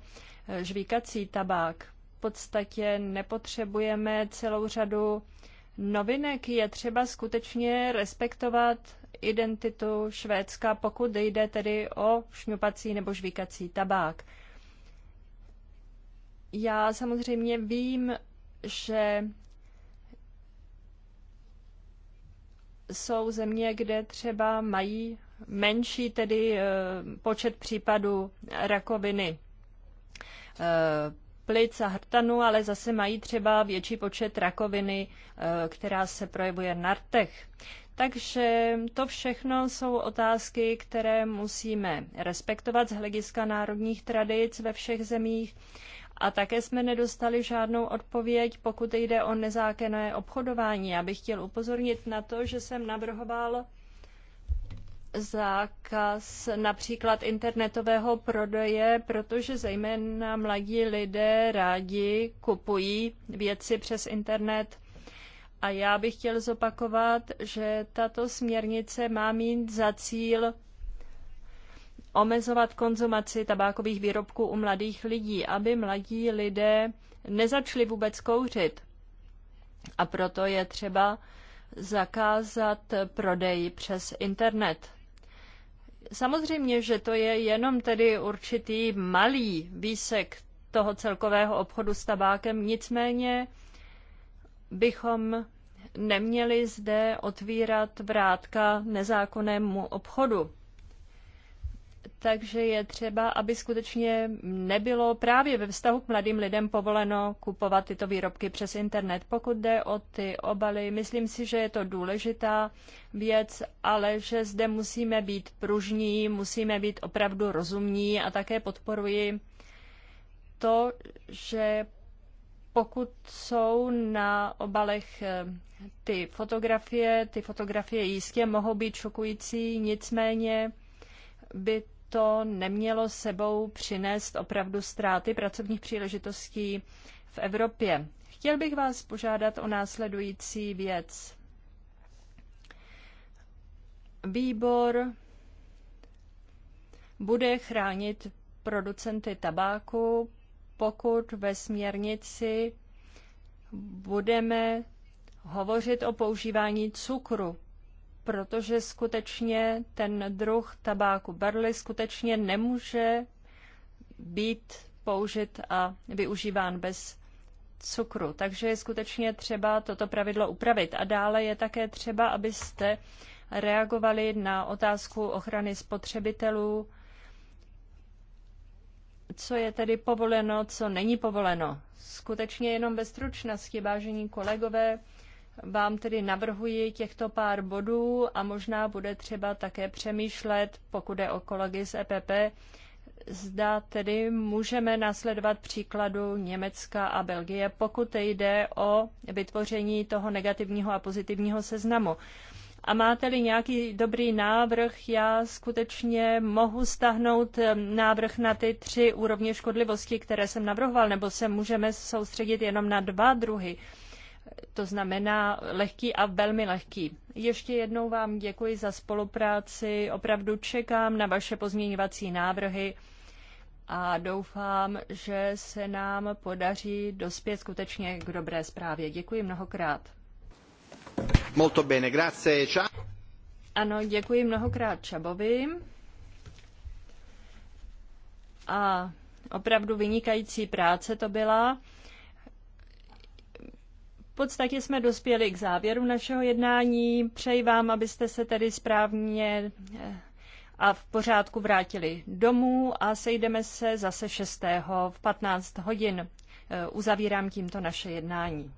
e, žvíkací tabák. V podstatě nepotřebujeme celou řadu novinek. Je třeba skutečně respektovat identitu Švédska, pokud jde tedy o šňupací nebo žvíkací tabák. Já samozřejmě vím, že jsou země, kde třeba mají menší tedy eh, počet případů rakoviny eh, plic a hrtanu, ale zase mají třeba větší počet rakoviny, eh, která se projevuje na rtech. Takže to všechno jsou otázky, které musíme respektovat z hlediska národních tradic ve všech zemích. A také jsme nedostali žádnou odpověď, pokud jde o nezákonné obchodování. Já bych chtěl upozornit na to, že jsem navrhoval zákaz například internetového prodeje, protože zejména mladí lidé rádi kupují věci přes internet. A já bych chtěl zopakovat, že tato směrnice má mít za cíl omezovat konzumaci tabákových výrobků u mladých lidí, aby mladí lidé nezačali vůbec kouřit. A proto je třeba zakázat prodej přes internet. Samozřejmě, že to je jenom tedy určitý malý výsek toho celkového obchodu s tabákem, nicméně bychom neměli zde otvírat vrátka nezákonnému obchodu takže je třeba, aby skutečně nebylo právě ve vztahu k mladým lidem povoleno kupovat tyto výrobky přes internet. Pokud jde o ty obaly, myslím si, že je to důležitá věc, ale že zde musíme být pružní, musíme být opravdu rozumní a také podporuji to, že pokud jsou na obalech eh, ty fotografie, ty fotografie jistě mohou být šokující, nicméně by to nemělo sebou přinést opravdu ztráty pracovních příležitostí v Evropě. Chtěl bych vás požádat o následující věc. Výbor bude chránit producenty tabáku, pokud ve směrnici budeme hovořit o používání cukru protože skutečně ten druh tabáku barley skutečně nemůže být použit a využíván bez cukru. Takže je skutečně třeba toto pravidlo upravit. A dále je také třeba, abyste reagovali na otázku ochrany spotřebitelů, co je tedy povoleno, co není povoleno. Skutečně jenom ve stručnosti, vážení kolegové, vám tedy navrhuji těchto pár bodů a možná bude třeba také přemýšlet, pokud je o kolegy z EPP, zda tedy můžeme následovat příkladu Německa a Belgie, pokud jde o vytvoření toho negativního a pozitivního seznamu. A máte-li nějaký dobrý návrh, já skutečně mohu stahnout návrh na ty tři úrovně škodlivosti, které jsem navrhoval, nebo se můžeme soustředit jenom na dva druhy to znamená lehký a velmi lehký. Ještě jednou vám děkuji za spolupráci, opravdu čekám na vaše pozměňovací návrhy a doufám, že se nám podaří dospět skutečně k dobré zprávě. Děkuji mnohokrát. Molto bene, grazie. Ča... Ano, děkuji mnohokrát Čabovi. A opravdu vynikající práce to byla podstatě jsme dospěli k závěru našeho jednání. Přeji vám, abyste se tedy správně eh, a v pořádku vrátili domů a sejdeme se zase 6. v 15 hodin. Eh, uzavírám tímto naše jednání.